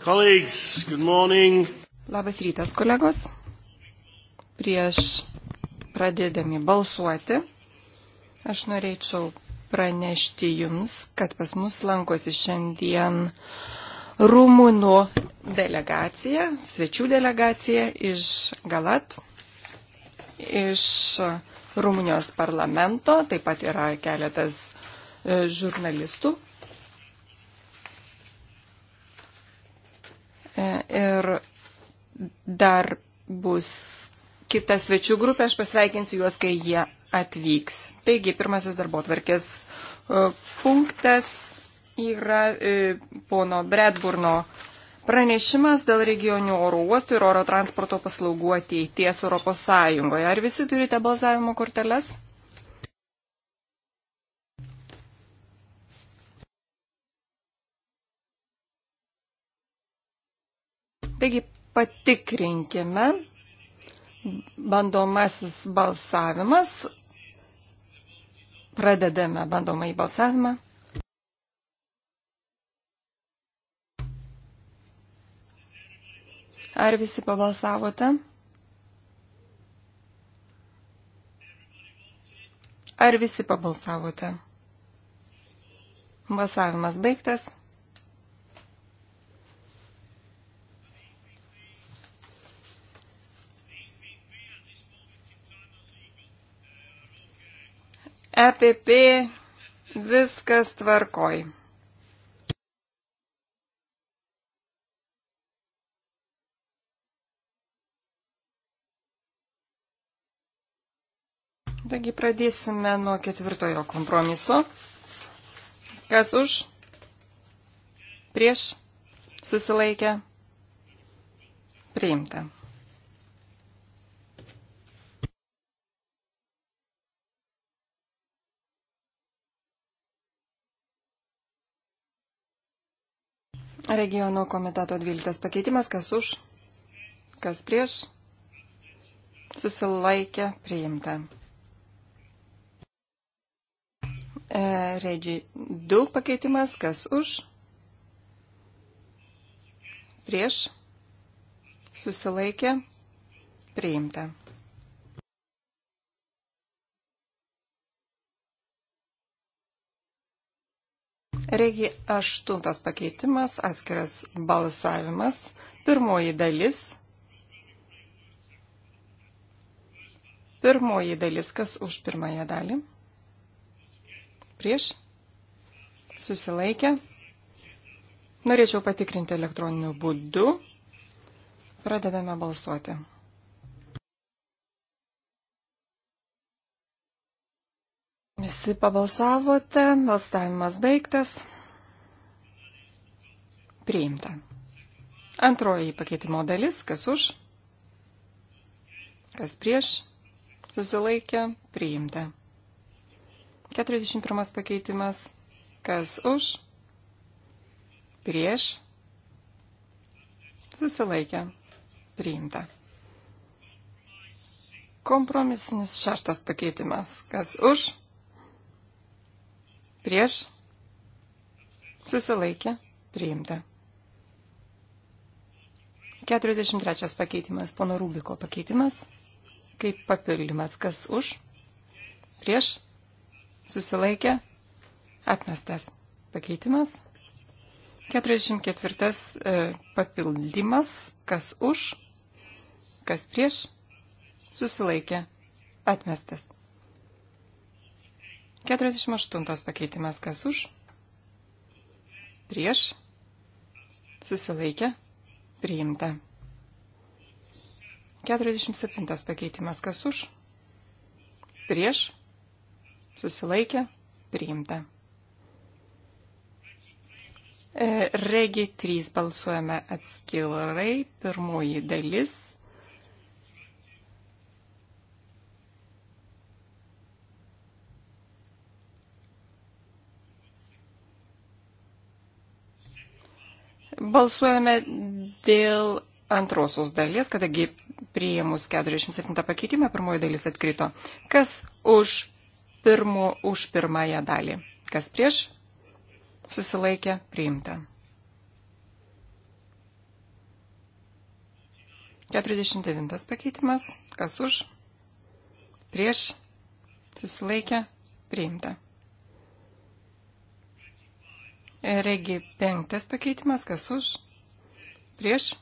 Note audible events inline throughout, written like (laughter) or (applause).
Colleagues, good morning. Labas rytas, kolegos. Prieš pradėdami balsuoti, aš norėčiau pranešti Jums, kad pas mus lankosi šiandien Rumunų delegacija, svečių delegacija iš Galat, iš Rumunijos parlamento, taip pat yra keletas e, žurnalistų E, ir dar bus kita svečių grupė, aš pasveikinsiu juos, kai jie atvyks. Taigi, pirmasis darbo tvarkės e, punktas yra e, pono Bredburno pranešimas dėl regionių oro uostų ir oro transporto paslaugų ateities Europos Sąjungoje. Ar visi turite balsavimo korteles? Taigi patikrinkime bandomasis balsavimas. Pradedame bandomąjį balsavimą. Ar visi pabalsavote? Ar visi pabalsavote? Balsavimas baigtas. EPP viskas tvarkoj. Taigi pradėsime nuo ketvirtojo kompromiso. Kas už? Prieš? Susilaikę? Priimta. Regionų komiteto 12 pakeitimas, kas už, kas prieš, susilaikė priimta. E, Redžiai 2 pakeitimas, kas už, prieš, susilaikė priimta. Regi aštuntas pakeitimas, atskiras balsavimas. Pirmoji dalis. Pirmoji dalis, kas už pirmąją dalį. Prieš. Susilaikę. Norėčiau patikrinti elektroniniu būdu. Pradedame balsuoti. Visi pabalsavote, balsavimas baigtas. Priimta. Antroji pakeitimo dalis, kas už, kas prieš, susilaikė, priimta. 41 pakeitimas, kas už, prieš, susilaikė, priimta. Kompromisinis šeštas pakeitimas, kas už, prieš prieš, susilaikė, priimta. 43 pakeitimas, pono Rubiko pakeitimas, kaip papildymas, kas už, prieš, susilaikė, atmestas pakeitimas. 44 e, papildymas, kas už, kas prieš, susilaikė, atmestas. 48 pakeitimas kas už, prieš, susilaikė, priimta. 47 pakeitimas kas už, prieš, susilaikė, priimta. E, regi 3 balsuojame atskirai, pirmoji dalis Balsuojame dėl antrosios dalies, kadangi priėmus 47 pakeitimą pirmoji dalis atkrito. Kas už, pirmo, už pirmąją dalį? Kas prieš? Susilaikė priimta. 49 pakeitimas. Kas už? Prieš? Susilaikė priimta. Regi penktas pakeitimas, kas už, prieš,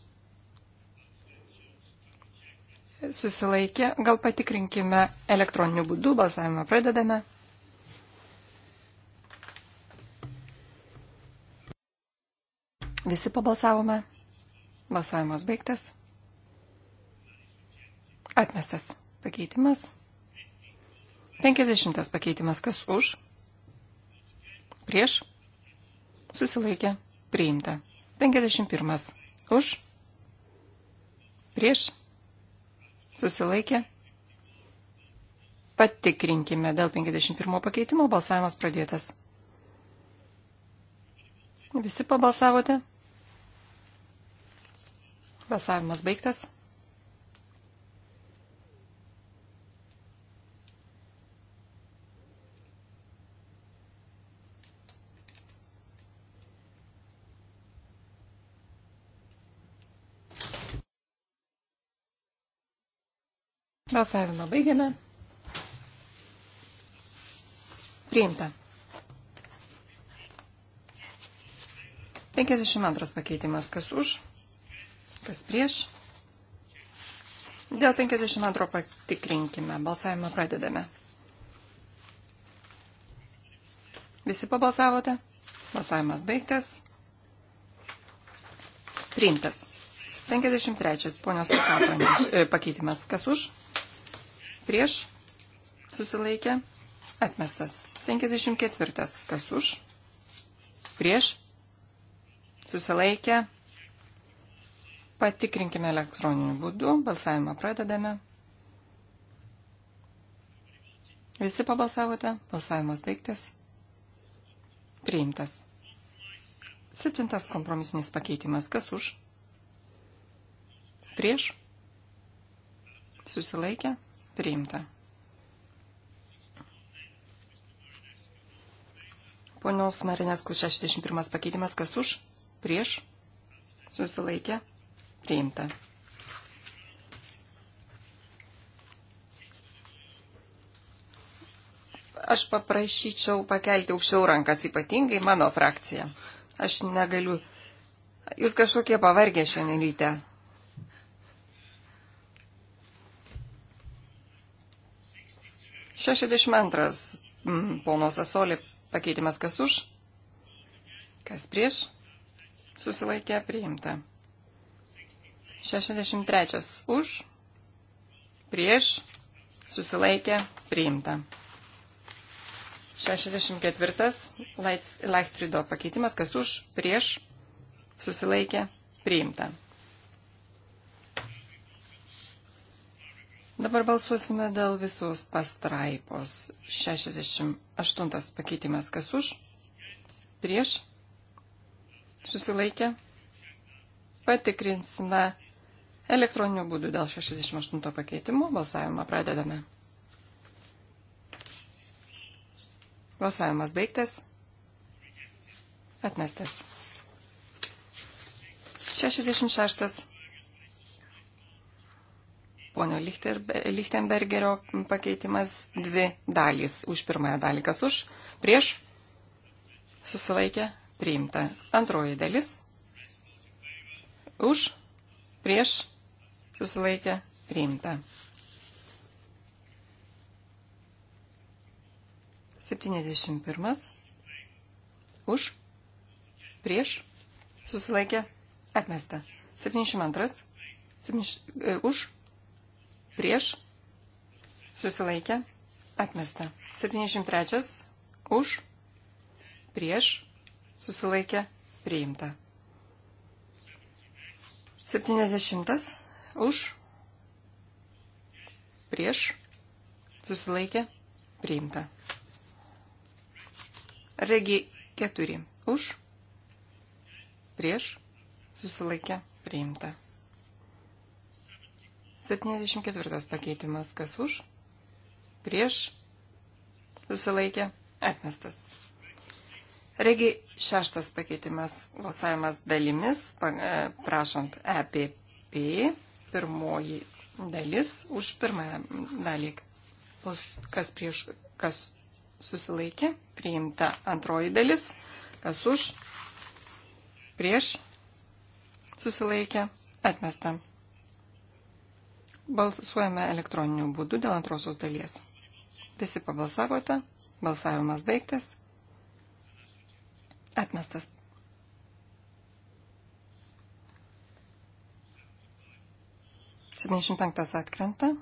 susilaikė. Gal patikrinkime elektroniniu būdu, balsavimą pradedame. Visi pabalsavome. Balsavimas baigtas. Atmestas pakeitimas. 50 pakeitimas, kas už, prieš, prieš susilaikė, priimta. 51. Už, prieš, susilaikė. Patikrinkime dėl 51 pakeitimo balsavimas pradėtas. Visi pabalsavote? Balsavimas baigtas. Balsavimą baigiame. Priimta. 52 pakeitimas. Kas už? Kas prieš? Dėl 52 patikrinkime. Balsavimą pradedame. Visi pabalsavote? Balsavimas baigtas. Priimtas. 53. Ponios e, pakeitimas. Kas už? prieš, susilaikė, atmestas. 54. Kas už, prieš, susilaikė, patikrinkime elektroniniu būdu, balsavimą pradedame. Visi pabalsavote, balsavimas baigtas, priimtas. Septintas kompromisinis pakeitimas, kas už, prieš, susilaikė, priimta. Ponios Marineskų 61 pakeitimas, kas už, prieš, susilaikė, priimta. Aš paprašyčiau pakelti aukščiau rankas, ypatingai mano frakciją. Aš negaliu. Jūs kažkokie pavargę šiandien ryte. 62. Mm, pono Sasolį pakeitimas kas už, kas prieš, susilaikė priimta. 63. Už, prieš, susilaikė priimta. 64. Leichtfrido pakeitimas kas už, prieš, susilaikė priimta. Dabar balsuosime dėl visos pastraipos. 68 pakeitimas kas už, prieš, susilaikė. Patikrinsime elektroniniu būdu dėl 68 pakeitimų. Balsavimą pradedame. Balsavimas baigtas. Atmestas. 66 pono Lichtenbergerio pakeitimas dvi dalys. Už pirmąją dalį kas už, prieš, susilaikė, priimta. Antroji dalis, už, prieš, susilaikė, priimta. 71. Už, prieš, susilaikė, atmesta. 72. 70, e, už, prieš, susilaikė, atmesta. 73 už, prieš, susilaikė, priimta. 70 už, prieš, susilaikė, priimta. Regi 4 už, prieš, susilaikė, priimta. 74 pakeitimas. Kas už? Prieš? Susilaikė? Atmestas. Regi šeštas pakeitimas. Balsavimas dalimis. E, prašant EPP. Pirmoji dalis už pirmąją dalį. Kas prieš? Kas susilaikė? Priimta antroji dalis. Kas už? Prieš? Susilaikė? Atmestam. Balsuojame elektroniniu būdu dėl antrosios dalies. Visi pabalsavote. Balsavimas baigtas. Atmestas. Septyniasdešimt penktas atkrenta.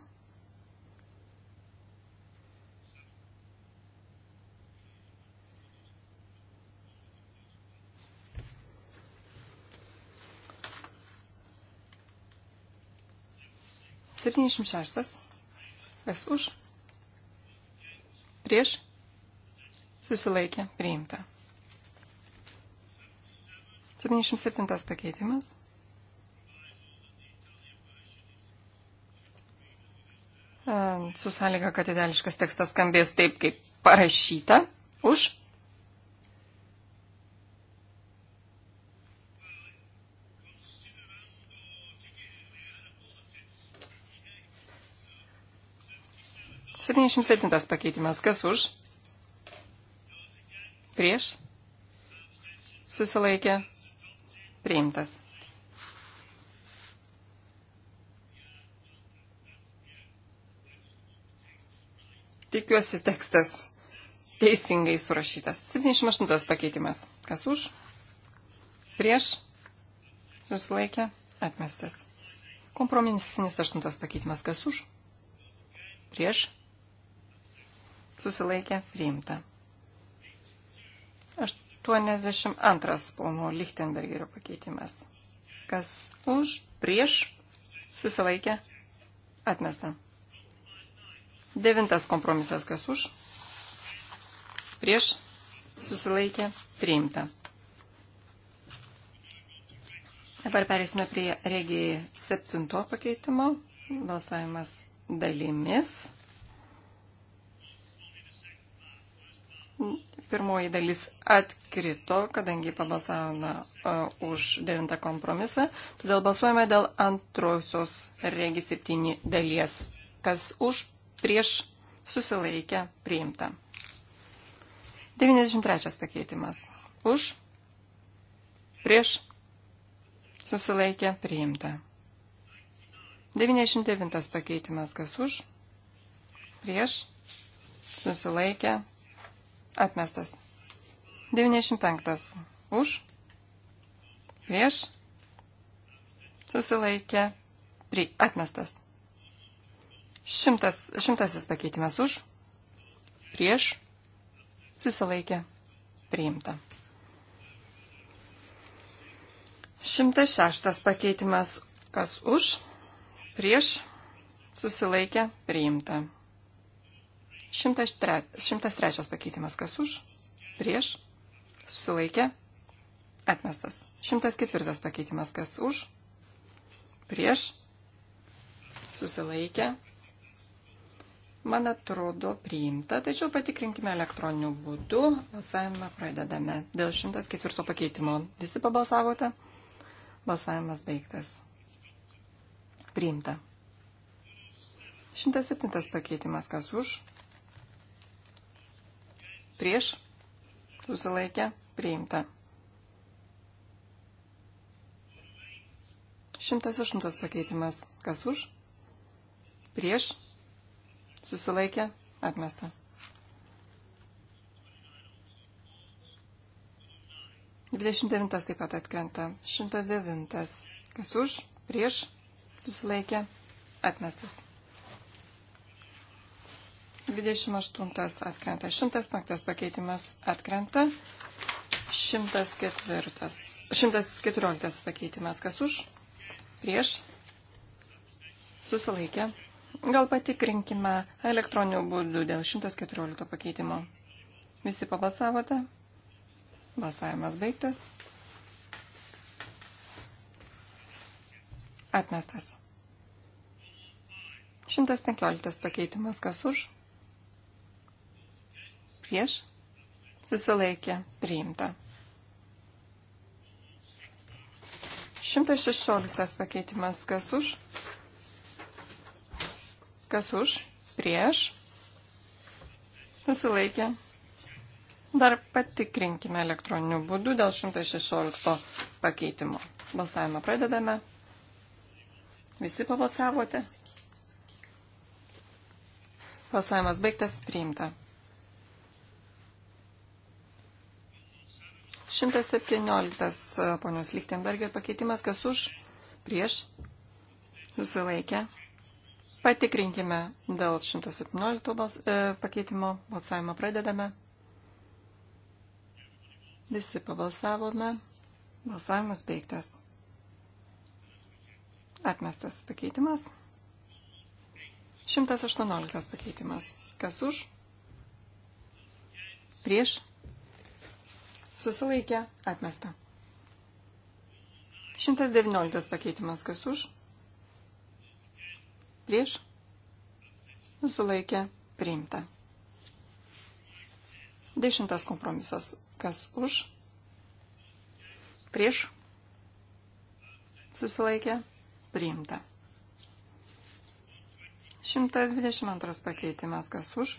76. Kas už? Prieš? Susilaikė. Priimta. 77 pakeitimas. E, su sąlyga, kad ideališkas tekstas skambės taip, kaip parašyta. Už? 77 pakeitimas. Kas už? Prieš? Susilaikė? Priimtas. Tikiuosi tekstas teisingai surašytas. 78 pakeitimas. Kas už? Prieš? Susilaikė? Atmestas. Kompromisinis aštuntas pakeitimas. Kas už? Prieš? susilaikė priimta. 82 pono Lichtenbergerio pakeitimas. Kas už, prieš, susilaikė, atmesta. Devintas kompromisas, kas už, prieš, susilaikė, priimta. Dabar perėsime prie regijai septinto pakeitimo. Balsavimas dalimis. Pirmoji dalis atkrito, kadangi pabalsavome uh, už devintą kompromisą, todėl balsuojame dėl antrosios regi septyni dalies, kas už prieš susilaikę priimta. 93 pakeitimas. Už prieš susilaikę priimta. 99 pakeitimas, kas už prieš susilaikę priimta Atmestas. 95. Už. Prieš. Susilaikė. Pri. Atmestas. Šimtas, šimtasis pakeitimas už. Prieš. Susilaikė. Priimta. Šimtas šeštas pakeitimas kas už. Prieš. Susilaikė. Priimta. 103 pakeitimas kas už, prieš, susilaikė, atmestas. 104 pakeitimas kas už, prieš, susilaikė, man atrodo priimta, tačiau patikrinkime elektroniniu būdu, balsavimą pradedame dėl 104 pakeitimo. Visi pabalsavote, balsavimas baigtas. Priimta. 107 pakeitimas kas už, prieš prieš, susilaikė, priimta. 108 pakeitimas, kas už, prieš, susilaikė, atmesta. 29 taip pat atkrenta. 109. Kas už, prieš, susilaikė, atmestas. 28 atkrenta, 105 pakeitimas atkrenta, 104, 114 pakeitimas kas už, prieš, susilaikė. Gal patikrinkime elektroniniu būdu dėl 114 pakeitimo. Visi pabalsavote? Balsavimas baigtas. Atmestas. 115 pakeitimas kas už, prieš, susilaikė, priimta. 116 pakeitimas, kas už, kas už, prieš, susilaikė. Dar patikrinkime elektroniniu būdu dėl 116 pakeitimo. Balsavimą pradedame. Visi pabalsavote. Balsavimas baigtas, priimta. 117 e, ponios Lichtenbergio pakeitimas, kas už, prieš, susilaikę. Patikrinkime dėl 117 bals, e, pakeitimo. Balsavimą pradedame. Visi pabalsavome. Balsavimas baigtas. Atmestas pakeitimas. 118 pakeitimas. Kas už? Prieš susilaikė, atmesta. 119 pakeitimas kas už, prieš, susilaikė, priimta. Dešimtas kompromisas kas už, prieš, susilaikė, priimta. 122 pakeitimas kas už,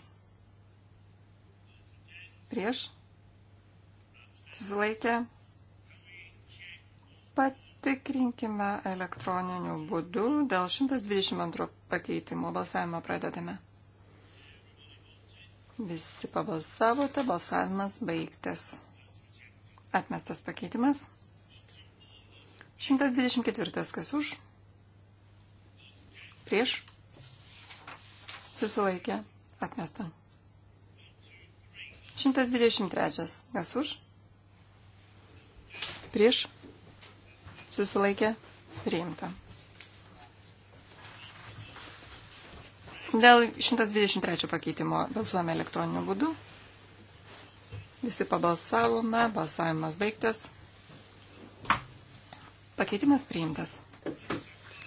prieš, susilaikė. Patikrinkime elektroniniu būdu. Dėl 122 pakeitimo balsavimo pradedame. Visi pabalsavote, balsavimas baigtas. Atmestas pakeitimas. 124 kas už. Prieš. Susilaikė. Atmesta. 123 kas už prieš susilaikė priimta. Dėl 123 pakeitimo balsuojame elektroniniu būdu. Visi pabalsavome, balsavimas baigtas. Pakeitimas priimtas.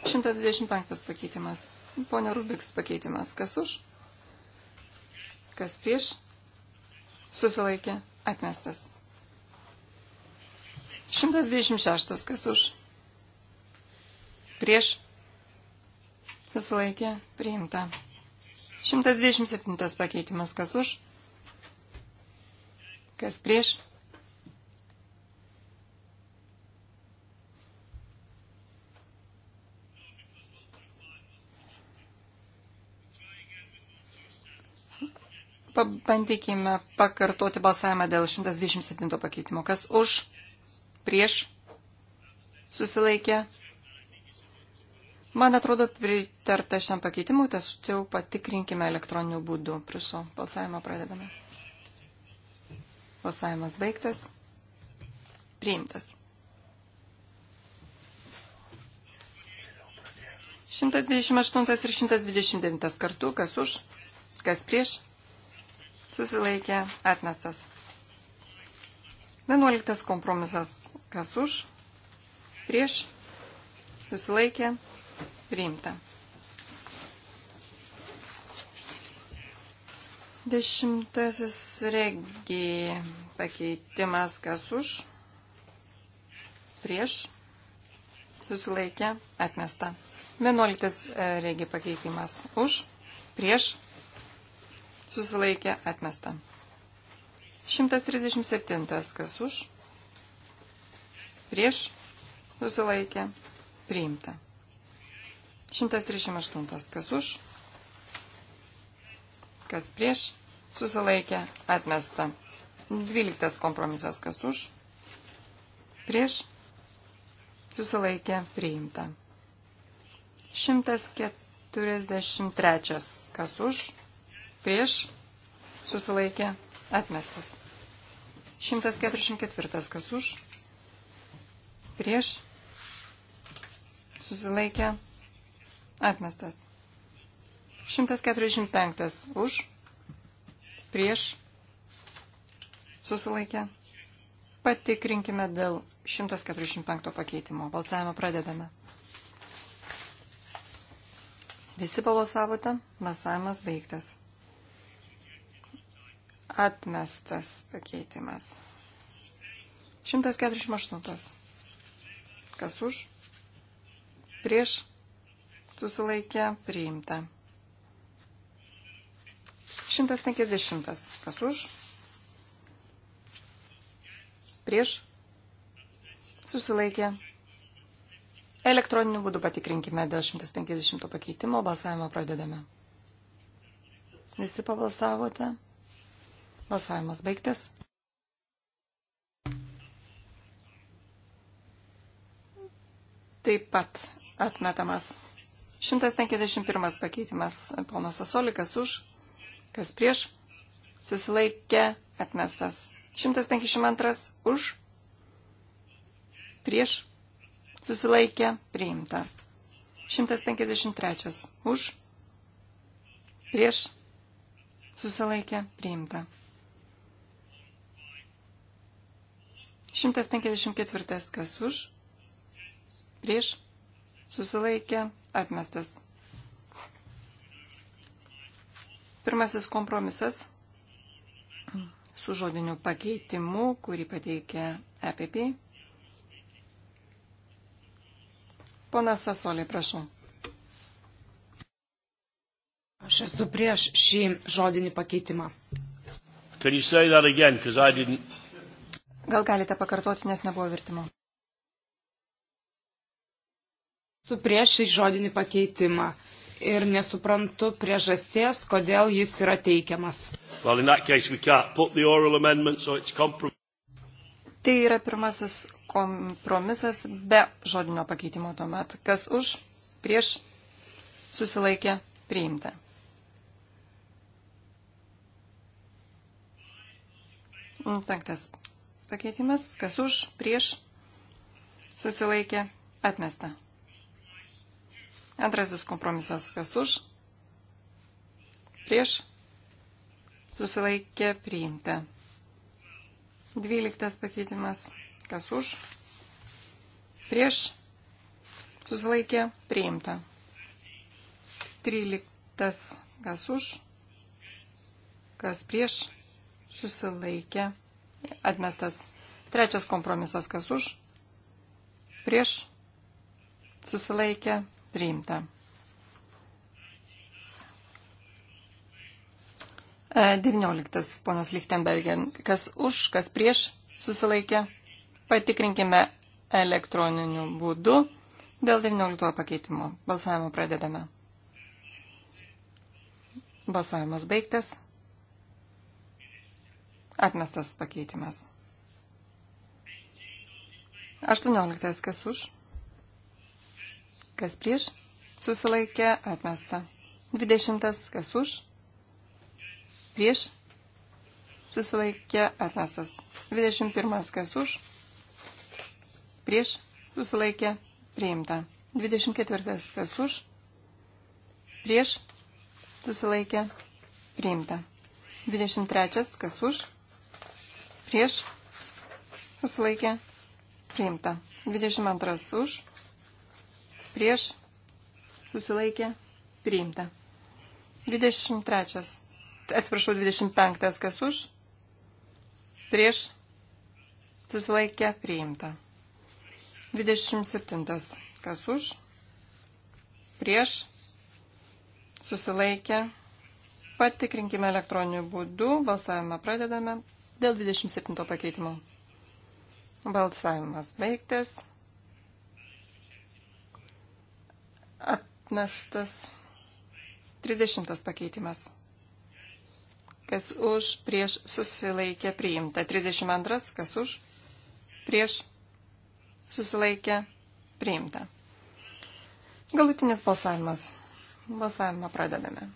125 pakeitimas. Pone Rubiks pakeitimas. Kas už? Kas prieš? Susilaikė. Atmestas. 126. Kas už? Prieš. Susilaikė. Priimta. 127 pakeitimas. Kas už? Kas prieš? Pabandykime pakartoti balsavimą dėl 127 pakeitimo. Kas už? prieš susilaikė. Man atrodo, pritarta šiam pakeitimui, tas jau patikrinkime elektroniniu būdu. Prašau, balsavimą pradedame. Balsavimas baigtas. Priimtas. 128 ir 129 kartu, kas už, kas prieš, susilaikė, atmestas. 11 kompromisas kas už, prieš, susilaikė, priimta. 10 regi pakeitimas kas už, prieš, susilaikė, atmesta. 11 e, regi pakeitimas už, prieš, susilaikė, atmesta. 137. Kas už? Prieš susilaikė priimta. 138. Kas už? Kas prieš susilaikė atmesta. 12. Kompromisas. Kas už? Prieš susilaikė priimta. 143. Kas už? Prieš susilaikė atmestas. 144. Kas už? Prieš? Susilaikė? Atmestas. 145. Už? Prieš? Susilaikė? Patikrinkime dėl 145 pakeitimo. Balsavimą pradedame. Visi pabalsavote, balsavimas baigtas. Atmestas pakeitimas. 148. Kas už? Prieš susilaikė priimta. 150. Kas už? Prieš susilaikė. Elektroniniu būdu patikrinkime dėl 150 pakeitimo. Balsavimą pradedame. Visi pabalsavote? Balsavimas baigtas. Taip pat atmetamas 151 pakeitimas pono Sasolikas už, kas prieš, susilaikė atmestas. 152 už, prieš, susilaikė priimta. 153 už, prieš, susilaikė priimta. 154. Kas už? Prieš? Susilaikė? Atmestas. Pirmasis kompromisas su žodiniu pakeitimu, kurį pateikė EPP. Ponas Sasolė, prašau. Aš esu prieš šį žodinį pakeitimą. Again, Gal galite pakartoti, nes nebuvo vertimo. Su priešai žodinį pakeitimą ir nesuprantu priežasties, kodėl jis yra teikiamas. Well, case, so tai yra pirmasis kompromisas be žodinio pakeitimo tuomet. Kas už, prieš, susilaikė, priimta. Penktas pakeitimas, kas už, prieš, susilaikė, atmesta. Antrasis kompromisas, kas už, prieš, susilaikė, priimta. Dvyliktas pakeitimas, kas už, prieš, susilaikė, priimta. Tryliktas, kas už, kas prieš, susilaikė, priimta Atmestas. Trečias kompromisas, kas už, prieš, susilaikė, priimta. E, devynioliktas, ponas Lichtenbergen, kas už, kas prieš, susilaikė, patikrinkime elektroniniu būdu dėl 19 pakeitimo. Balsavimą pradedame. Balsavimas baigtas. Atmestas pakeitimas. 18. Kas už? Kas prieš? Susilaikė. Atmesta. 20. Kas už? Prieš? Susilaikė. Atmestas. 21. Kas už? Prieš? Susilaikė. Priimta. 24. Kas už? Prieš? Susilaikė. Priimta. 23. Kas už? prieš, susilaikė, priimta. 22 už, prieš, susilaikė, priimta. 23, atsiprašau, 25, kas už, prieš, susilaikė, priimta. 27, kas už, prieš, susilaikė, priimta patikrinkime elektroniniu būdu. Balsavimą pradedame dėl 27 pakeitimo. Balsavimas baigtas. Atmestas 30 pakeitimas. Kas už, prieš susilaikė priimta. 32. Kas už, prieš susilaikė priimta. Galutinis balsavimas. Balsavimą pradedame.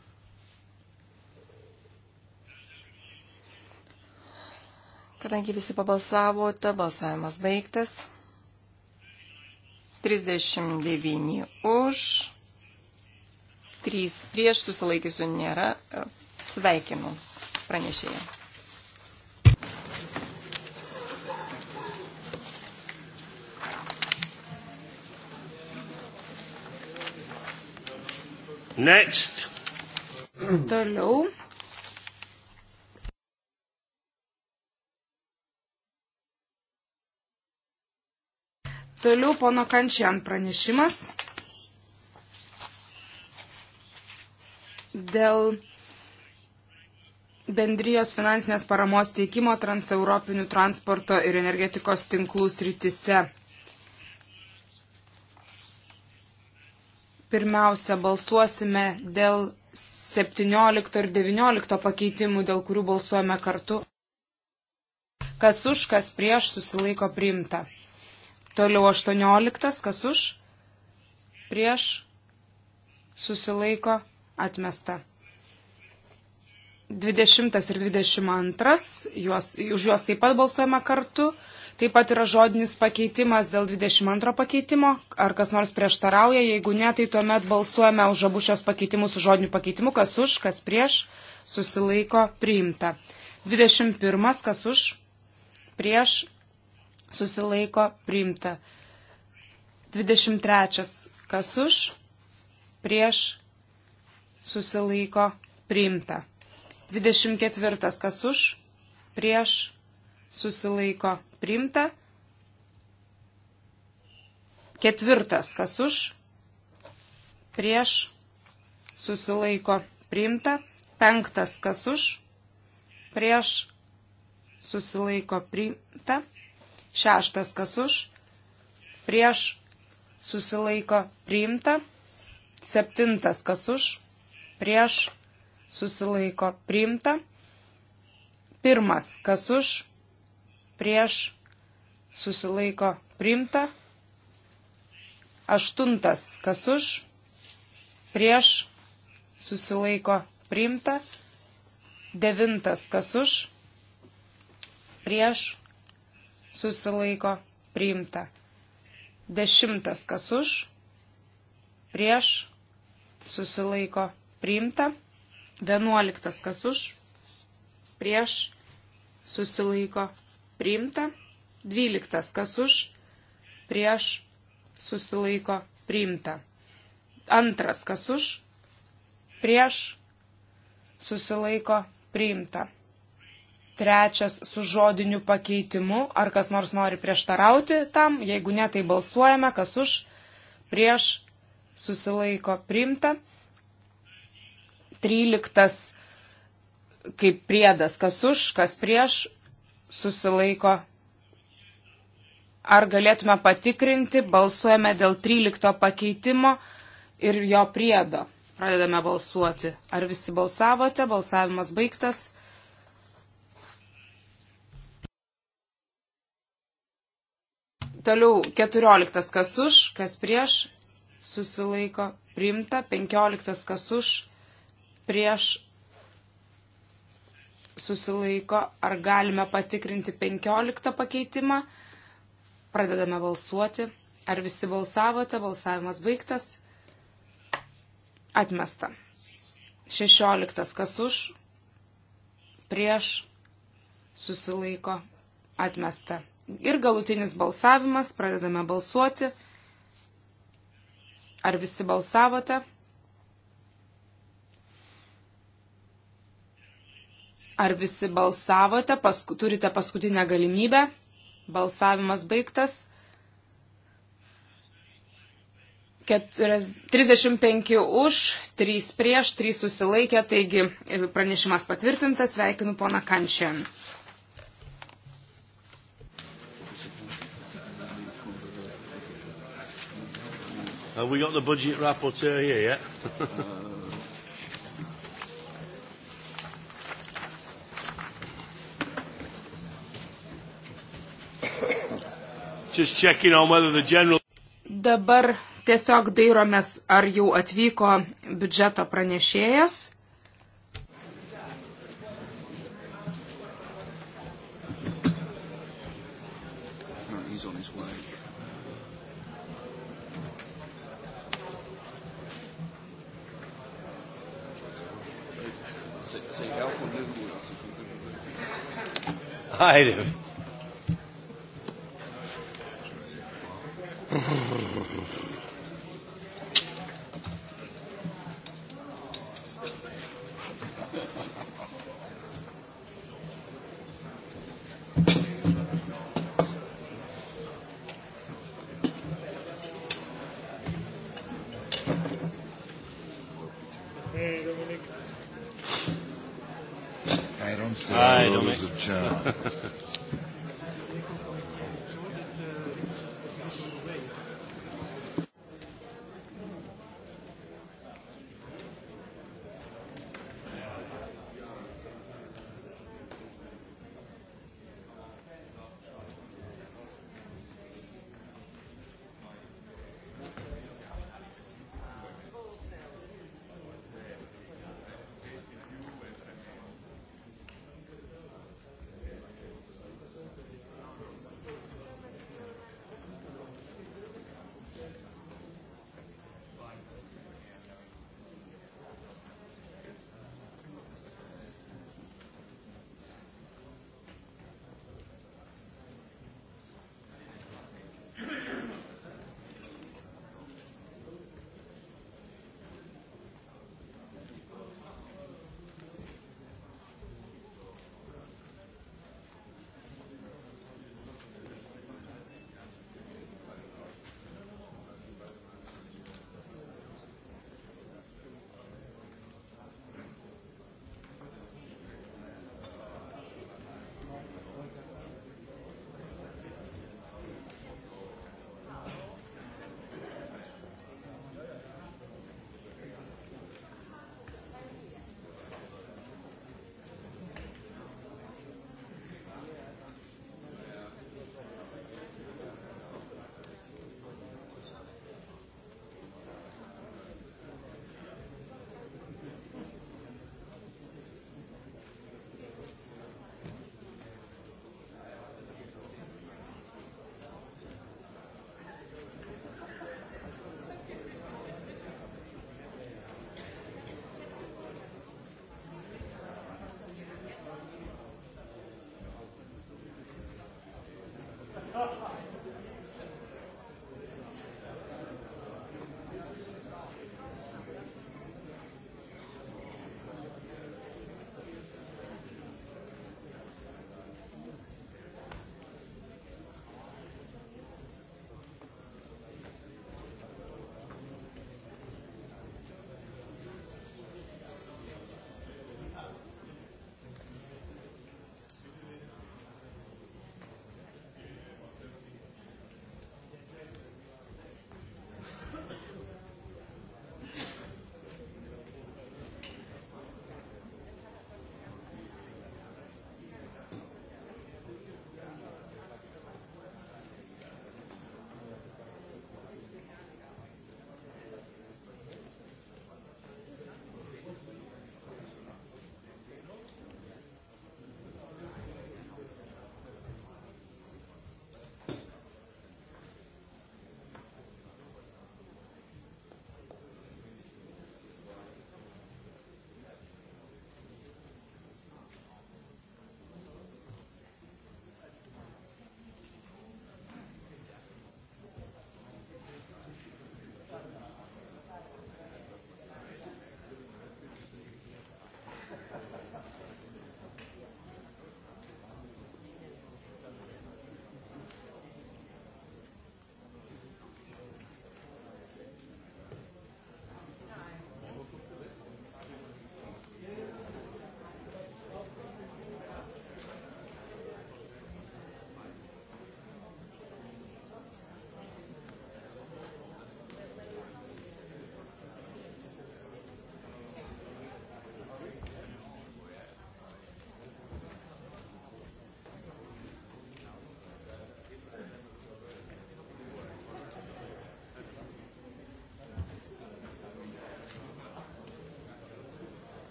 Kadangi visi pabalsavote, balsavimas baigtas. 39 už, 3 prieš susilaikysiu nėra. Sveikinu pranešėją. Next. Toliau. Toliau pono Kančian pranešimas dėl bendrijos finansinės paramos teikimo transeuropinių transporto ir energetikos tinklų srityse. Pirmiausia, balsuosime dėl 17 ir 19 pakeitimų, dėl kurių balsuojame kartu. Kas už, kas prieš susilaiko priimta. Toliau 18, kas už, prieš, susilaiko, atmesta. 20 ir 22, juos, už juos taip pat balsuojama kartu. Taip pat yra žodinis pakeitimas dėl 22 pakeitimo. Ar kas nors prieštarauja? Jeigu ne, tai tuomet balsuojame už abu šios pakeitimus su žodiniu pakeitimu. Kas už, kas prieš, susilaiko, priimta. 21, kas už, prieš, susilaiko priimta. 23. Kas už, prieš, susilaiko priimta. 24. Kas už, prieš, susilaiko priimta. Ketvirtas, kas už, prieš, susilaiko priimta. Penktas, kas už, prieš, susilaiko priimta. Šeštas kas už, prieš susilaiko priimta. Septintas kas už, prieš susilaiko priimta. Pirmas kas už, prieš susilaiko priimta. Aštuntas kas už, prieš susilaiko priimta. Devintas kas už, prieš susilaiko priimta. Dešimtas kas už, prieš susilaiko priimta. Vienuoliktas kas už, prieš susilaiko priimta. Dvyliktas kas už, prieš susilaiko priimta. Antras kas už, prieš susilaiko priimta trečias su žodiniu pakeitimu. Ar kas nors nori prieštarauti tam? Jeigu ne, tai balsuojame, kas už, prieš, susilaiko primta. Tryliktas kaip priedas, kas už, kas prieš, susilaiko. Ar galėtume patikrinti, balsuojame dėl 13 pakeitimo ir jo priedo. Pradedame balsuoti. Ar visi balsavote? Balsavimas baigtas. Toliau 14 kas už, kas prieš, susilaiko priimta, 15 kas už, prieš susilaiko, ar galime patikrinti 15 pakeitimą. Pradedame balsuoti. Ar visi balsavote? Balsavimas baigtas. Atmesta. 16. Kas už? Prieš. Susilaiko. Atmesta ir galutinis balsavimas, pradedame balsuoti. Ar visi balsavote? Ar visi balsavote, pasku, turite paskutinę galimybę? Balsavimas baigtas. 35 už, 3 prieš, 3 susilaikė, taigi pranešimas patvirtintas, sveikinu pona Kančian. Have we got the budget rapporteur here yet? uh, (laughs) Just checking on whether the general... Dabar tiesiog dairomės, ar jau atvyko biudžeto pranešėjas. Airijoje.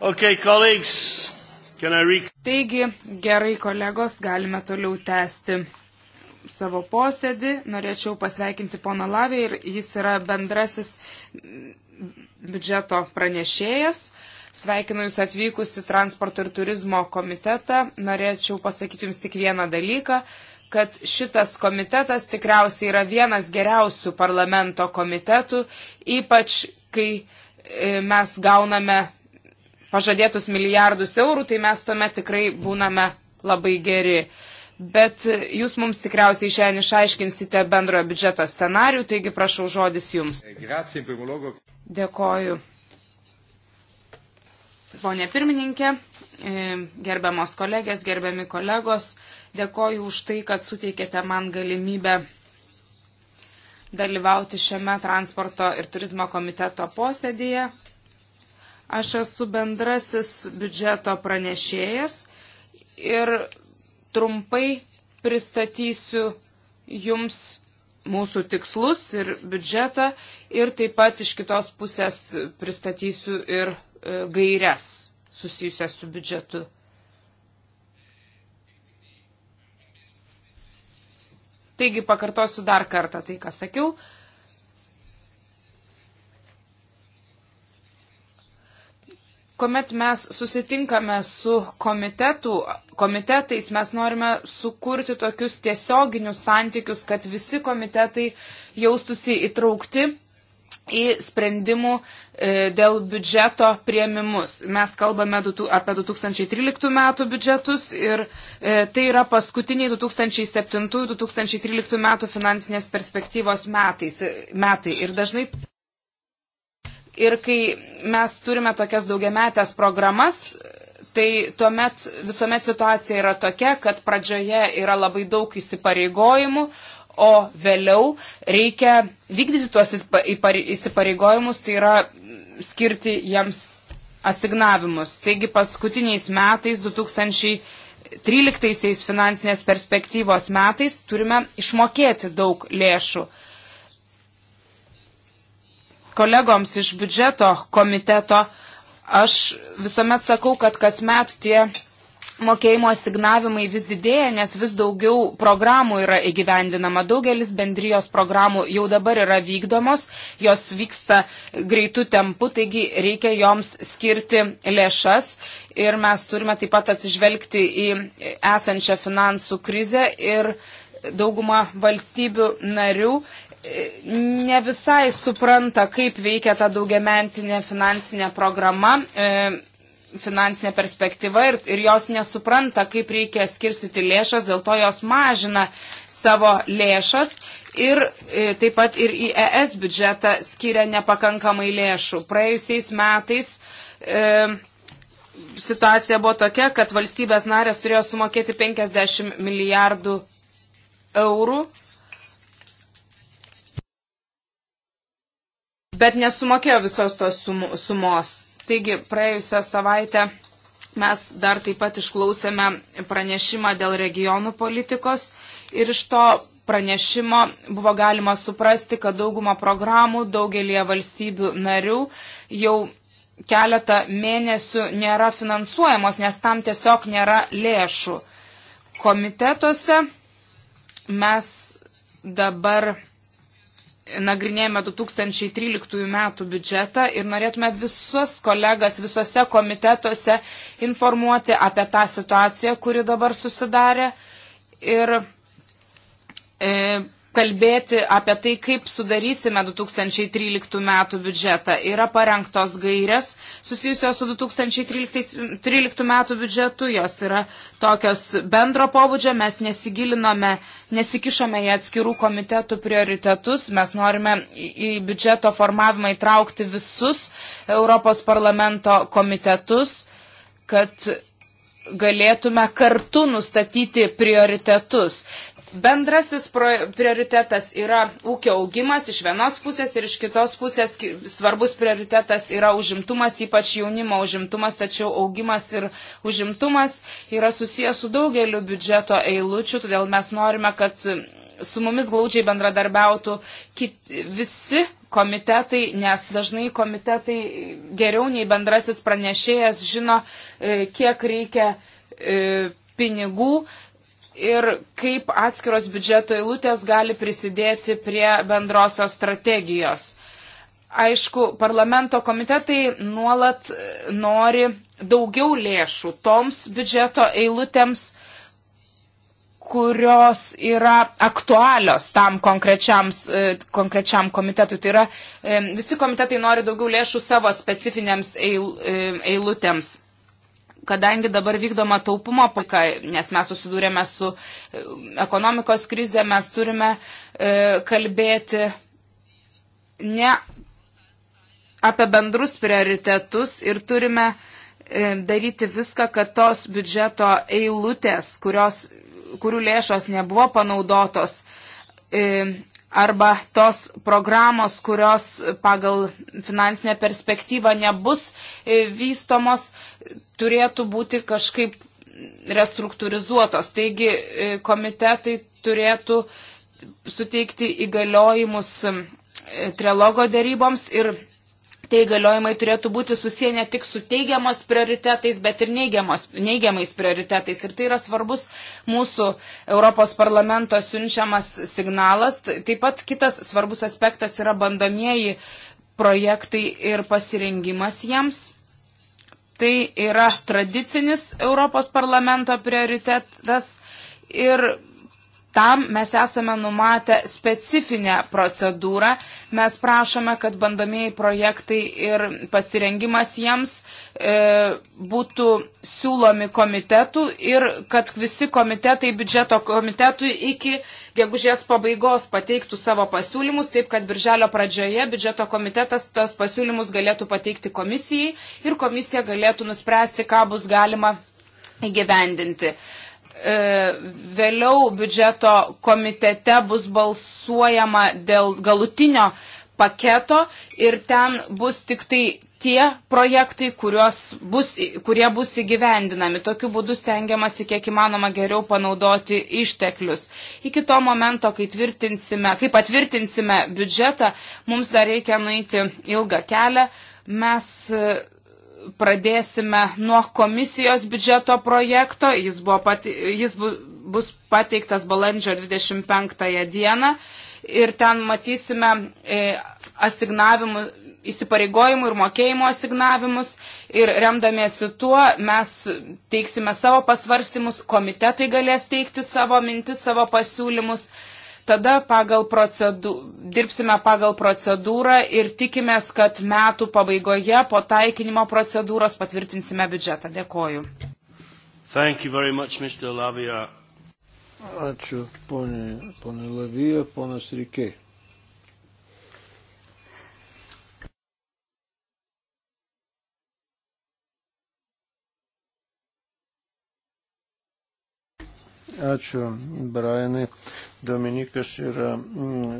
Okay, colleagues, can I re... Taigi, gerai kolegos, galime toliau tęsti savo posėdį. Norėčiau pasveikinti poną Lavį ir jis yra bendrasis biudžeto pranešėjas. Sveikinu Jūs atvykusi transporto ir turizmo komitetą. Norėčiau pasakyti Jums tik vieną dalyką kad šitas komitetas tikriausiai yra vienas geriausių parlamento komitetų, ypač kai e, mes gauname pažadėtus milijardus eurų, tai mes tuomet tikrai būname labai geri. Bet jūs mums tikriausiai šiandien išaiškinsite bendrojo biudžeto scenarių, taigi prašau žodis jums. Eh, dėkoju. Pone pirmininkė, e, gerbiamos kolegės, gerbiami kolegos, dėkoju už tai, kad suteikėte man galimybę dalyvauti šiame transporto ir turizmo komiteto posėdėje. Aš esu bendrasis biudžeto pranešėjas ir trumpai pristatysiu jums mūsų tikslus ir biudžetą ir taip pat iš kitos pusės pristatysiu ir e, gairias susijusias su biudžetu. Taigi pakartosiu dar kartą tai, ką sakiau. kuomet mes susitinkame su komitetu, komitetais, mes norime sukurti tokius tiesioginius santykius, kad visi komitetai jaustųsi įtraukti į sprendimų e, dėl biudžeto prieimimus. Mes kalbame apie 2013 metų biudžetus ir e, tai yra paskutiniai 2007-2013 metų finansinės perspektyvos metais, metai. Ir dažnai Ir kai mes turime tokias daugiametės programas, tai tuomet visuomet situacija yra tokia, kad pradžioje yra labai daug įsipareigojimų, o vėliau reikia vykdyti tuos įsipareigojimus, tai yra skirti jiems asignavimus. Taigi paskutiniais metais, 2013 finansinės perspektyvos metais, turime išmokėti daug lėšų kolegoms iš biudžeto komiteto, aš visuomet sakau, kad kasmet tie mokėjimo signavimai vis didėja, nes vis daugiau programų yra įgyvendinama. Daugelis bendrijos programų jau dabar yra vykdomos, jos vyksta greitų tempų, taigi reikia joms skirti lėšas ir mes turime taip pat atsižvelgti į esančią finansų krizę ir daugumą valstybių narių ne visai supranta, kaip veikia ta daugiamentinė finansinė programa, e, finansinė perspektyva ir, ir jos nesupranta, kaip reikia skirstyti lėšas, dėl to jos mažina savo lėšas ir e, taip pat ir į ES biudžetą skiria nepakankamai lėšų. Praėjusiais metais e, situacija buvo tokia, kad valstybės narės turėjo sumokėti 50 milijardų eurų bet nesumokėjo visos tos sumos. Taigi praėjusią savaitę mes dar taip pat išklausėme pranešimą dėl regionų politikos ir iš to pranešimo buvo galima suprasti, kad dauguma programų daugelie valstybių narių jau keletą mėnesių nėra finansuojamos, nes tam tiesiog nėra lėšų. Komitetuose mes dabar nagrinėjame 2013 metų biudžetą ir norėtume visus kolegas visose komitetuose informuoti apie tą situaciją, kuri dabar susidarė. Ir e, kalbėti apie tai, kaip sudarysime 2013 metų biudžetą. Yra parengtos gairės susijusios su 2013 metų biudžetu, jos yra tokios bendro pobūdžio, mes nesigilinome, nesikišome į atskirų komitetų prioritetus, mes norime į biudžeto formavimą įtraukti visus Europos parlamento komitetus, kad galėtume kartu nustatyti prioritetus. Bendrasis prioritetas yra ūkio augimas iš vienos pusės ir iš kitos pusės svarbus prioritetas yra užimtumas, ypač jaunimo užimtumas, tačiau augimas ir užimtumas yra susijęs su daugeliu biudžeto eilučių, todėl mes norime, kad su mumis glaudžiai bendradarbiautų kit, visi komitetai, nes dažnai komitetai geriau nei bendrasis pranešėjas žino, e, kiek reikia e, pinigų ir kaip atskiros biudžeto eilutės gali prisidėti prie bendrosios strategijos. Aišku, parlamento komitetai nuolat e, nori daugiau lėšų toms biudžeto eilutėms, kurios yra aktualios tam e, konkrečiam komitetui. Tai yra, e, visi komitetai nori daugiau lėšų savo specifinėms eilutėms kadangi dabar vykdoma taupumo paika, nes mes susidūrėme su e, ekonomikos krize, mes turime e, kalbėti ne apie bendrus prioritetus ir turime e, daryti viską, kad tos biudžeto eilutės, kurios, kurių lėšos nebuvo panaudotos, e, arba tos programos, kurios pagal finansinę perspektyvą nebus e, vystomos, turėtų būti kažkaip restruktūrizuotos. Taigi e, komitetai turėtų suteikti įgaliojimus e, trilogo dėryboms ir tie įgaliojimai turėtų būti susiję ne tik su teigiamos prioritetais, bet ir neigiamais prioritetais. Ir tai yra svarbus mūsų Europos parlamento siunčiamas signalas. Taip pat kitas svarbus aspektas yra bandomieji projektai ir pasirengimas jiems. Tai yra tradicinis Europos parlamento prioritetas ir Tam mes esame numatę specifinę procedūrą. Mes prašome, kad bandomieji projektai ir pasirengimas jiems e, būtų siūlomi komitetų ir kad visi komitetai biudžeto komitetui iki gegužės pabaigos pateiktų savo pasiūlymus, taip kad birželio pradžioje biudžeto komitetas tos pasiūlymus galėtų pateikti komisijai ir komisija galėtų nuspręsti, ką bus galima įgyvendinti. E, E, vėliau biudžeto komitete bus balsuojama dėl galutinio paketo ir ten bus tik tai tie projektai, bus, kurie bus įgyvendinami. Tokiu būdu stengiamasi kiek įmanoma geriau panaudoti išteklius. Iki to momento, kai, kai patvirtinsime biudžetą, mums dar reikia nueiti ilgą kelią. Mes pradėsime nuo komisijos biudžeto projekto. Jis, pati, jis bu, bus pateiktas balandžio 25 dieną ir ten matysime e, asignavimų, įsipareigojimų ir mokėjimo asignavimus ir remdamiesi tuo mes teiksime savo pasvarstymus, komitetai galės teikti savo mintis, savo pasiūlymus. E, Tada pagal procedū, dirbsime pagal procedūrą ir tikimės, kad metų pabaigoje po taikinimo procedūros patvirtinsime biudžetą. Dėkoju. Much, Ačiū, ponė, ponė Lavija, ponas Rikiai. Ačiū, Brainai. Dominikas yra mm,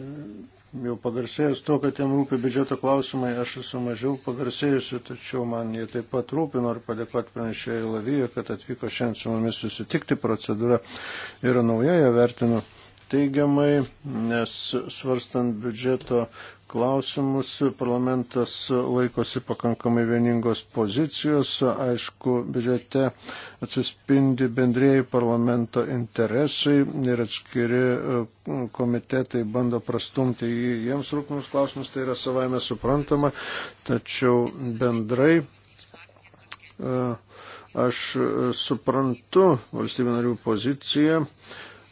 jau pagarsėjus to, kad jam rūpi biudžeto klausimai, aš esu mažiau pagarsėjusi, tačiau man jie taip pat rūpi, noriu padėkoti pranešėjai Lavijo, kad atvyko šiandien su mumis susitikti, procedūra yra nauja, ją vertinu teigiamai, nes svarstant biudžeto klausimus. Parlamentas laikosi pakankamai vieningos pozicijos. Aišku, biudžete atsispindi bendrėjai parlamento interesai ir atskiri e, komitetai bando prastumti į jiems rūpimus klausimus. Tai yra savaime suprantama. Tačiau bendrai. E, aš suprantu valstybių narių poziciją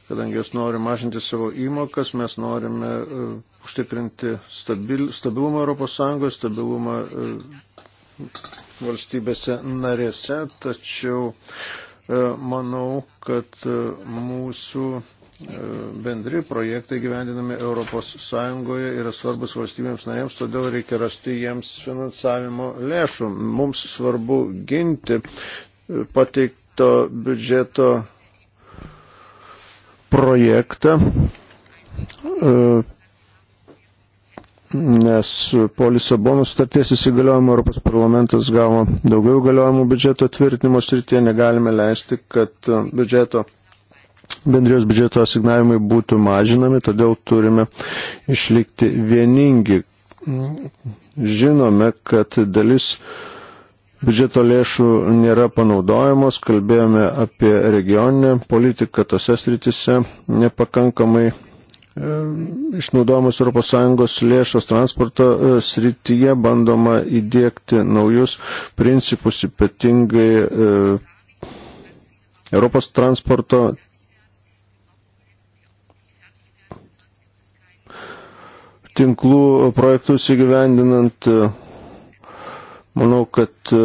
kadangi jos nori mažinti savo įmokas, mes norime e, užtikrinti stabil, stabilumą ES, stabilumą e, valstybėse narėse, tačiau e, manau, kad mūsų bendri projektai gyvendinami ES yra svarbus valstybėms narėms, todėl reikia rasti jiems finansavimo lėšų. Mums svarbu ginti pateikto biudžeto projektą, e, nes po Lisabonos starties įsigaliojimo Europos parlamentas gavo daugiau galiojimų biudžeto tvirtinimo srityje, negalime leisti, kad e, biudžeto bendrijos biudžeto asignavimai būtų mažinami, todėl turime išlikti vieningi. Žinome, kad dalis biudžeto lėšų nėra panaudojamos, kalbėjome apie regioninę politiką tose sritise nepakankamai e, išnaudojamos ES lėšos transporto e, srityje, bandoma įdėkti naujus principus, ypatingai e, Europos transporto tinklų projektus įgyvendinant Manau, kad e,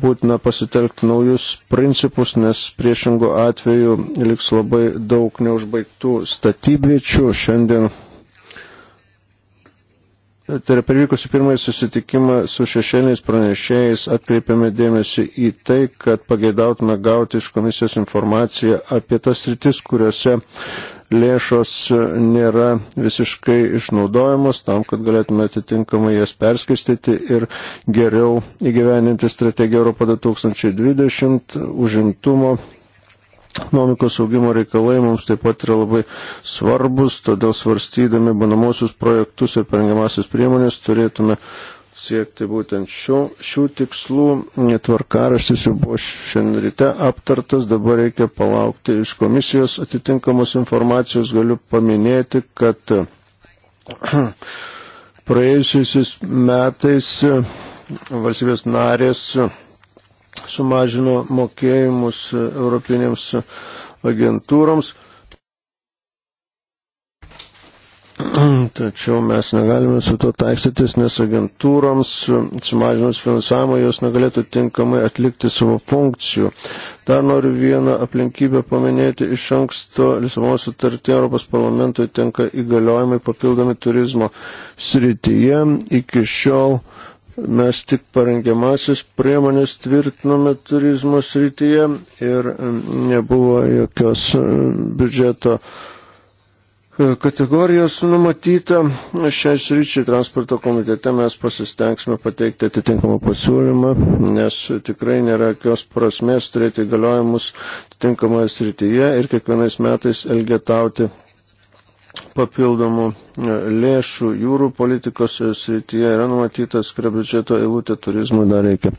būtina pasitelkti naujus principus, nes priešingų atveju liks labai daug neužbaigtų statybviečių. Šiandien, tai yra privykusi pirmąjį susitikimą su šešėliniais pranešėjais, atkreipėme dėmesį į tai, kad pageidautume gauti iš komisijos informaciją apie tas rytis, kuriuose lėšos e, nėra visiškai išnaudojamos tam, kad galėtume atitinkamai jas perskistyti ir geriau įgyveninti strategiją Europą 2020 užimtumo. Ekonomikos augimo reikalai mums taip pat yra labai svarbus, todėl svarstydami banamosius projektus ir parengiamasis priemonės turėtume siekti būtent šių, šių tikslų. Tvarkaraštis jau buvo šiandien ryte aptartas, dabar reikia palaukti iš komisijos atitinkamos informacijos. Galiu paminėti, kad (clears throat) praėjusiais metais valstybės narės sumažino mokėjimus Europinėms agentūroms (clears throat) Tačiau mes negalime su to taikstytis, nes agentūroms sumažinus finansavimą jos negalėtų tinkamai atlikti savo funkcijų. Dar noriu vieną aplinkybę paminėti. Iš anksto Lisabono sutartį Europos parlamentui tenka įgaliojimai papildomi turizmo srityje. Iki šiol mes tik parengiamasis priemonės tvirtinome turizmo srityje ir nebuvo jokios biudžeto E, kategorijos numatyta. Šiai sryčiai transporto komitete mes pasistengsime pateikti atitinkamą pasiūlymą, nes tikrai nėra jokios prasmės turėti galiojimus atitinkamoje srityje ir kiekvienais metais elgetauti papildomų e, lėšų jūrų politikos srityje yra numatytas, kurio biudžeto eilutė turizmui dar reikia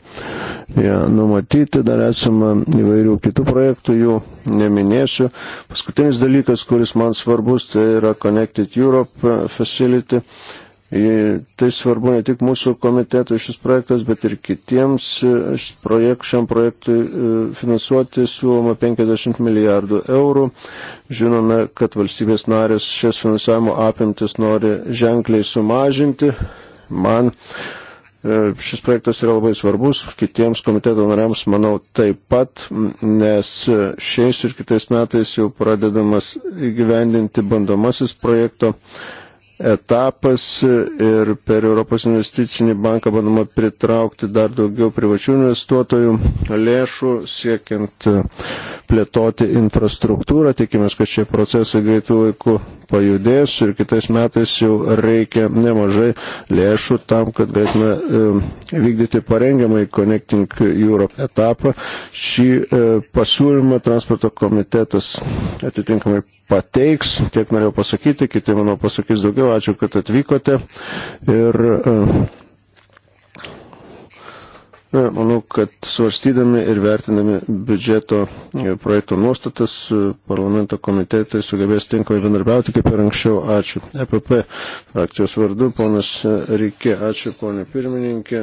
ja, numatyti, dar esame įvairių kitų projektų, jų neminėsiu. Paskutinis dalykas, kuris man svarbus, tai yra Connected Europe Facility Tai svarbu ne tik mūsų komitetui šis projektas, bet ir kitiems e, projekt, šiam projektui e, finansuoti siūloma 50 milijardų eurų. Žinome, kad valstybės narės šias finansavimo apimtis nori ženkliai sumažinti. Man e, šis projektas yra labai svarbus, kitiems komiteto nariams, manau, taip pat, nes šiais ir kitais metais jau pradedamas įgyvendinti bandomasis projekto etapas ir per Europos investicinį banką bandoma pritraukti dar daugiau privačių investuotojų lėšų siekiant uh, plėtoti infrastruktūrą. Tikimės, kad šie procesai greitų laikų pajudės ir kitais metais jau reikia nemažai lėšų tam, kad galėtume e, vykdyti parengiamai Connecting Europe etapą. Šį e, pasiūlymą transporto komitetas atitinkamai pateiks, tiek norėjau pasakyti, kiti, manau, pasakys daugiau. Ačiū, kad atvykote. Ir, e, Na, manau, kad svarstydami ir vertinami biudžeto e, projekto nuostatas, e, parlamento komitetai sugebės tinkamai bendarbiauti kaip ir anksčiau. Ačiū. EPP frakcijos vardu, ponas Rykė, ačiū ponė pirmininkė,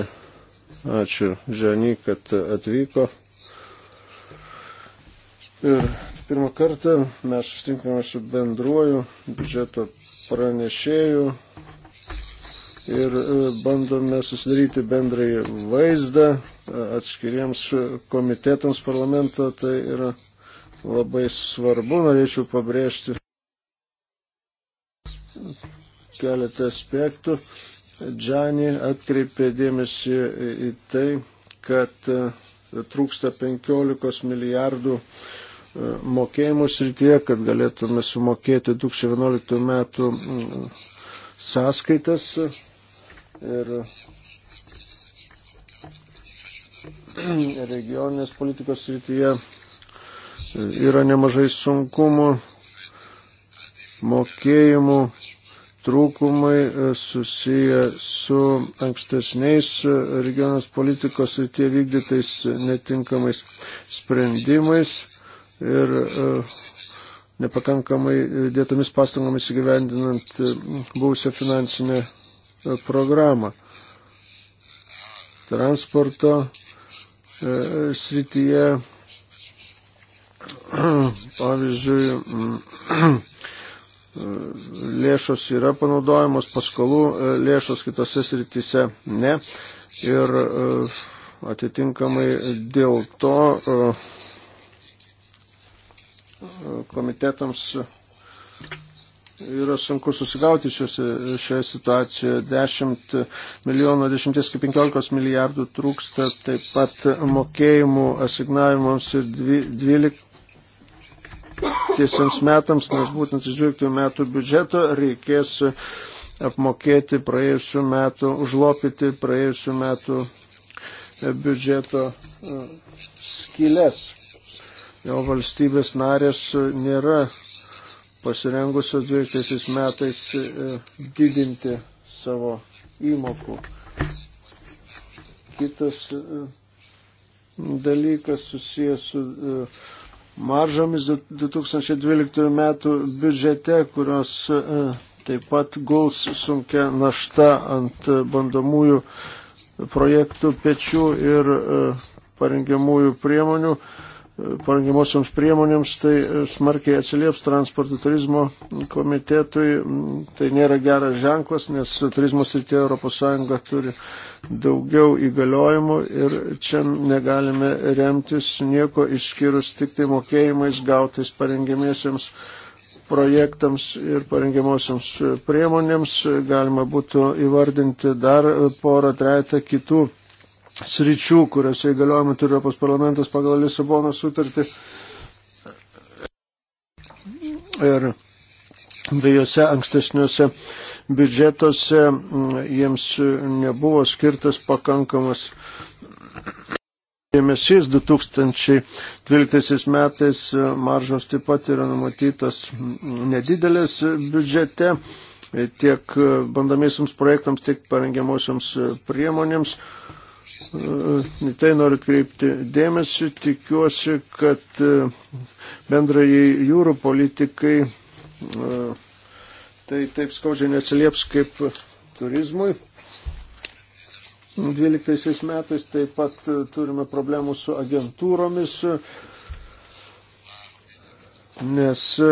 ačiū Žani, kad atvyko. Ir pirmą kartą mes susitinkame su bendruoju biudžeto pranešėjų ir e, bandome susidaryti bendrai vaizdą e, atskiriems komitetams parlamento. Tai yra labai svarbu, norėčiau pabrėžti keletą aspektų. Džani atkreipė dėmesį į tai, kad e, trūksta 15 milijardų mokėjimų srityje, kad galėtume sumokėti 2011 metų sąskaitas ir regioninės politikos srityje yra nemažai sunkumų, mokėjimų trūkumai e, susiję su ankstesniais e, regionos politikos ir tie vykdytais netinkamais sprendimais ir e, nepakankamai dėtomis pastangomis įgyvendinant buvusią finansinę programą. Transporto e, srityje, (clears throat) pavyzdžiui, mm, e, lėšos yra panaudojamos, paskolų e, lėšos kitose srityse ne. Ir atitinkamai dėl to komitetams yra sunku susigauti šiose, šioje situacijoje. 10 milijonų, 10-15 milijardų trūksta taip pat mokėjimų asignavimams ir 12 metams, nes būtent 12 metų biudžeto reikės apmokėti praėjusių metų, užlopyti praėjusių metų biudžeto e, skilės. Jo valstybės narės nėra pasirengusios 12 metais e, didinti savo įmokų. Kitas e, dalykas susijęs su e, maržomis 2012 metų biudžete, kurios taip pat guls sunkia našta ant bandomųjų projektų pečių ir parengiamųjų priemonių. Uh, parengiamosioms priemonėms, tai e, smarkiai atsilieps transporto turizmo komitetui. Tai nėra geras ženklas, nes turizmo srityje ES turi daugiau įgaliojimų ir čia negalime remtis nieko išskyrus tik tai mokėjimais gautais parengiamiesiams projektams ir parengiamosiams e, priemonėms. Galima būtų įvardinti dar e, porą, trejata kitų sričių, kuriuose įgaliojimą turi Europos parlamentas pagal Lisabono sutartį. Ir dviejose ankstesniuose biudžetuose mm, jiems nebuvo skirtas pakankamas dėmesys 2012 metais maržos taip pat yra numatytas nedidelės biudžete tiek bandamiesiams projektams, tiek parengiamosiams priemonėms tai noriu kreipti dėmesį. Tikiuosi, kad e, bendrai jūrų politikai e, tai taip skaudžiai neatsilieps kaip turizmui. 12 metais taip pat turime problemų su agentūromis, nes e,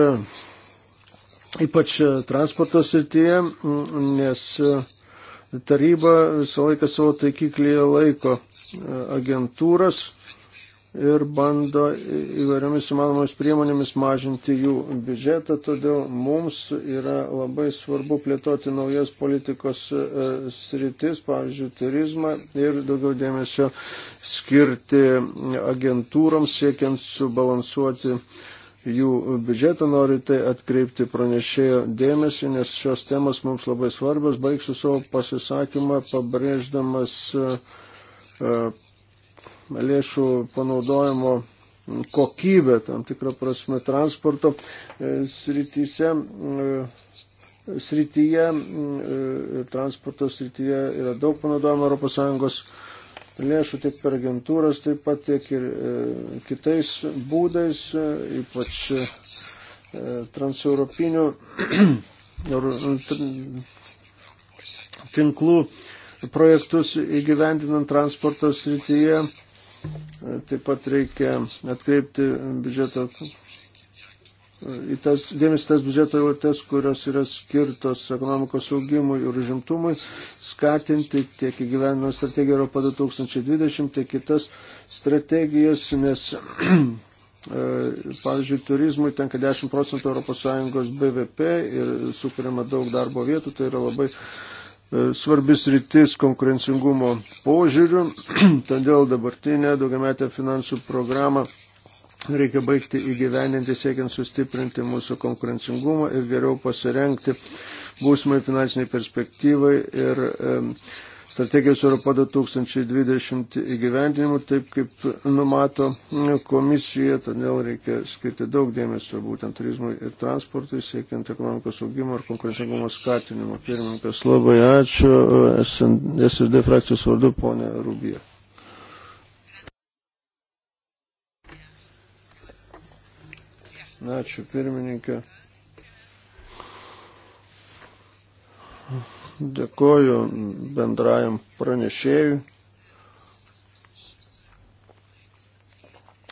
ypač transporto srityje, nes Taryba visą laiką savo taikiklyje laiko e, agentūras ir bando įvairiomis įmanomomis priemonėmis mažinti jų biudžetą, todėl mums yra labai svarbu plėtoti naujas politikos e, sritis, pavyzdžiui, turizmą ir daugiau dėmesio skirti agentūroms, siekiant subalansuoti jų biudžetą. Noriu tai atkreipti pranešėjo dėmesį, nes šios temos mums labai svarbios. Baigsiu savo pasisakymą, pabrėždamas e, e, lėšų panaudojimo kokybę, tam tikrą prasme, transporto e, srityse srityje, transporto srityje yra daug panaudojama ES lėšų tiek per agentūras, taip pat tiek ir e, kitais būdais, e, ypač e, transeuropinių (clears throat) tinklų projektus įgyvendinant transporto srityje. E, taip pat reikia atkreipti biudžeto į tas dėmesį tas biudžeto eilutės, kurios yra skirtos ekonomikos augimui ir užimtumui, skatinti tiek įgyvenimo strategiją Europą 2020, tiek kitas strategijas, nes, (clears throat) e, pavyzdžiui, turizmui tenka 10 procentų ES BVP ir sukuriama daug darbo vietų, tai yra labai e, svarbis rytis konkurencingumo požiūrių, (clears throat) todėl dabartinė daugiametė finansų programa reikia baigti įgyveninti, siekiant sustiprinti mūsų konkurencingumą ir geriau pasirengti būsimai finansiniai perspektyvai ir strategijos Europo 2020 įgyvendinimu, taip kaip numato komisija, todėl reikia skirti daug dėmesio būtent turizmui ir transportui, siekiant ekonomikos augimo ir konkurencingumo skatinimo. Pirmininkas, labai ačiū. SND frakcijos vardu, ponė Rubija. Ačiū pirmininkė. Dėkoju bendrajam pranešėjui.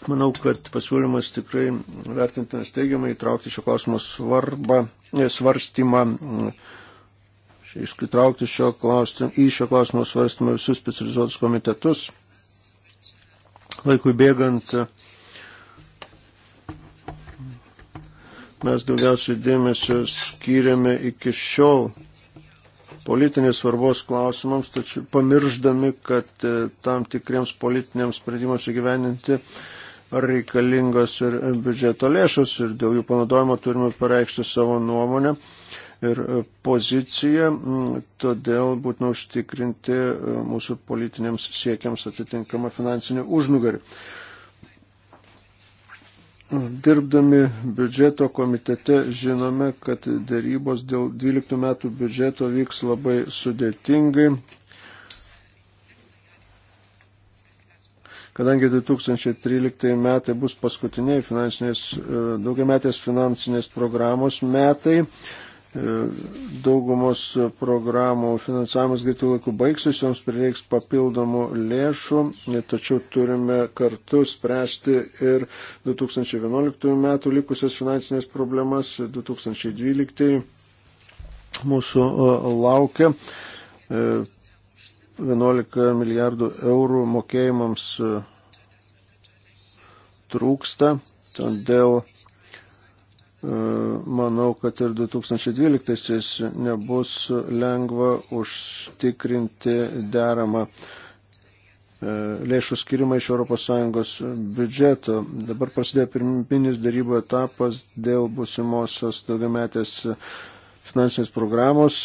Manau, kad pasiūlymas tikrai vertintinas teigiamai įtraukti šio klausimo svarbą, e, svarstymą, e, įtraukti šio klausimo, į šio klausimo svarstymą visus specializuotus komitetus. Laikui bėgant mes daugiausiai dėmesio skiriame iki šiol politinės svarbos klausimams, tačiau pamirždami, kad e, tam tikriems politiniams sprendimams įgyveninti ar reikalingos ir biudžeto lėšos ir dėl jų panaudojimo turime pareikšti savo nuomonę ir e, poziciją, todėl būtina užtikrinti e, mūsų politiniams siekiams atitinkamą finansinį užnugarį. Dirbdami biudžeto komitete žinome, kad dėrybos dėl 12 metų biudžeto vyks labai sudėtingai, kadangi 2013 metai bus paskutiniai daugiametės finansinės programos metai. E, daugumos programų finansavimas greitų laikų baigsis, joms prireiks papildomų lėšų, e, tačiau turime kartu spręsti ir 2011 metų likusias finansinės problemas, 2012 e, mūsų laukia 11 milijardų eurų mokėjimams trūksta, todėl E, manau, kad ir 2012 nebus lengva užtikrinti deramą e, lėšų skirimą iš ES biudžeto. Dabar prasidėjo pirminis darybų etapas dėl busimosios daugiametės finansinės programos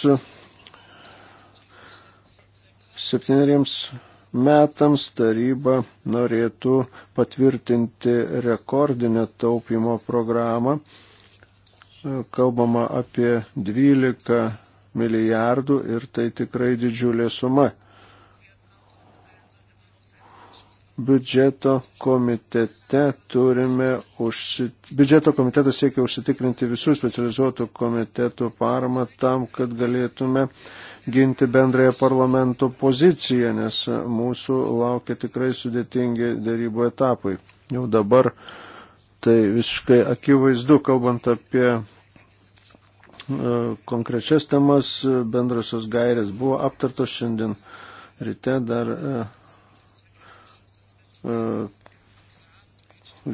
septyneriems metams taryba norėtų patvirtinti rekordinę taupimo programą kalbama apie 12 milijardų ir tai tikrai didžiulė suma. Biudžeto komitete turime užsit... Biudžeto komitetas siekia užsitikrinti visų specializuotų komitetų paramą tam, kad galėtume ginti bendrąją parlamento poziciją, nes mūsų laukia tikrai sudėtingi dėrybų etapai. Jau dabar uh, Tai visiškai akivaizdu, kalbant apie e, konkrečias temas, e, bendrosios gairės buvo aptartos šiandien ryte dar e,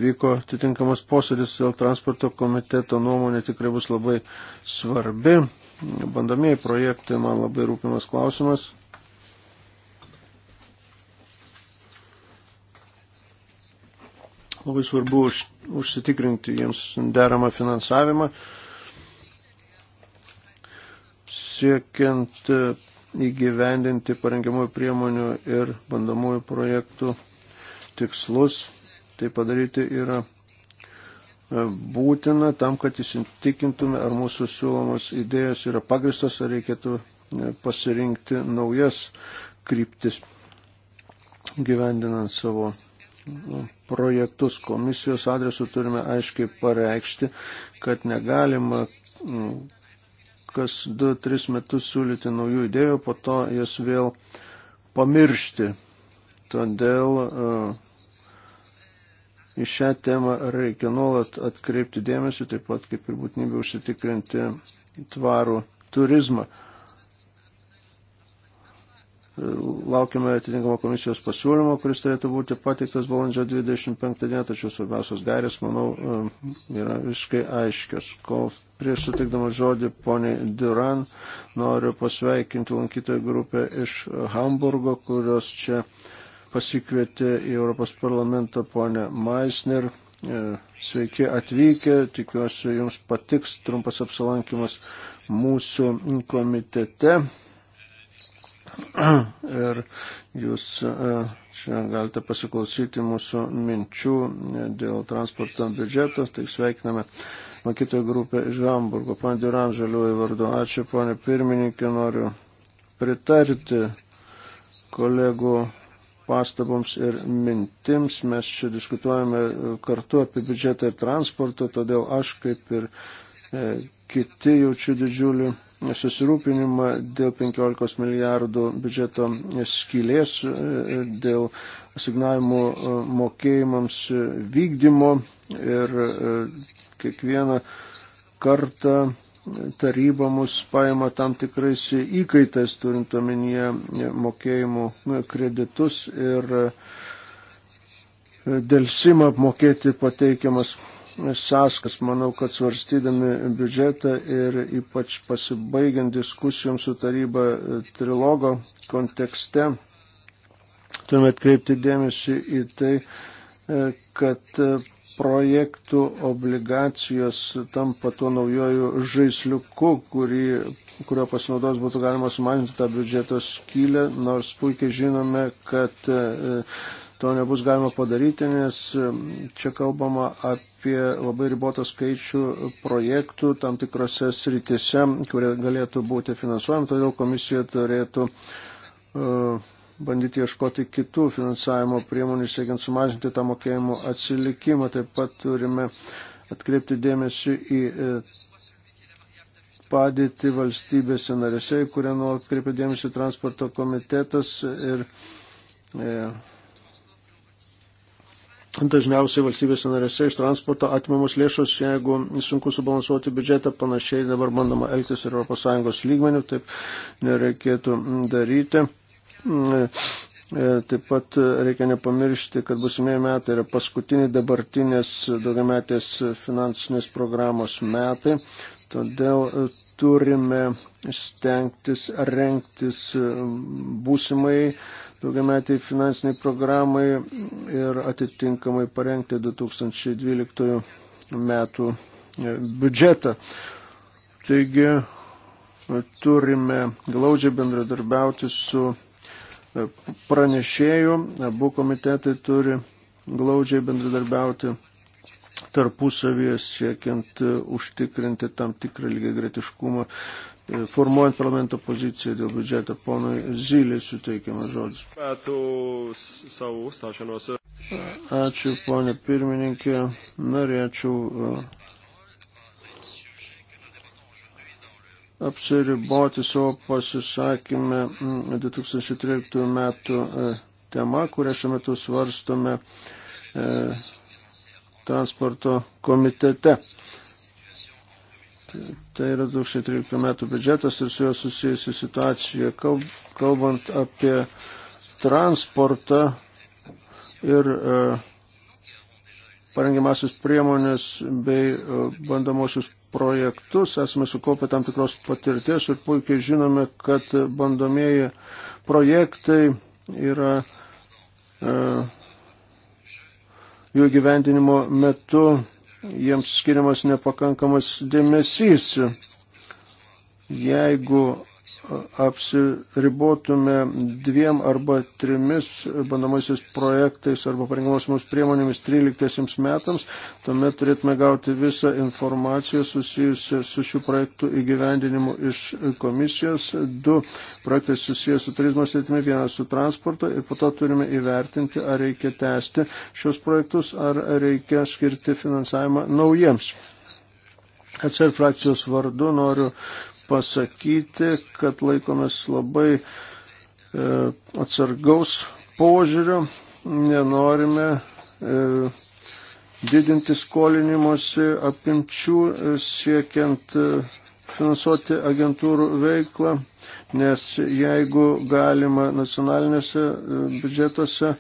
vyko atitinkamas posėdis dėl transporto komiteto nuomonė tikrai bus labai svarbi. Bandomieji projektai man labai rūpimas klausimas. Labai svarbu už, užsitikrinti jiems deramą finansavimą, siekiant e, įgyvendinti parengiamųjų priemonių ir bandomųjų projektų tikslus. Tai padaryti yra e, būtina tam, kad įsitikintume, ar mūsų siūlomos idėjos yra pagristas, ar reikėtų e, pasirinkti naujas kryptis gyvendinant savo projektus komisijos adresu turime aiškiai pareikšti, kad negalima mm, kas 2-3 metus siūlyti naujų idėjų, po to jas vėl pamiršti. Todėl e, į šią temą reikia nuolat atkreipti dėmesį, taip pat kaip ir būtinybė užsitikrinti tvarų turizmą. Laukime atitinkamo komisijos pasiūlymo, kuris turėtų būti pateiktas balandžio 25 dieną, tačiau svarbiausios gairės, manau, yra visiškai aiškios. Kol prieš sutikdama žodį poniai Duran, noriu pasveikinti lankytojų grupę iš Hamburgo, kurios čia pasikvietė į Europos parlamentą ponę Meisner. E, sveiki atvykę, tikiuosi jums patiks trumpas apsilankimas mūsų komitete. (clears throat) ir jūs e, čia galite pasiklausyti mūsų minčių e, dėl transporto biudžeto, tai sveikiname lankytojų grupę iš Hamburgo. Pane Duran, žaliųjų vardu, ačiū, ponė pirmininkė, noriu pritarti kolegų pastaboms ir mintims. Mes čia diskutuojame kartu apie biudžetą ir transportą, todėl aš kaip ir e, kiti jaučiu didžiulį susirūpinimą dėl 15 milijardų biudžeto skylės, dėl asignavimų e, mokėjimams e, vykdymo ir e, kiekvieną kartą taryba mus paima tam tikrais įkaitais, turint omenyje mokėjimų kreditus ir dėl sima apmokėti pateikiamas sąskas. Manau, kad svarstydami biudžetą ir ypač pasibaigiant diskusijoms su taryba e, trilogo kontekste, turime atkreipti dėmesį į tai, e, kad e, projektų obligacijos tampa tuo naujoju žaisliuku, kurį, kurio pasinaudos būtų galima sumažinti tą biudžeto skylę, nors puikiai žinome, kad to nebus galima padaryti, nes čia kalbama apie apie labai ribotą skaičių projektų tam tikrose sritise, kurie galėtų būti finansuojami, todėl komisija turėtų uh, bandyti ieškoti kitų finansavimo priemonių, siekiant sumažinti tą mokėjimų atsilikimą. Taip pat turime atkreipti dėmesį į e, padėti valstybėse narėse, į kurią nuolat kreipia dėmesį transporto komitetas ir e, dažniausiai valstybėse narėse iš transporto atimamos lėšos, jeigu sunku subalansuoti biudžetą, panašiai dabar bandoma elgtis ir ES lygmenių, taip nereikėtų daryti. E, taip pat reikia nepamiršti, kad busimieji metai yra paskutiniai dabartinės daugiametės finansinės programos metai, todėl e, turime stengtis renktis e, būsimai daugiametiai finansiniai programai ir atitinkamai parengti 2012 metų e, biudžetą. Taigi e, turime glaudžiai bendradarbiauti su e, pranešėjų, abu komitetai turi glaudžiai bendradarbiauti tarpusavyje siekiant užtikrinti tam tikrą lygiai gretiškumą formuojant parlamento poziciją dėl biudžeto. Ponui Zylį suteikiamas žodis. Ačiū, ponė pirmininkė. Norėčiau uh, apsiriboti savo pasisakymę 2013 mm, metų uh, tema, kurią šiuo metu svarstome uh, transporto komitete. Tai yra 2013 metų biudžetas ir su juo susijusi situacija. Kalbant apie transportą ir e, parengiamasis priemonės bei e, bandomosius projektus, esame sukaupę tam tikros patirties ir puikiai žinome, kad bandomieji projektai yra e, jų gyvendinimo metu jiems skiriamas nepakankamas dėmesys. Jeigu apsiribotume dviem arba trimis bandomaisiais projektais arba parengiamosiomis priemonėmis 13 metams, tuomet turėtume gauti visą informaciją susijusią su šių projektų įgyvendinimu iš komisijos. Du projektai susijęs su turizmo sėtimi, vienas su transporto ir po to turime įvertinti, ar reikia tęsti šios projektus, ar reikia skirti finansavimą naujiems. ACR frakcijos vardu noriu pasakyti, kad laikomės labai e, atsargaus požiūrio, nenorime e, didinti skolinimuose apimčių e, siekiant finansuoti agentūrų veiklą, nes jeigu galima nacionalinėse biudžetuose,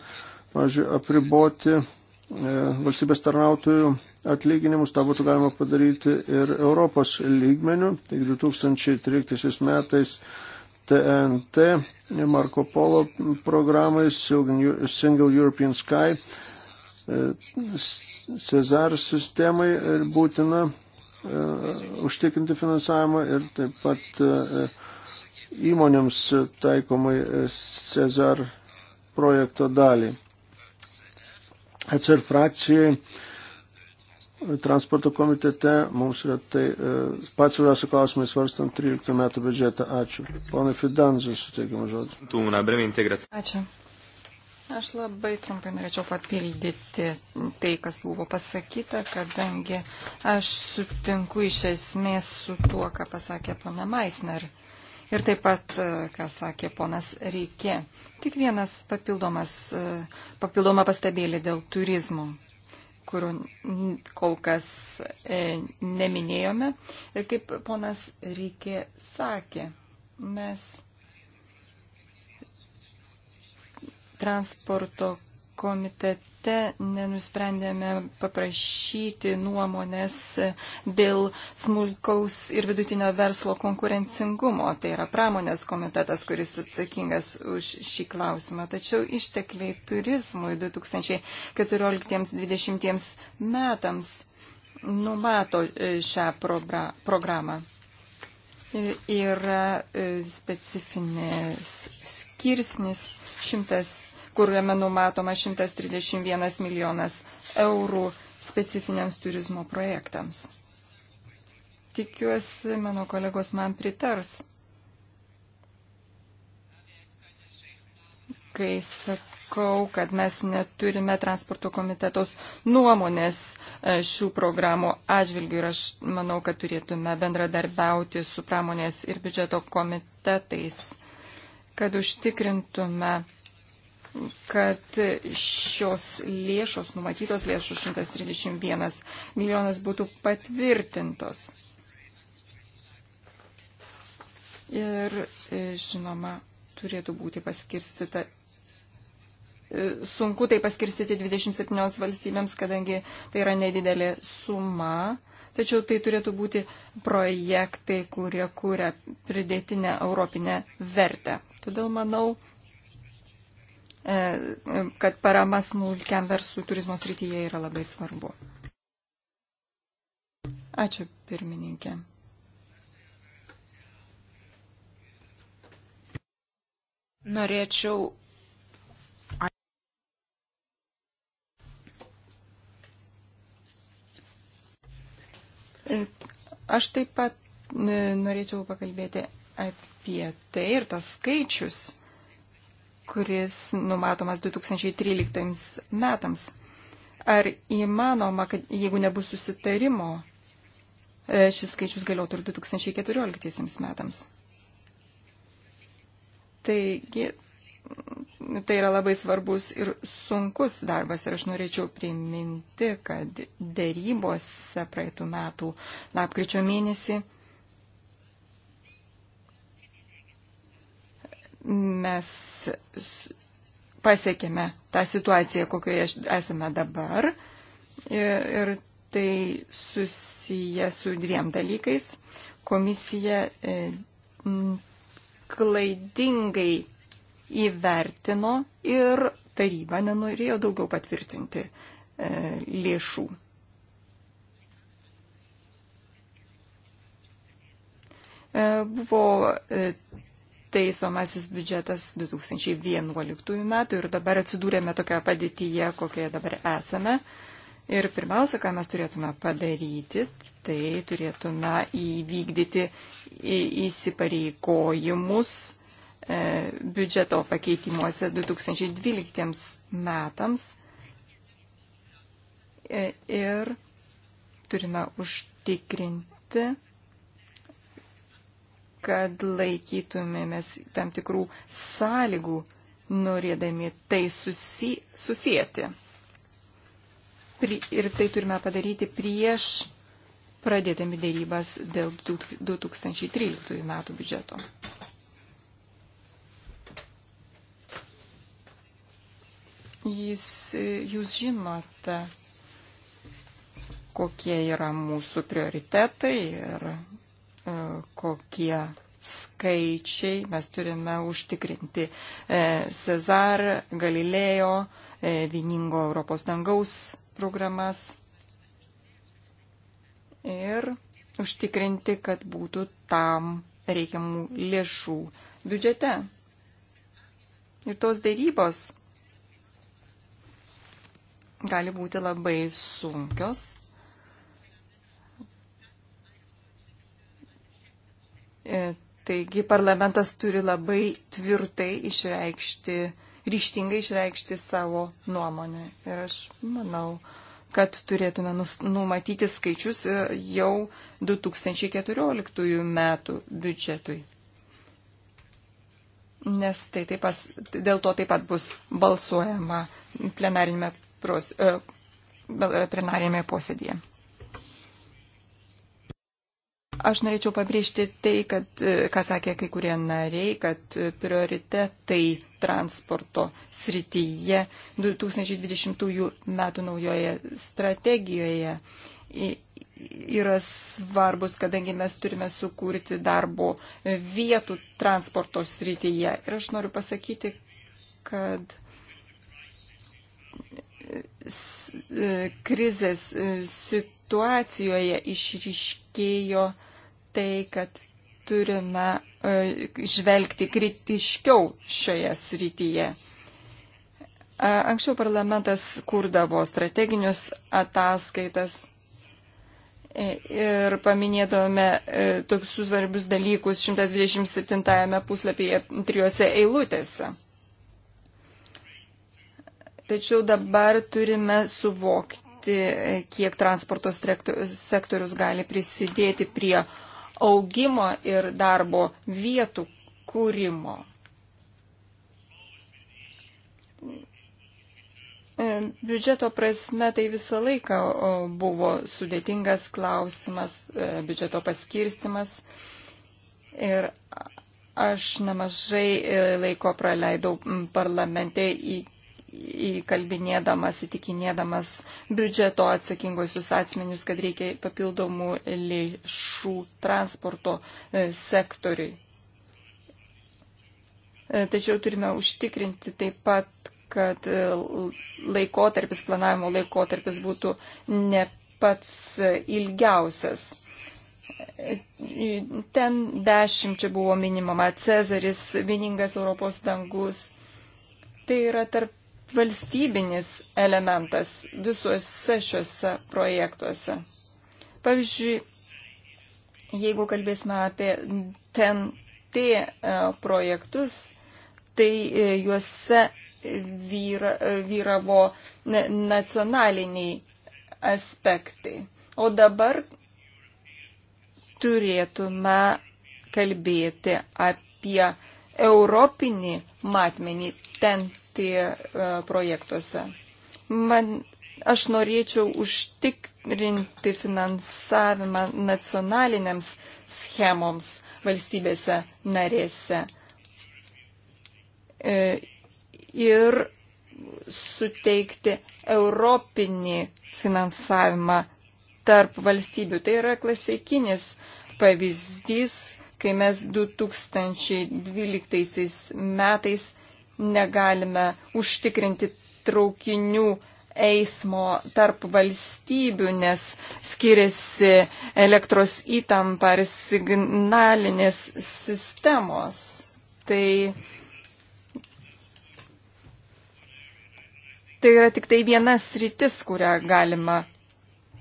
pavyzdžiui, apriboti valstybės tarnautojų atlyginimus, tą būtų galima padaryti ir Europos lygmenių. Tik 2013 metais TNT, Marko Polo programai, Single European Sky, e, Cezar sistemai būtina e, užtikrinti finansavimą ir taip pat e, įmonėms taikomai Cezar projekto dalį. Atsir frakcijai transporto komitete. Mums yra tai e, pats svarbiausia klausimai svarstant 13 metų biudžetą. Ačiū. Ponai Fidanzai, suteikimo žodžiu. Ačiū. Aš labai trumpai norėčiau papildyti tai, kas buvo pasakyta, kadangi aš sutinku iš esmės su tuo, ką pasakė pana Maisner ir taip pat, e, ką sakė ponas Reikė. Tik vienas papildomas, e, papildoma pastabėlė dėl turizmo kurių kol kas e, neminėjome. Ir kaip ponas Rykė sakė, mes transporto komitete nenusprendėme paprašyti nuomonės dėl smulkaus ir vidutinio verslo konkurencingumo. Tai yra pramonės komitetas, kuris atsakingas už šį klausimą. Tačiau ištekliai turizmui 2014-2020 metams numato e, šią programą. E, yra e, specifinis skirsnis 100 kuriame numatoma 131 milijonas eurų specifiniams turizmo projektams. Tikiuosi, mano kolegos man pritars, kai sakau, kad mes neturime transporto komitetos nuomonės e, šių programų atžvilgių ir aš manau, kad turėtume bendradarbiauti su pramonės ir biudžeto komitetais, kad užtikrintume kad šios lėšos, numatytos lėšos 131 milijonas būtų patvirtintos. Ir, e, žinoma, turėtų būti paskirstita. E, sunku tai paskirstyti 27 valstybėms, kadangi tai yra nedidelė suma, tačiau tai turėtų būti projektai, kurie kūrė pridėtinę europinę vertę. Todėl manau, E, e, kad parama smulkiam verslui turizmo srityje yra labai svarbu. Ačiū, pirmininkė. Norėčiau. E, aš taip pat norėčiau pakalbėti apie tai ir tas skaičius kuris numatomas 2013 metams. Ar įmanoma, kad jeigu nebus susitarimo, e, šis skaičius galiotų ir 2014 metams? Taigi, tai yra labai svarbus ir sunkus darbas ir aš norėčiau priminti, kad dėrybose praeitų metų lapkričio mėnesį mes pasiekėme tą situaciją, kokioje esame dabar. Ir tai susiję su dviem dalykais. Komisija e, klaidingai įvertino ir taryba nenorėjo daugiau patvirtinti e, lėšų. E, buvo taisomasis biudžetas 2011 metų ir dabar atsidūrėme tokioje padėtyje, kokioje dabar esame. Ir pirmiausia, ką mes turėtume padaryti, tai turėtume įvykdyti įsipareigojimus e, biudžeto pakeitimuose 2012 metams e, ir turime užtikrinti kad laikytumėmės tam tikrų sąlygų, norėdami tai susi, susijęti. Pri, ir tai turime padaryti prieš pradėdami dėrybas dėl 2013 metų biudžeto. Jūs, jūs žinote, kokie yra mūsų prioritetai ir E, kokie skaičiai mes turime užtikrinti e, Cezar, Galilėjo, e, vieningo Europos dangaus programas ir užtikrinti, kad būtų tam reikiamų lėšų biudžete. Ir tos dėrybos gali būti labai sunkios, E, taigi parlamentas turi labai tvirtai išreikšti, ryštingai išreikšti savo nuomonę. Ir aš manau, kad turėtume numatyti skaičius e, jau 2014 metų biudžetui. Nes tai taip pas, dėl to taip pat bus balsuojama plenarinėme, pros, e, plenarinėme posėdėje. Aš norėčiau pabrėžti tai, kad, e, ką sakė kai kurie nariai, kad e, prioritetai transporto srityje 2020 metų naujoje strategijoje yra svarbus, kadangi mes turime sukurti darbo vietų transporto srityje. Ir aš noriu pasakyti, kad e, krizės situacijoje išryškėjo tai, kad turime e, žvelgti kritiškiau šioje srityje. Anksčiau parlamentas kurdavo strateginius ataskaitas e, ir paminėdavome e, tokius svarbius dalykus 127 puslapyje trijose eilutėse. Tačiau dabar turime suvokti, kiek transporto sektorius gali prisidėti prie uh, augimo ir darbo vietų kūrimo. E, biudžeto prasme tai visą laiką buvo sudėtingas klausimas, e, biudžeto paskirstimas. Ir aš nemažai e, laiko praleidau parlamente iki įkalbinėdamas, įtikinėdamas biudžeto atsakinguosius asmenys, kad reikia papildomų lėšų transporto e, sektoriui. E, tačiau turime užtikrinti taip pat, kad e, laikotarpis, planavimo laikotarpis būtų ne pats ilgiausias. Ten dešimt čia buvo minimama Cezaris, vieningas Europos dangus. Tai yra tarp valstybinis elementas visuose šiuose projektuose. Pavyzdžiui, jeigu kalbėsime apie TNT e, projektus, tai e, juose vyra, e, vyravo nacionaliniai aspektai. O dabar turėtume kalbėti apie europinį matmenį TNT dalyvauti e, projektuose. Man, aš norėčiau užtikrinti finansavimą nacionaliniams schemoms valstybėse narėse e, ir suteikti europinį finansavimą tarp valstybių. Tai yra klasikinis pavyzdys, kai mes 2012 metais negalime užtikrinti traukinių eismo tarp valstybių, nes skiriasi elektros įtampa ir signalinės sistemos. Tai, tai yra tik tai vienas rytis, kurią galima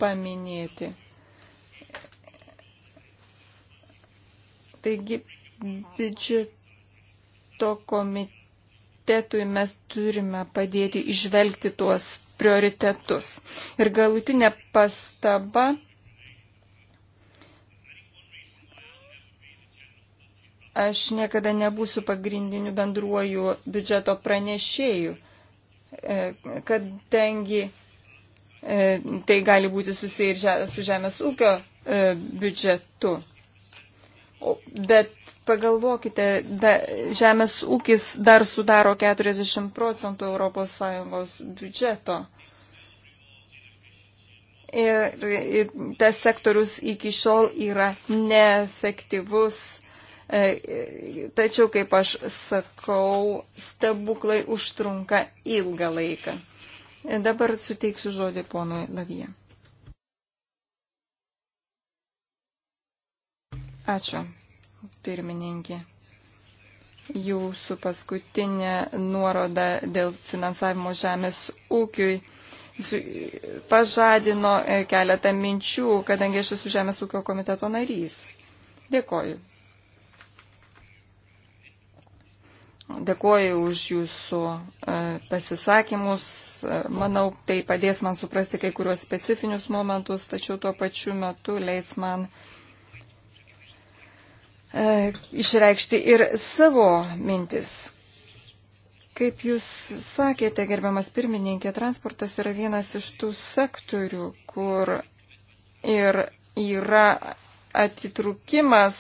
paminėti. Taigi, biudžeto komitė komitetui mes turime padėti išvelgti tuos prioritetus. Ir galutinė pastaba. Aš niekada nebūsiu pagrindiniu bendruoju biudžeto pranešėju, e, kadangi e, tai gali būti susiję ir su žemės ūkio e, biudžetu. Bet pagalvokite, da, žemės ūkis dar sudaro 40 procentų ES biudžeto. Ir, ir tas sektorius iki šiol yra neefektyvus. E, tačiau, kaip aš sakau, stebuklai užtrunka ilgą laiką. E, dabar suteiksiu žodį ponui Lavijai. Ačiū, pirmininkė. Jūsų paskutinė nuoroda dėl finansavimo žemės ūkiui pažadino e, keletą minčių, kadangi aš esu Žemės ūkio komiteto narys. Dėkoju. Dėkoju už jūsų e, pasisakymus. E, manau, tai padės man suprasti kai kuriuos specifinius momentus, tačiau tuo pačiu metu leis man E, išreikšti ir savo mintis. Kaip jūs sakėte, gerbiamas pirmininkė, transportas yra vienas iš tų sektorių, kur ir yra atitrūkimas,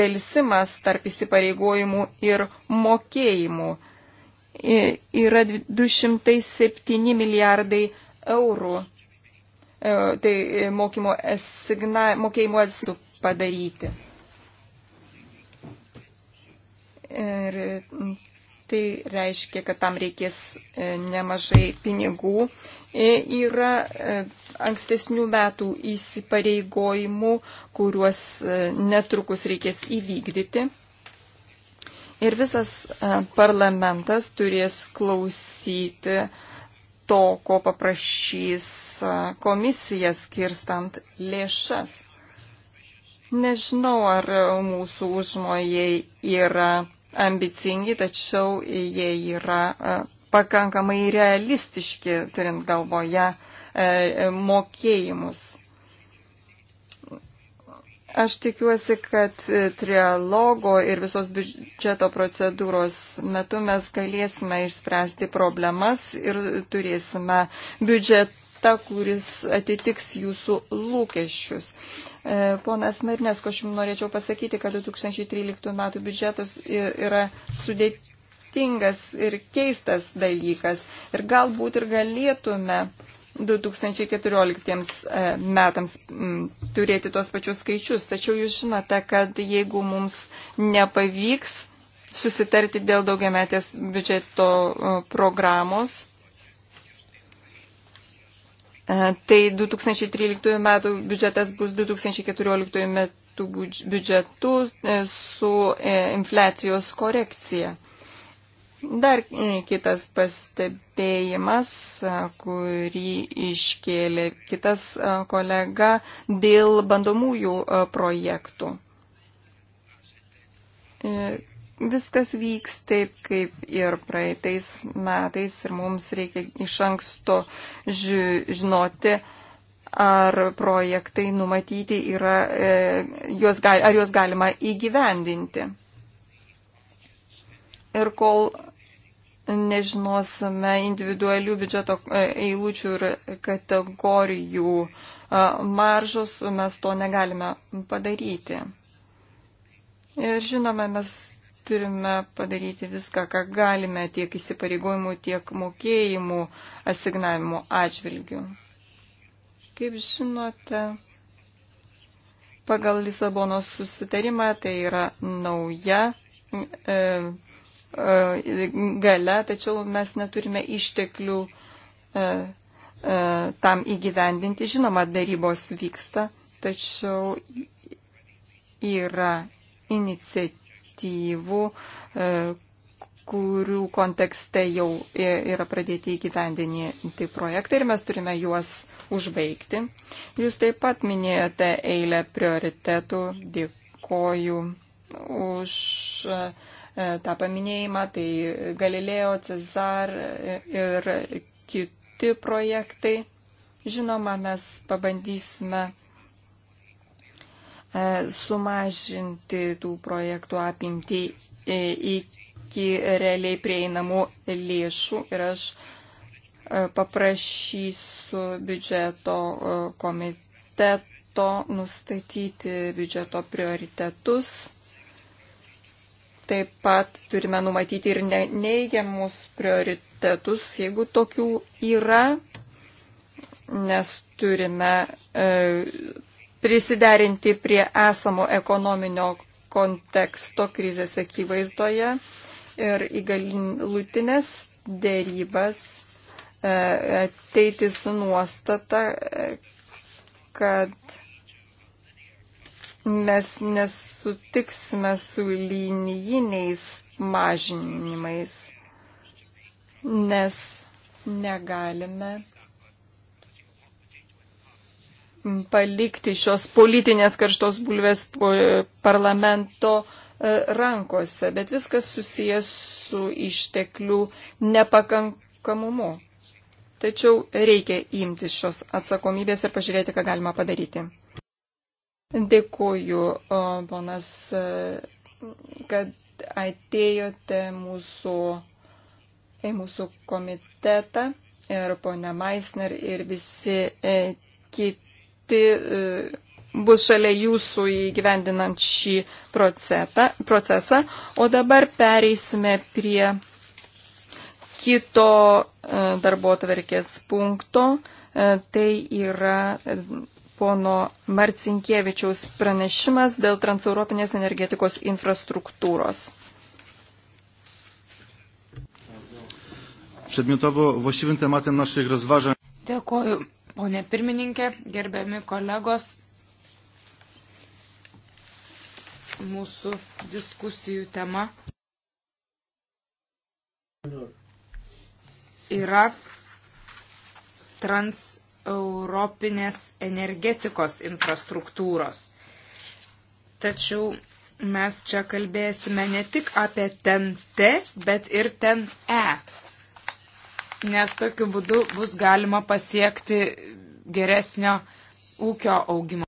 dėlsimas tarp įsipareigojimų ir mokėjimų. Yra 207 milijardai eurų e, tai e, mokymo asigna, mokėjimo asignatų padaryti. Ir mm, tai reiškia, kad tam reikės e, nemažai pinigų. E, yra e, ankstesnių metų įsipareigojimų, kuriuos netrukus reikės įvykdyti. Ir visas parlamentas turės klausyti to, ko paprašys komisija skirstant lėšas. Nežinau, ar mūsų užmojai yra ambicingi, tačiau jie yra e, pakankamai realistiški, turint galvoje e, e, mokėjimus. Aš tikiuosi, kad trialogo ir visos biudžeto procedūros metu mes galėsime išspręsti problemas ir turėsime biudžet, ta, kuris atitiks jūsų lūkesčius. E, ponas Marinesko, aš jums norėčiau pasakyti, kad 2013 metų biudžetas yra sudėtingas ir keistas dalykas. Ir galbūt ir galėtume 2014 e, metams turėti tuos pačius skaičius. Tačiau jūs žinote, kad jeigu mums nepavyks susitarti dėl daugiametės biudžeto e, programos, E, tai 2013 metų biudžetas bus 2014 metų biudžetu e, su e, infliacijos korekcija. Dar kitas pastebėjimas, kurį iškėlė kitas kolega dėl bandomųjų projektų viskas vyks taip, kaip ir praeitais metais ir mums reikia iš anksto ži žinoti, ar projektai numatyti yra, e, juos gal, ar juos galima įgyvendinti. Ir kol nežinosime individualių biudžeto e, eilučių ir kategorijų e, maržos, mes to negalime padaryti. Ir žinome, mes turime padaryti viską, ką galime tiek įsipareigojimų, tiek mokėjimų asignavimų atžvilgių. Kaip žinote, pagal Lisabonos susitarimą tai yra nauja e, e, gale, tačiau mes neturime išteklių e, e, tam įgyvendinti. Žinoma, darybos vyksta, tačiau yra iniciatyva iniciatyvų, e, kurių kontekste jau yra pradėti įgyvendinti projektai ir mes turime juos užbaigti. Jūs taip pat minėjote eilę prioritetų. Dėkoju už e, tą paminėjimą. Tai Galileo, Cezar ir kiti projektai. Žinoma, mes pabandysime E, sumažinti tų projektų apimtį e, iki realiai prieinamų lėšų ir aš e, paprašysiu biudžeto komiteto nustatyti biudžeto prioritetus. Taip pat turime numatyti ir neigiamus prioritetus, jeigu tokių yra, nes turime e, prisiderinti prie esamo ekonominio konteksto krizės akivaizdoje ir į galutinės dėrybas e, ateiti su nuostata, kad mes nesutiksime su linijiniais mažinimais, nes negalime palikti šios politinės karštos bulvės e, parlamento e, rankose, bet viskas susijęs su išteklių nepakankamumu. Tačiau reikia imtis šios atsakomybės ir pažiūrėti, ką galima padaryti. Dėkuoju, ponas, e, kad atėjote mūsų, į mūsų komitetą ir ponia Maisner ir visi kiti kiti e, bus šalia jūsų įgyvendinant šį procetą, procesą. O dabar pereisime prie kito e, darbo tvarkės punkto. E, tai yra pono Marcinkievičiaus pranešimas dėl transeuropinės energetikos infrastruktūros. Przedmiotowo właściwym tematem naszych rozważań. Dėkuoju. Pone pirmininkė, gerbiami kolegos, mūsų diskusijų tema yra transeuropinės energetikos infrastruktūros. Tačiau mes čia kalbėsime ne tik apie TNT, bet ir TNE nes tokiu būdu bus galima pasiekti geresnio ūkio augimo.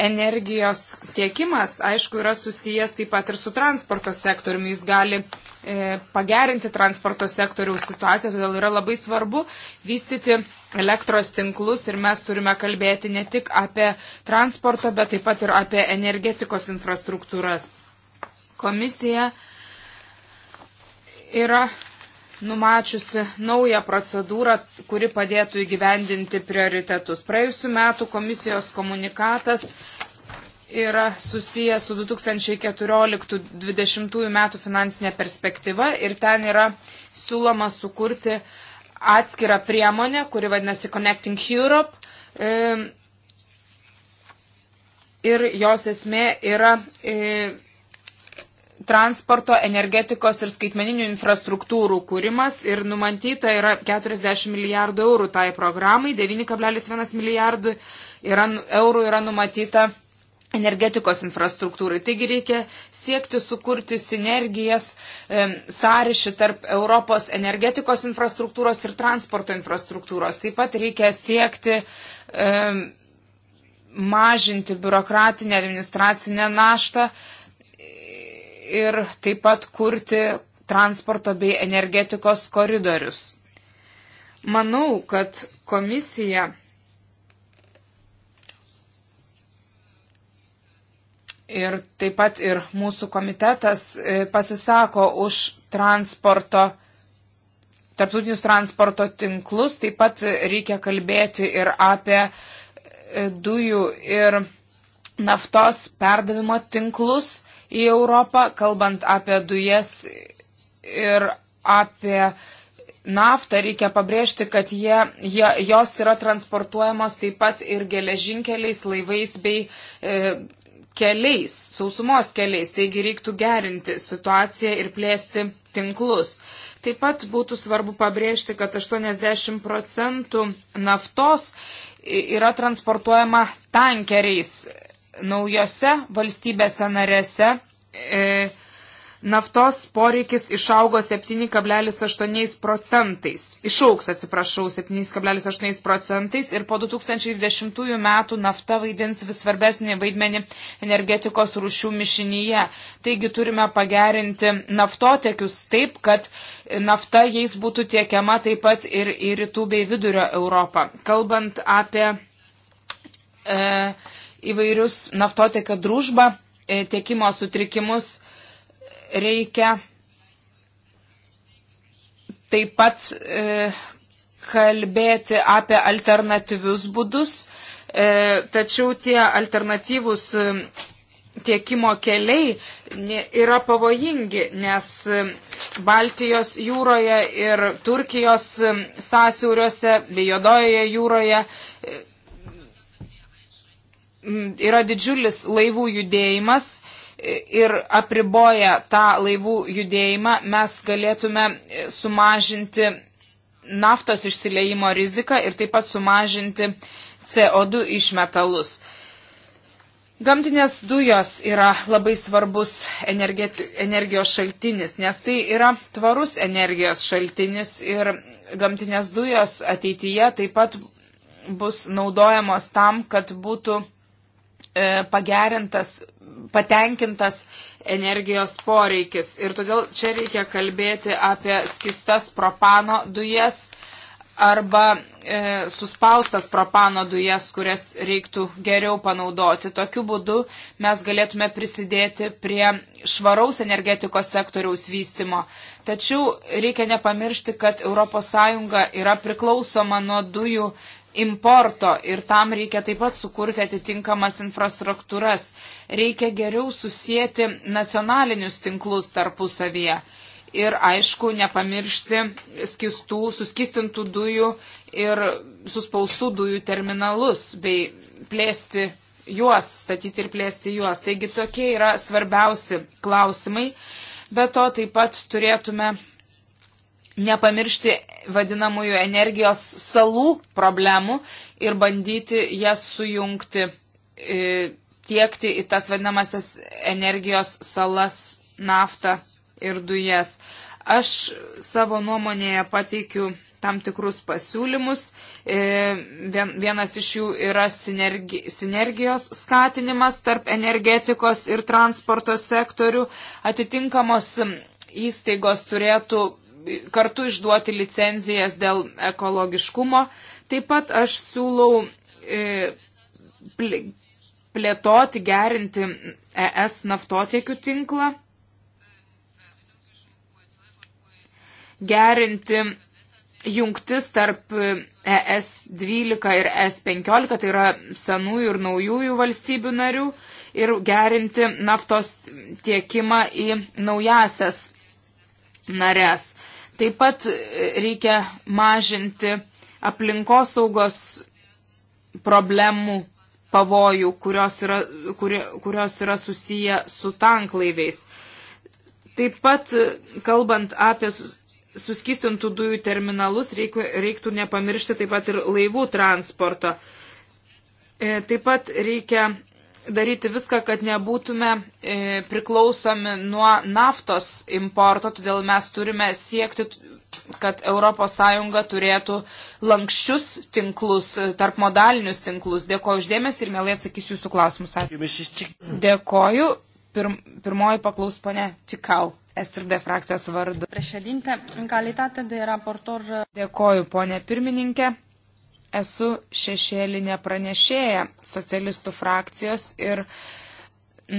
Energijos tiekimas, aišku, yra susijęs taip pat ir su transporto sektoriumi. Jis gali e, pagerinti transporto sektoriaus situaciją, todėl yra labai svarbu vystyti elektros tinklus ir mes turime kalbėti ne tik apie transporto, bet taip pat ir apie energetikos infrastruktūras. Komisija e, yra numačiusi naują procedūrą, kuri padėtų įgyvendinti prioritetus. Praėjusiu metu komisijos komunikatas yra susijęs su 2014-2020 metų finansinė perspektyva ir ten yra siūloma sukurti atskirą priemonę, kuri vadinasi Connecting Europe. Ir jos esmė yra e, transporto, energetikos ir skaitmeninių infrastruktūrų kūrimas ir numatyta yra 40 milijardų eurų tai programai, 9,1 milijardų yra, nu, eurų yra numatyta energetikos infrastruktūrai. Taigi reikia siekti sukurti sinergijas, e, sąryšį tarp Europos energetikos infrastruktūros ir transporto infrastruktūros. Taip pat reikia siekti e, mažinti biurokratinę administracinę naštą, ir taip pat kurti transporto bei energetikos koridorius. Manau, kad komisija ir taip pat ir mūsų komitetas e, pasisako už transporto, tarptautinius transporto tinklus, taip pat reikia kalbėti ir apie e, dujų ir naftos perdavimo tinklus į Europą, kalbant apie dujas ir apie naftą, reikia pabrėžti, kad jie, jie, jos yra transportuojamos taip pat ir geležinkeliais, laivais bei e, keliais, sausumos keliais. Taigi reiktų gerinti situaciją ir plėsti tinklus. Taip pat būtų svarbu pabrėžti, kad 80 procentų naftos yra transportuojama tankeriais naujose valstybėse narėse e, naftos poreikis išaugo 7,8 procentais. Išauks, atsiprašau, 7,8 procentais ir po 2020 metų nafta vaidins vis svarbesnį vaidmenį energetikos rūšių mišinyje. Taigi turime pagerinti naftotekius taip, kad nafta jais būtų tiekiama taip pat ir į rytų bei vidurio Europą. Kalbant apie e, įvairius naftotekio družbą, e, tiekimo sutrikimus reikia taip pat e, kalbėti apie alternatyvius būdus, e, tačiau tie alternatyvus e, tiekimo keliai yra pavojingi, nes e, Baltijos jūroje ir Turkijos sąsiauriuose bei Jodojoje jūroje yra didžiulis laivų judėjimas ir apriboja tą laivų judėjimą, mes galėtume sumažinti naftos išsileimo riziką ir taip pat sumažinti CO2 išmetalus. Gamtinės dujos yra labai svarbus energijos šaltinis, nes tai yra tvarus energijos šaltinis ir gamtinės dujos ateityje taip pat bus naudojamos tam, kad būtų E, pagerintas, patenkintas energijos poreikis. Ir todėl čia reikia kalbėti apie skistas propano dujas arba e, suspaustas propano dujas, kurias reiktų geriau panaudoti. Tokiu būdu mes galėtume prisidėti prie švaraus energetikos sektoriaus vystimo. Tačiau reikia nepamiršti, kad ES yra priklausoma nuo dujų importo ir tam reikia taip pat sukurti atitinkamas infrastruktūras. Reikia geriau susijęti nacionalinius tinklus tarpusavyje. Ir aišku, nepamiršti skistų, suskistintų dujų ir suspaustų dujų terminalus bei plėsti juos, statyti ir plėsti juos. Taigi tokie yra svarbiausi klausimai. Be to taip pat turėtume nepamiršti vadinamųjų energijos salų problemų ir bandyti jas sujungti, e, tiekti į tas vadinamasias energijos salas naftą ir dujas. Aš savo nuomonėje pateikiu tam tikrus pasiūlymus. E, vienas iš jų yra sinergi, sinergijos skatinimas tarp energetikos ir transporto sektorių. Atitinkamos įstaigos turėtų kartu išduoti licenzijas dėl ekologiškumo. Taip pat aš siūlau e, plėtoti, gerinti ES naftotiekių tinklą, gerinti jungtis tarp ES 12 ir ES 15, tai yra senųjų ir naujųjų valstybių narių, ir gerinti naftos tiekimą į naujasias nares. Taip pat reikia mažinti aplinkosaugos problemų pavojų, kurios yra, kuri, kurios yra susiję su tanklaiviais. Taip pat, kalbant apie suskistintų dujų terminalus, reikų, reiktų nepamiršti taip pat ir laivų transporto. E, taip pat reikia daryti viską, kad nebūtume e, priklausomi nuo naftos importo, todėl mes turime siekti, kad ES turėtų lankščius tinklus, e, tarp modalinius tinklus. Dėkoju uždėmesi ir mielai atsakysiu jūsų klausimus. Dėkoju. Pirm, pirmoji paklaus ponė Čikau. SRD frakcijos vardu. Prešedinte, în calitate de raportor. Dėkoju, ponė pirmininkė esu šešėlinė pranešėja socialistų frakcijos ir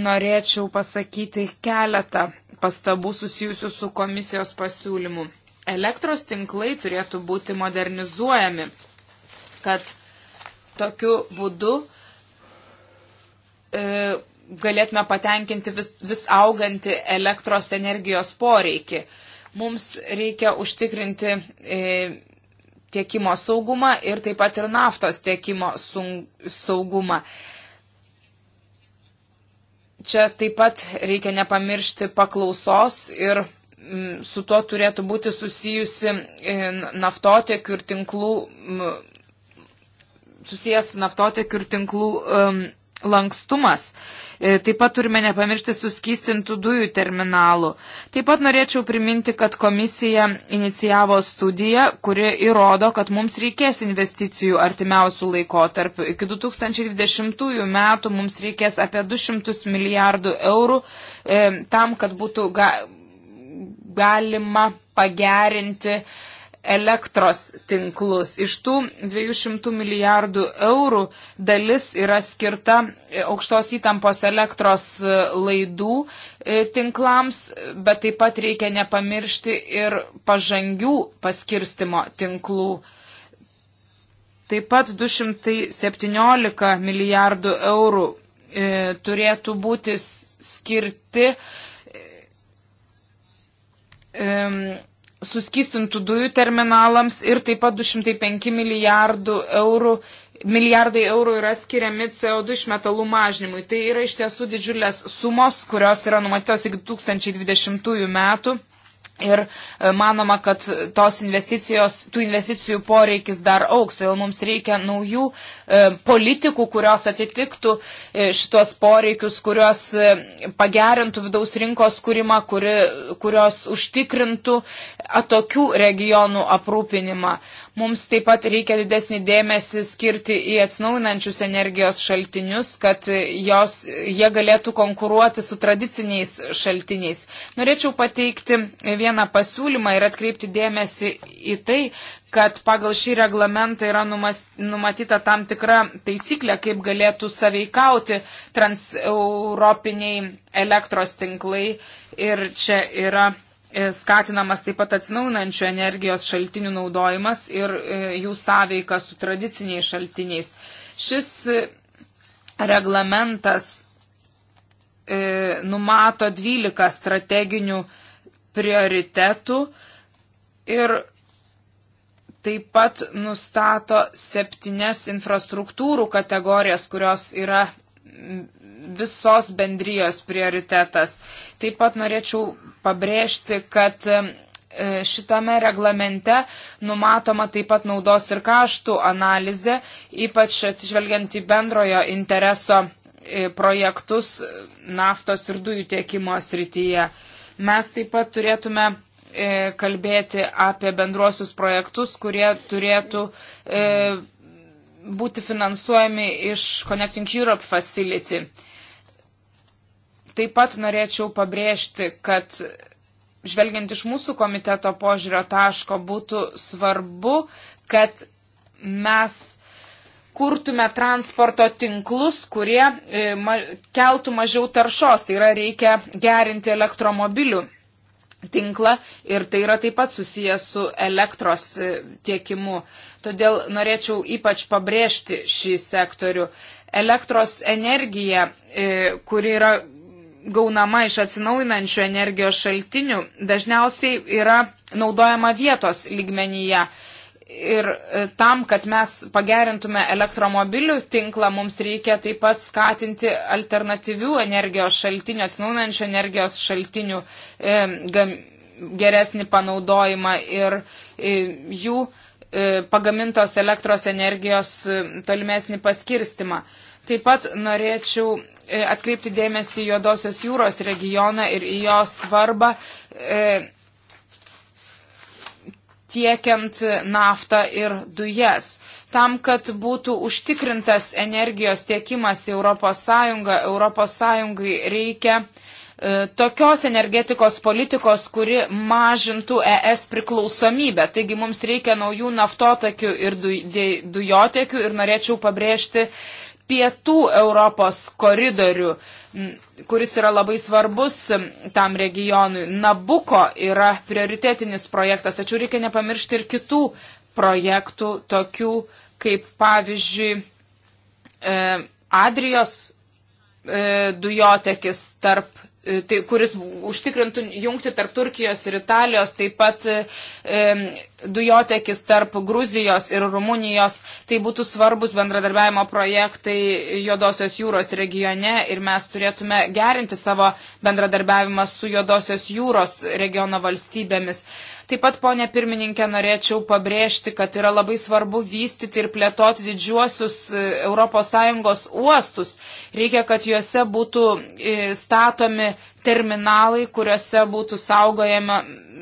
norėčiau pasakyti keletą pastabų susijusių su komisijos pasiūlymu. Elektros tinklai turėtų būti modernizuojami, kad tokiu būdu e, galėtume patenkinti vis, vis augantį elektros energijos poreikį. Mums reikia užtikrinti e, tiekimo saugumą ir taip pat ir naftos tiekimo saugumą. Čia taip pat reikia nepamiršti paklausos ir mm, su tuo turėtų būti susijusi e, naftotiekių ir tinklų susijęs naftotiekių ir tinklų um, lankstumas. E, taip pat turime nepamiršti suskystintų dujų terminalų. Taip pat norėčiau priminti, kad komisija inicijavo studiją, kuri įrodo, kad mums reikės investicijų artimiausių laikotarpių. Iki 2020 metų mums reikės apie 200 milijardų eurų e, tam, kad būtų ga, galima pagerinti e, elektros tinklus. Iš tų 200 milijardų eurų dalis yra skirta e, aukštos įtampos elektros e, laidų e, tinklams, bet taip pat reikia nepamiršti ir pažangių paskirstimo tinklų. Taip pat 217 milijardų eurų turėtų būti skirti suskistintų dujų terminalams ir taip pat 205 milijardų eurų, milijardai eurų yra skiriami CO2 išmetalų mažinimui. Tai yra iš tiesų didžiulės sumos, kurios yra numatytos iki 2020 metų. Ir e, manoma, kad tos investicijos, tų investicijų poreikis dar auks, todėl mums reikia naujų e, politikų, kurios atitiktų e, šitos poreikius, kurios e, pagerintų vidaus rinkos kūrimą, kuri, kurios užtikrintų atokių regionų aprūpinimą. Mums taip pat reikia didesnį dėmesį skirti į atsinaujinančius energijos šaltinius, kad jos, jie galėtų konkuruoti su tradiciniais šaltiniais. Norėčiau pateikti vieną pasiūlymą ir atkreipti dėmesį į tai, kad pagal šį reglamentą yra numatyta tam tikra taisyklė, kaip galėtų saveikauti transeuropiniai elektros tinklai. Ir čia yra E, skatinamas taip pat atsinaunančių energijos šaltinių naudojimas ir e, jų sąveika su tradiciniais šaltiniais. Šis e, reglamentas numato 12 strateginių prioritetų ir taip pat nustato septynes infrastruktūrų kategorijas, kurios yra visos bendrijos prioritetas. Taip pat norėčiau pabrėžti, kad e, šitame reglamente numatoma taip pat naudos ir kaštų analizė, ypač atsižvelgiant į bendrojo intereso e, projektus e, naftos ir dujų tiekimo srityje. Mes taip pat turėtume kalbėti apie bendruosius projektus, kurie turėtų būti finansuojami iš Connecting Europe Facility. Taip pat norėčiau pabrėžti, kad žvelgiant iš mūsų komiteto požiūrio taško būtų svarbu, kad mes kurtume transporto tinklus, kurie e, ma keltų mažiau taršos. Tai yra reikia gerinti elektromobilių tinklą ir tai yra taip pat susijęs su elektros e, tiekimu. Todėl norėčiau ypač pabrėžti šį sektorių. Elektros energija, e, kuri yra gaunama iš atsinaujinančių energijos šaltinių dažniausiai yra naudojama vietos lygmenyje. Ir e, tam, kad mes pagerintume elektromobilių tinklą, mums reikia taip pat skatinti alternatyvių energijos šaltinių, atsinaujinančių energijos šaltinių e, gam, geresnį panaudojimą ir e, jų e, pagamintos elektros energijos e, tolimesnį paskirstimą. E, Taip pat norėčiau e, atkreipti dėmesį Juodosios jūros regioną ir į jos svarbą e, tiekiant naftą ir dujas. Tam, kad būtų užtikrintas energijos tiekimas į ES, ES reikia e, tokios energetikos politikos, kuri mažintų ES priklausomybę. Taigi mums reikia naujų naftotekių ir du, dujotekių ir norėčiau pabrėžti pietų Europos koridorių, kuris yra labai svarbus tam regionui. Nabuko yra prioritetinis projektas, tačiau reikia nepamiršti ir kitų projektų, tokių kaip pavyzdžiui e, Adrijos e, dujotekis tarp e, tai, kuris užtikrintų jungti tarp Turkijos ir Italijos, taip pat e, dujotekis tarp Gruzijos ir Rumunijos, tai būtų svarbus bendradarbiavimo projektai Juodosios jūros regione ir mes turėtume gerinti savo bendradarbiavimą su Juodosios jūros regiono valstybėmis. Taip pat, ponė pirmininkė, norėčiau pabrėžti, kad yra labai svarbu vystyti ir plėtoti didžiuosius ES uostus. Reikia, kad juose būtų e, statomi terminalai, kuriuose būtų saugojama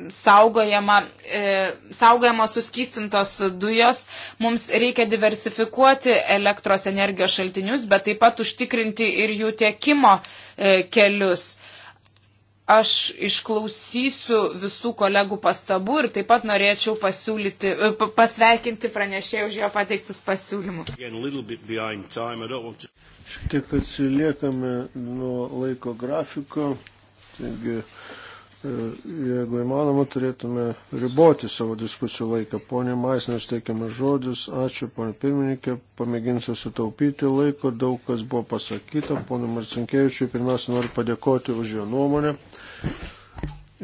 saugojama, e, saugojama suskystintos dujos. Mums reikia diversifikuoti elektros energijos šaltinius, bet taip pat užtikrinti ir jų tiekimo e, kelius. Aš išklausysiu visų kolegų pastabų ir taip pat norėčiau pasiūlyti, e, pasveikinti pranešėjų už jo pateiktus pasiūlymus. Šiek tiek atsiliekame nuo laiko grafiko. Taigi, E, jeigu įmanoma, turėtume riboti savo diskusijų laiką. Pone Maisnės teikiamas žodis, ačiū, pone pirmininkė, pamėginsiu sutaupyti laiko, daug kas buvo pasakyta. Pone Marcinkievičiui, pirmiausia, noriu padėkoti už jo nuomonę.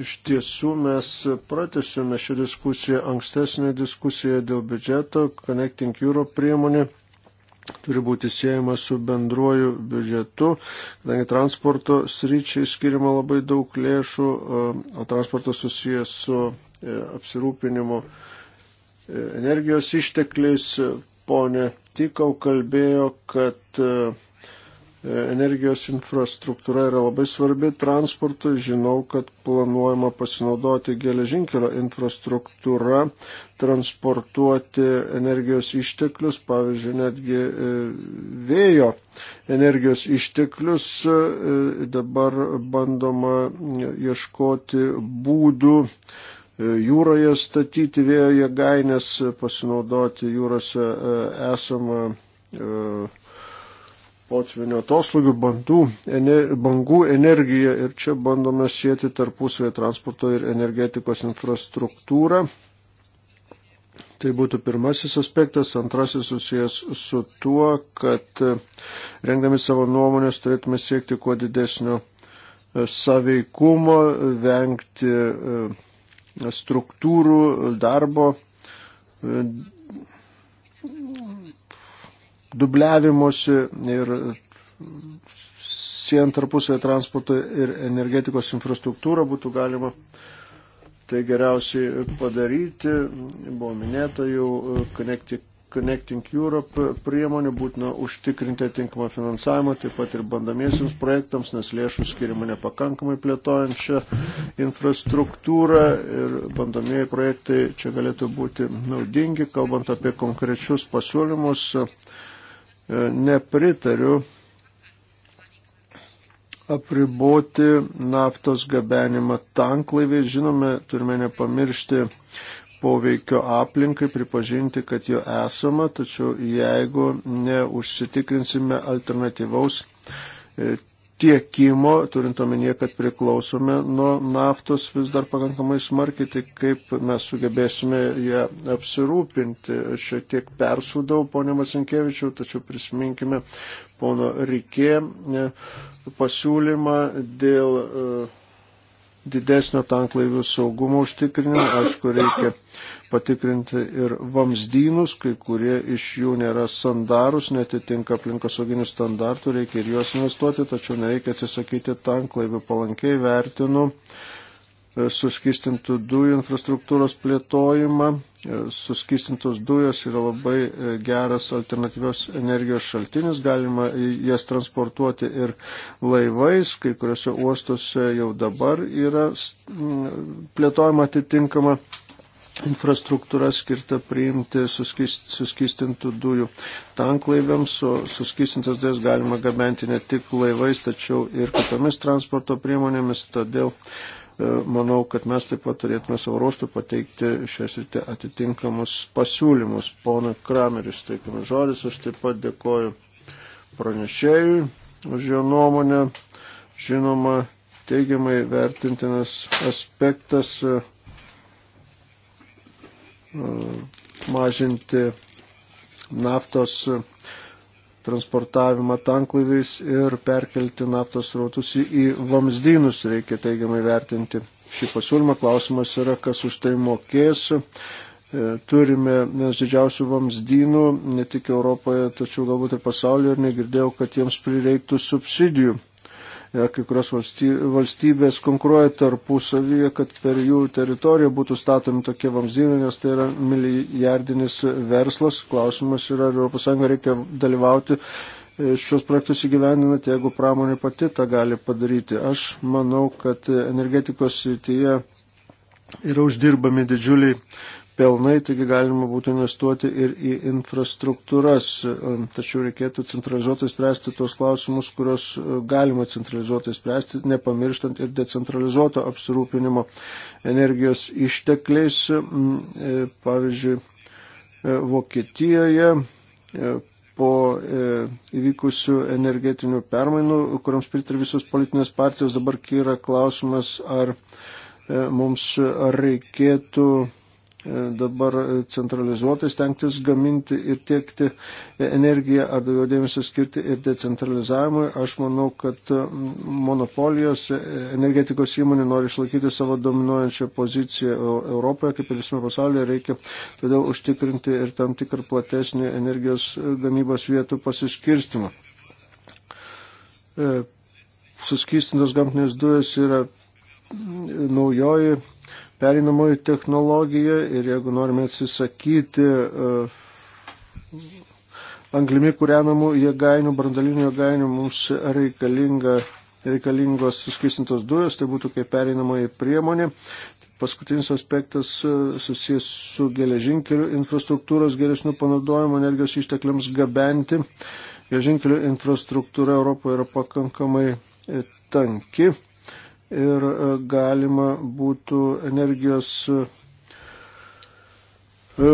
Iš tiesų mes pratesime šią diskusiją, ankstesnę diskusiją dėl biudžeto, Connecting Europe priemonė turi būti siejama su bendruoju biudžetu, kadangi transporto sryčiai skiriama labai daug lėšų, e, o transportas susijęs su e, apsirūpinimu e, energijos ištekliais. Pone Tikau kalbėjo, kad E, energijos infrastruktūra yra labai svarbi transportui. Žinau, kad planuojama pasinaudoti geležinkelio infrastruktūra, transportuoti energijos išteklius, pavyzdžiui, netgi e, vėjo energijos išteklius. E, dabar bandoma ieškoti būdų jūroje statyti vėjo jėgainės, pasinaudoti jūrose esamą potvinio atoslugių bandų, ener, bangų energiją ir čia bandome sėti tarpusvėje transporto ir energetikos infrastruktūrą. Tai būtų pirmasis aspektas, antrasis susijęs su tuo, kad e, rengdami savo nuomonės turėtume siekti kuo didesnio e, saveikumo, vengti e, struktūrų darbo dubliavimuose ir siejant tarpusavę transporto ir energetikos infrastruktūrą būtų galima tai geriausiai padaryti. Buvo minėta jau Connecting, Connecting Europe priemonė, būtina užtikrinti atinkamą finansavimą, taip pat ir bandamiesiams projektams, nes lėšų skirima nepakankamai plėtojant šią infrastruktūrą ir bandomieji projektai čia galėtų būti naudingi, kalbant apie konkrečius pasiūlymus. E, nepritariu apriboti naftos gabenimą tanklaivį. Žinome, turime nepamiršti poveikio aplinkai, pripažinti, kad jo esama, tačiau jeigu neužsitikrinsime alternatyvaus e, tiekimo, turint omenyje, kad priklausome nuo naftos vis dar pakankamai smarkiai, tai kaip mes sugebėsime ją apsirūpinti. Aš šiek tiek persūdau, ponė Masinkievičiau, tačiau prisiminkime pono Rikė e, pasiūlymą dėl e, didesnio tanklaivių saugumo užtikrinimo. Aišku, reikia patikrinti ir vamzdynus, kai kurie iš jų nėra sandarus, netitinka aplinkosauginių standartų, reikia ir juos investuoti, tačiau nereikia atsisakyti tanklaivių palankiai vertinu e, suskistintų dujų infrastruktūros plėtojimą. E, Suskistintos dujos yra labai e, geras alternatyvios energijos šaltinis, galima jas transportuoti ir laivais, kai kuriuose uostuose jau dabar yra plėtojama atitinkama infrastruktūra skirta priimti suskistintų dujų tanklaiviams. Suskistintas dujas galima gabenti ne tik laivais, tačiau ir kitomis transporto priemonėmis. Todėl e, manau, kad mes taip pat turėtume savo ruoštų pateikti šias ir atitinkamus pasiūlymus. Pona Krameris, teikime žodis, aš taip pat dėkoju pranešėjui už jo nuomonę. Žinoma, teigiamai vertintinas aspektas. Uh, mažinti naftos transportavimą tanklaiviais ir perkelti naftos rautus į vamzdynus. Reikia teigiamai vertinti šį pasiūlymą. Klausimas yra, kas už tai mokės. E, turime vienas didžiausių vamzdynų, ne tik Europoje, tačiau galbūt ir pasaulyje, ir negirdėjau, kad jiems prireiktų subsidijų. E, kai kurios valstybės konkuruoja tarpusavyje, kad per jų teritoriją būtų statomi tokie vamzdynai, nes tai yra milijardinis verslas. Klausimas yra, ar ES reikia dalyvauti e, šios projektus įgyvendinant, jeigu pramonė pati tą gali padaryti. Aš manau, kad energetikos srityje yra uždirbami didžiuliai pelnai, taigi galima būtų investuoti ir į infrastruktūras, tačiau reikėtų centralizuotai spręsti tos klausimus, kurios e, galima centralizuotai spręsti, nepamirštant ir decentralizuoto apsirūpinimo energijos ištekliais. E, pavyzdžiui, e, Vokietijoje po įvykusių energetinių permainų, kuriams pritarė visos politinės partijos, dabar kyra klausimas, ar mums reikėtų E, dabar centralizuotai stengtis gaminti ir tiekti energiją ar daugiau dėmesio skirti ir decentralizavimui. Aš manau, kad e, monopolijos e, energetikos įmonė nori išlaikyti savo dominuojančią poziciją Europoje, kaip ir visame pasaulyje, reikia todėl užtikrinti ir tam tikrą platesnį energijos gamybos vietų pasiskirstimą. Suskystintos gamtinės dujos yra naujoji perinamoji technologija ir jeigu norime atsisakyti e, anglimi kūrenamų jėgainių, brandalinių jėgainių, mums reikalinga, reikalingos suskistintos dujos, tai būtų kaip pereinamoji priemonė. Paskutinis aspektas e, susijęs su geležinkeliu infrastruktūros geresnių panaudojimo energijos ištekliams gabenti. Geležinkelių infrastruktūra Europoje yra pakankamai e, tanki ir e, galima būtų energijos e, e,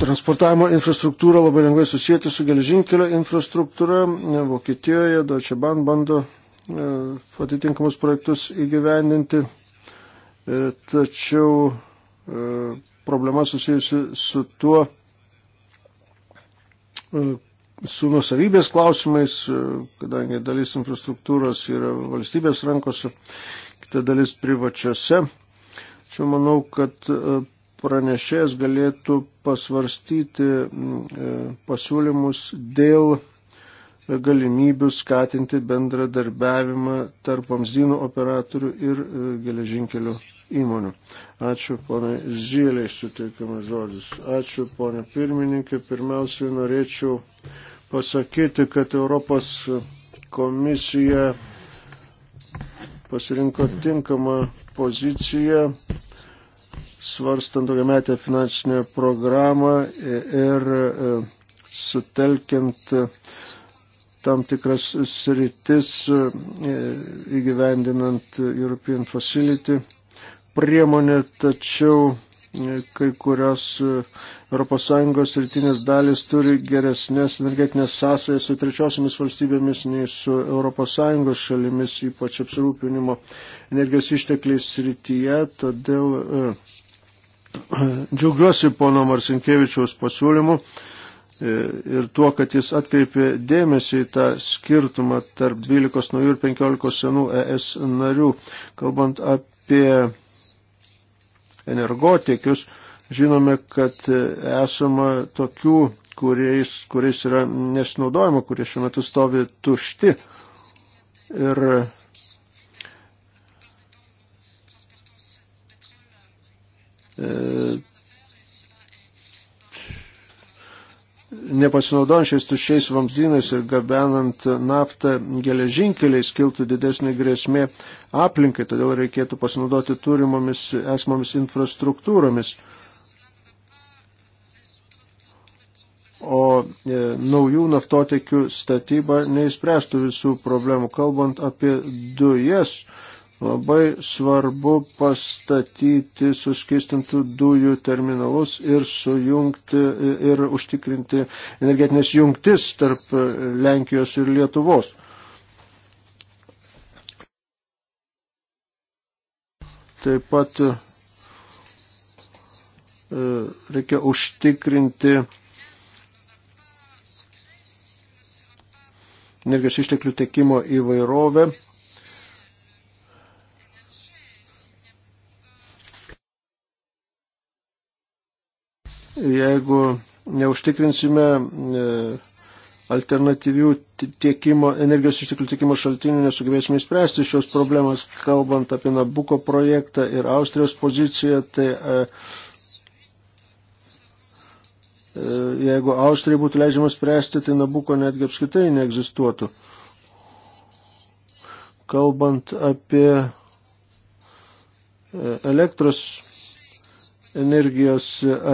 transportavimo infrastruktūrą labai lengvai susijęti su geležinkelio infrastruktūra. Vokietijoje Deutsche Bahn bando atitinkamus projektus įgyvendinti, tačiau problema susijusi su tuo, su nusavybės klausimais, e, kadangi dalis infrastruktūros yra valstybės rankose, kita dalis privačiose. Čia manau, kad e, pranešėjas galėtų pasvarstyti e, pasiūlymus dėl galimybių skatinti bendradarbiavimą tarp vamzdynų operatorių ir geležinkelių įmonių. Ačiū ponai Zėliai suteikiamas žodis. Ačiū ponė pirmininkė. Pirmiausiai norėčiau pasakyti, kad Europos komisija pasirinko tinkamą poziciją svarstant daugiametę finansinę programą ir e, sutelkiant tam tikras sritis e, įgyvendinant European Facility priemonė, tačiau e, kai kurios e, ES rytinės dalis turi geresnės energetinės sąsajas su trečiosiamis valstybėmis nei su ES šalimis, ypač apsirūpinimo energijos ištekliais rytyje. Todėl e, (clears throat) džiaugiuosi pono Marsinkievičiaus pasiūlymu ir tuo, kad jis atkreipė dėmesį į tą skirtumą tarp 12 naujų ir 15 senų ES narių, kalbant apie energotikius. Žinome, kad esama tokių, kuriais, kuriais yra nesinaudojama, kurie šiuo metu stovi tušti. Ir e, nepasinaudojant šiais tuščiais vamzdynais ir gabenant naftą geležinkeliais kiltų didesnė grėsmė aplinkai, todėl reikėtų pasinaudoti turimomis esmomis infrastruktūromis. O e, naujų naftotekių statyba neįspręstų visų problemų. Kalbant apie dujas, e, Labai svarbu pastatyti suskistintų dujų terminalus ir sujungti ir užtikrinti energetinės jungtis tarp Lenkijos ir Lietuvos. Taip pat e, reikia užtikrinti energijos išteklių tekimo įvairovę jeigu neužtikrinsime e, alternatyvių tiekimo, energijos išteklių tiekimo šaltinių, nesugebėsime įspręsti šios problemas, kalbant apie Nabuko projektą ir Austrijos poziciją, tai e, e, jeigu Austrijai būtų leidžiama spręsti, tai Nabuko netgi apskritai neegzistuotų. Kalbant apie elektros energijos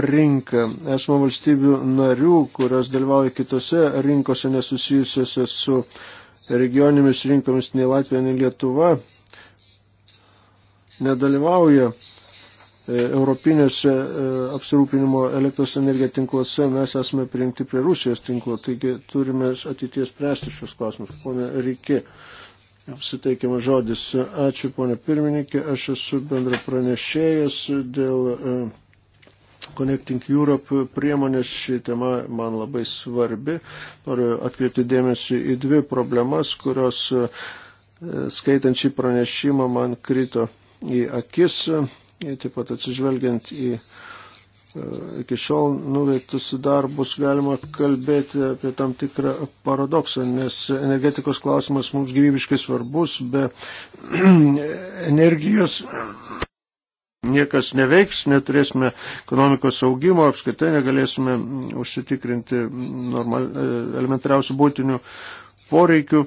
rinką. Esame valstybių narių, kurios dalyvauja kitose rinkose nesusijusiuose su regioninėmis rinkomis nei Latvija, nei Lietuva, nedalyvauja e, europinėse e, apsirūpinimo elektros energija tinkluose, mes esame priimti prie Rusijos tinklo, taigi turime ateities spręsti šios klausimus. Pone Rikė, suteikiamas žodis. Ačiū, ponė pirmininkė, aš esu bendra pranešėjas dėl e, Connecting Europe priemonės. Ši tema man labai svarbi. Noriu atkreipti dėmesį į dvi problemas, kurios e, skaitant šį pranešimą man krito į akis, taip pat atsižvelgiant į E, iki šiol nuveiktus darbus galima kalbėti apie tam tikrą paradoksą, nes energetikos klausimas mums gyvybiškai svarbus, be (clears throat) energijos niekas neveiks, neturėsime ekonomikos augimo, apskaitai negalėsime užsitikrinti normal, e, elementariausių būtinių poreikių.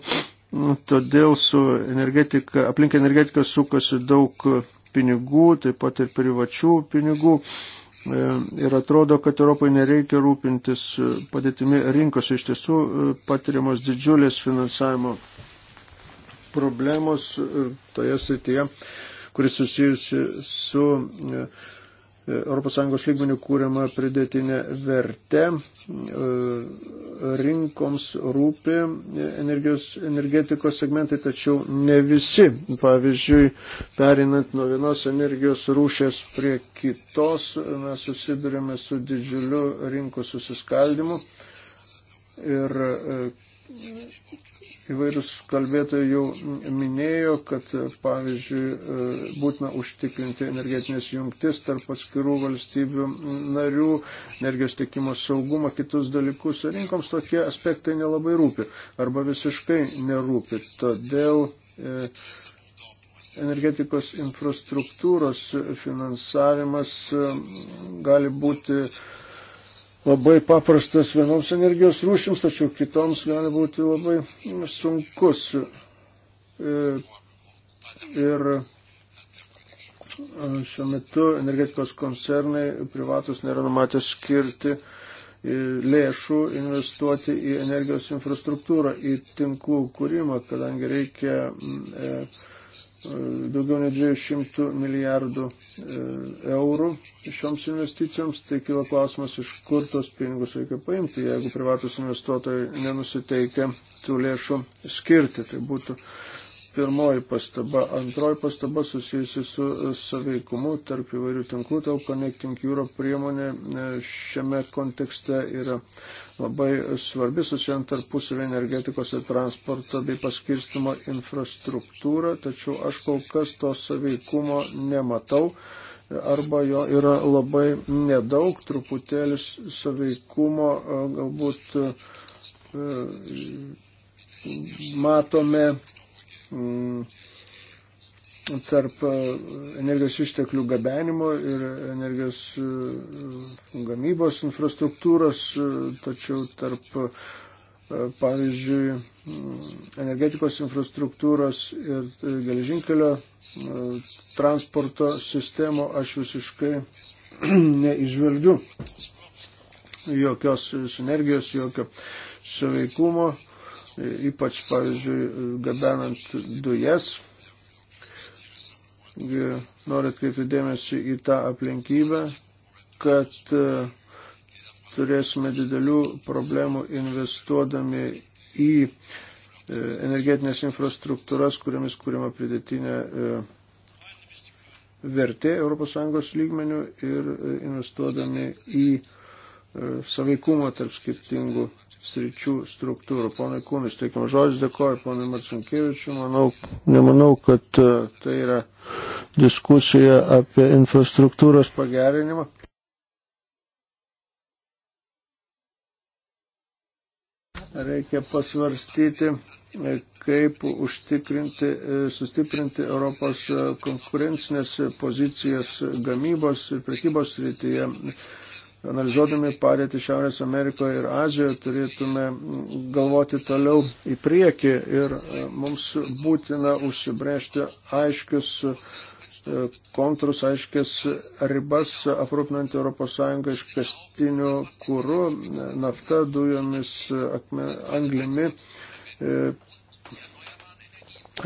Todėl su energetika, aplink energetiką sukasi daug pinigų, taip pat ir privačių pinigų. Uh, E, ir atrodo, kad Europai nereikia rūpintis e, padėtimi rinkose. Iš tiesų e, patiriamos didžiulės finansavimo problemos toje srityje, kuris susijusi su ES lygmenių kūriama pridėtinė vertė. E, rinkoms rūpi energijos, energetikos segmentai, tačiau ne visi. Pavyzdžiui, perinant nuo vienos energijos rūšės prie kitos, mes susidurime su didžiuliu rinkų susiskaldimu. Ir e, Įvairius kalbėtojai jau minėjo, kad pavyzdžiui e, būtina užtikrinti energetinės jungtis tarp atskirų valstybių narių, energijos tiekimo saugumą, kitus dalykus. Rinkoms tokie aspektai nelabai rūpi arba visiškai nerūpi. Todėl e, energetikos infrastruktūros finansavimas e, gali būti labai paprastas vienoms energijos rūšims, tačiau kitoms gali būti labai sunkus. E, ir e, šiuo metu energetikos koncernai privatus nėra numatę skirti e, lėšų investuoti į energijos infrastruktūrą, į tinklų kūrimą, kadangi reikia daugiau nei 200 milijardų e, eurų šioms investicijoms, tai kilo klausimas, iš kur tos pinigus reikia paimti, jeigu privatus investuotojai nenusiteikia tų lėšų skirti. Tai būtų pirmoji pastaba. Antroji pastaba susijusi su e, saveikumu tarp įvairių tinklų. Tau Connecting Europe priemonė e, šiame kontekste yra labai svarbi susijant tarpusavį energetikos ir transporto bei paskirstimo infrastruktūrą, tačiau aš kol kas to saveikumo nematau e, arba jo yra labai nedaug, truputėlis saveikumo galbūt matome Mm, tarp e, energijos išteklių gabenimo ir energijos e, gamybos infrastruktūros, e, tačiau tarp, pavyzdžiui, mm, energetikos infrastruktūros ir geležinkelio transporto sistemo aš visiškai (clears throat) neižvelgiu jokios sinergijos, jokio suveikumo ypač, pavyzdžiui, gabenant dujas. Noriu atkreipti dėmesį į tą aplinkybę, kad e, turėsime didelių problemų investuodami į e, energetinės infrastruktūras, kuriamis kūrima pridėtinė e, vertė ES lygmenių ir investuodami į saveikumą tarp skirtingų sričių struktūrų. Ponai Kūnus, teikiam žodis, dėkoju, ponai Marcinkievičiu. Manau, nemanau, kad e, tai yra diskusija apie infrastruktūros pagerinimą. Reikia pasvarstyti, e, kaip užtikrinti, e, sustiprinti Europos konkurencinės pozicijas gamybos ir prekybos srityje analizuodami padėtį Šiaurės Amerikoje ir Azijoje, turėtume galvoti toliau į priekį ir e, mums būtina užsibrėžti aiškius e, kontrus, aiškias ribas aprūpinant ES iškastiniu kūru, nafta, dujomis, anglimi, e,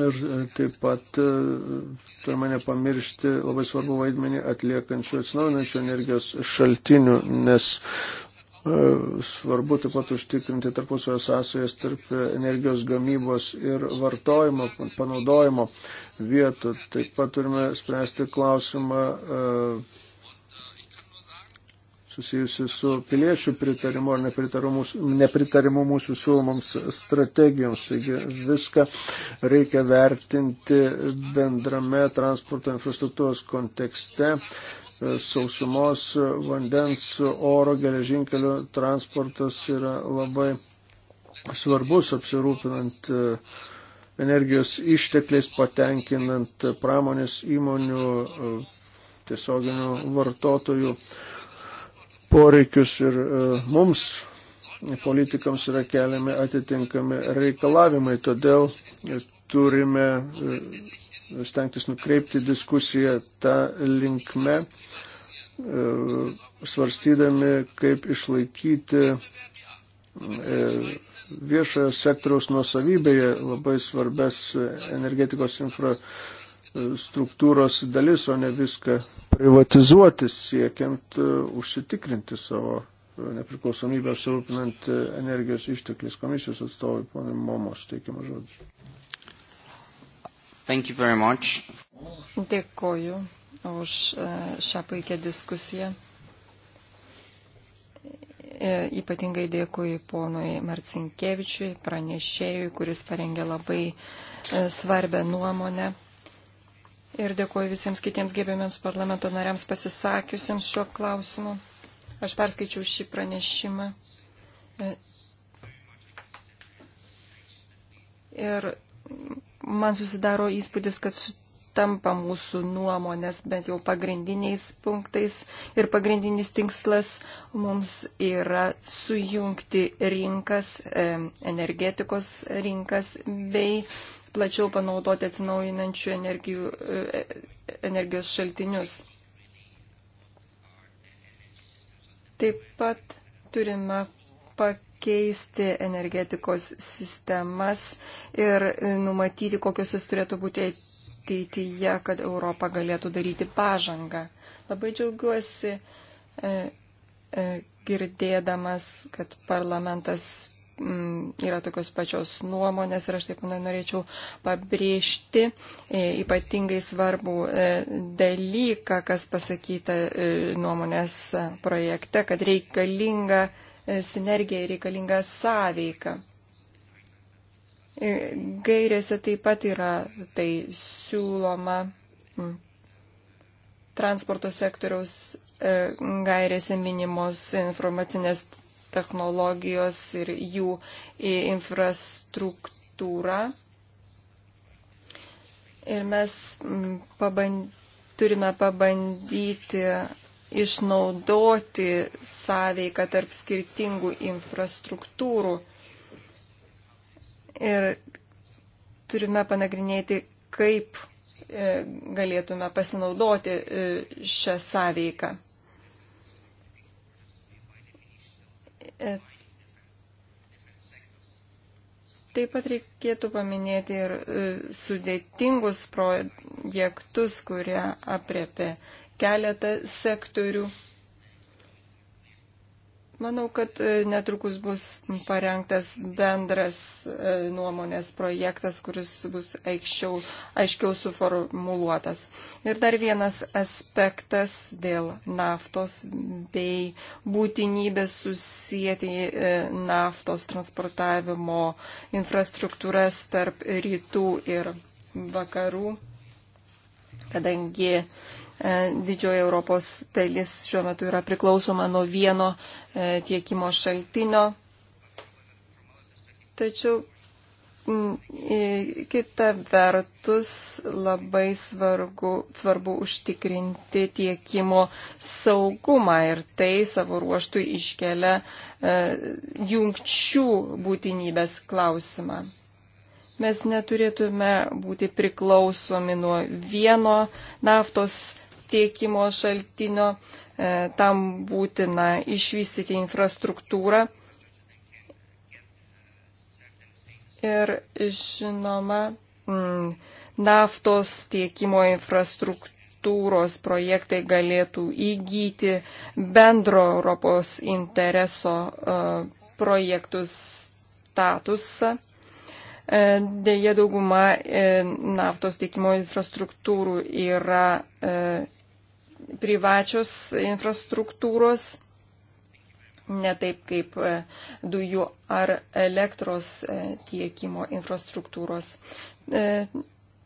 Ir e, taip pat e, turime nepamiršti labai svarbu vaidmenį atliekančių atsinaujinančių energijos šaltinių, nes e, svarbu taip pat užtikrinti tarpusavio sąsajas tarp energijos gamybos ir vartojimo, panaudojimo vietų. Taip pat turime spręsti klausimą susijusi su piliečių pritarimu ar nepritarimu, nepritarimu mūsų siūlomoms strategijoms. Taigi viską reikia vertinti bendrame transporto infrastruktūros kontekste sausumos, vandens, oro, geležinkelių transportas yra labai svarbus apsirūpinant e, energijos ištekliais, patenkinant pramonės įmonių e, tiesioginių vartotojų poreikius ir e, mums politikams yra keliami atitinkami reikalavimai, todėl e, turime e, stengtis nukreipti diskusiją tą linkme, svarstydami, kaip išlaikyti viešojo sektoriaus nuosavybėje labai svarbes energetikos infrastruktūros struktūros dalis, o ne viską privatizuoti, siekiant e, užsitikrinti savo e, nepriklausomybę, surūpinant e, energijos ištekliais komisijos atstovai, ponai Momos, teikiamas žodis. Dėkoju už šią puikią diskusiją. Ypatingai dėkui ponui Marcinkievičiui, pranešėjui, kuris parengė labai svarbę nuomonę ir dėkuoju visiems kitiems gėbėmiams parlamento nariams pasisakiusiems šiuo klausimu. Aš perskaičiau šį pranešimą. Ir man susidaro įspūdis, kad sutampa mūsų nuomonės, bent jau pagrindiniais punktais. Ir pagrindinis tinkslas mums yra sujungti rinkas, energetikos rinkas bei plačiau panaudoti atsinaujinančių energijų, e, e, energijos šaltinius. Taip pat turime pakeisti energetikos sistemas ir e, numatyti, kokios jis turėtų būti ateityje, kad Europa galėtų daryti pažangą. Labai džiaugiuosi e, e, girdėdamas, kad parlamentas Mm, yra tokios pačios nuomonės ir aš taip norėčiau pabrėžti e, ypatingai svarbų e, dalyką, kas pasakyta e, nuomonės projekte, kad reikalinga sinergija ir reikalinga sąveika. Gairėse taip pat yra tai siūloma mm, transporto sektoriaus gairėse minimos informacinės technologijos ir jų infrastruktūrą. Ir mes mm, paband, turime pabandyti išnaudoti sąveiką tarp skirtingų infrastruktūrų. Ir turime panagrinėti, kaip e, galėtume pasinaudoti e, šią sąveiką. E, taip pat reikėtų paminėti ir e, sudėtingus projektus, kurie apriepia keletą sektorių. Manau, kad e, netrukus bus parengtas bendras e, nuomonės projektas, kuris bus aiškiau, aiškiau suformuluotas. Ir dar vienas aspektas dėl naftos bei būtinybės susijęti e, naftos transportavimo infrastruktūras tarp rytų ir vakarų, kadangi E, didžioji Europos dalis šiuo metu yra priklausoma nuo vieno e, tiekimo šaltinio. Tačiau kita vertus labai svarbu, svarbu užtikrinti tiekimo saugumą ir tai savo ruoštų iškelia e, jungčių būtinybės klausimą mes neturėtume būti priklausomi nuo vieno naftos tiekimo šaltinio, e, tam būtina išvystyti infrastruktūrą. Ir žinoma, mm, naftos tiekimo infrastruktūros projektai galėtų įgyti bendro Europos intereso e, projektus statusą. E, deja, dauguma naftos tiekimo infrastruktūrų yra privačios infrastruktūros, ne taip kaip e, dujų ar elektros e, tiekimo infrastruktūros. E,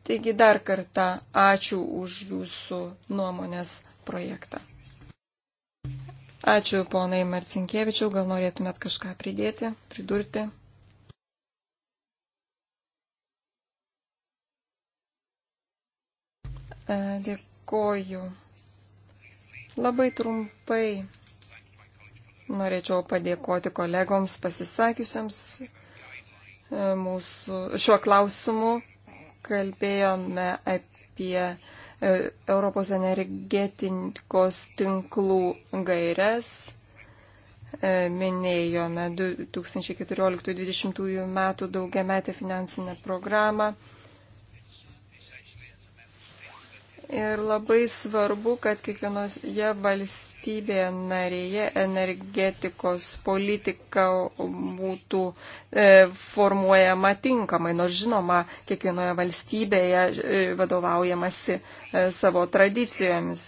taigi dar kartą ačiū už jūsų nuomonės projektą. Ačiū ponai Marcinkievičiau, gal norėtumėt kažką pridėti, pridurti? Dėkoju. Labai trumpai norėčiau padėkoti kolegoms pasisakiusiems e, mūsų šiuo klausimu. Kalbėjome apie e, Europos energetikos tinklų gairias. E, minėjome 2014-2020 metų daugiametę finansinę programą. Ir labai svarbu, kad kiekvienoje valstybėje narėje energetikos politika būtų e, formuojama tinkamai, nors žinoma, kiekvienoje valstybėje e, vadovaujamasi e, savo tradicijomis.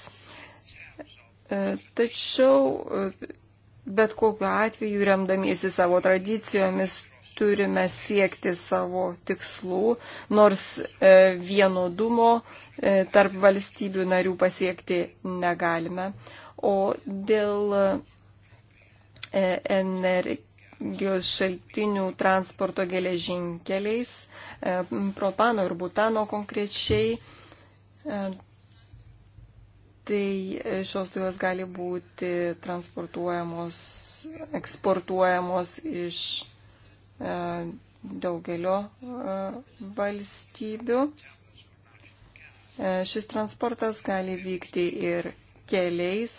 E, tačiau e, bet kokiu atveju, remdamiesi savo tradicijomis, turime siekti savo tikslų, nors e, vienodumo e, E, tarp valstybių narių pasiekti negalime. O dėl e, energijos šaltinių transporto geležinkeliais, e, propano ir butano konkrečiai, tai šios dujos gali būti transportuojamos, eksportuojamos iš daugelio valstybių. E, šis transportas gali vykti ir keliais.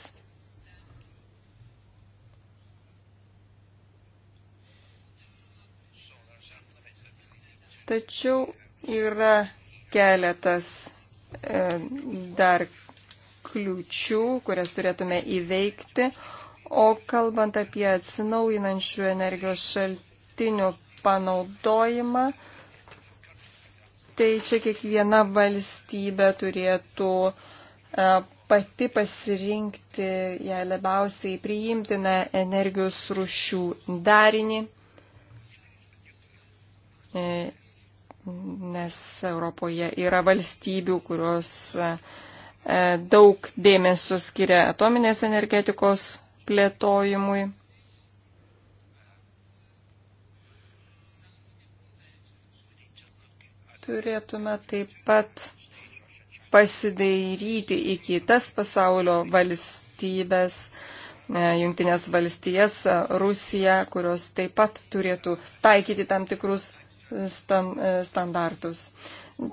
Tačiau yra keletas e, dar kliučių, kurias turėtume įveikti. O kalbant apie atsinaujinančių energijos šaltinių panaudojimą, tai čia kiekviena valstybė turėtų e, pati pasirinkti ją labiausiai priimtiną energijos rušių darinį, e, nes Europoje yra valstybių, kurios e, daug dėmesio skiria atominės energetikos plėtojimui. Turėtume taip pat pasidairyti į kitas pasaulio valstybės, e, jungtinės valstijas, e, Rusiją, kurios taip pat turėtų taikyti tam tikrus e, standartus.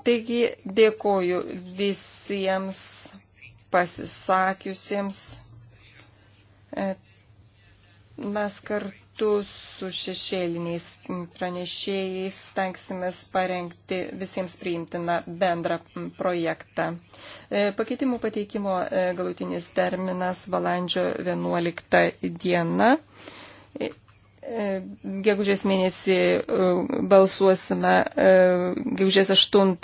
Taigi dėkoju visiems pasisakiusiems. Mes kartu kartu su šešėliniais pranešėjais stengsimės parengti visiems priimtiną bendrą projektą. E, pakeitimų pateikimo e, galutinis terminas balandžio 11 diena. E, gegužės mėnesį balsuosime, gegužės 8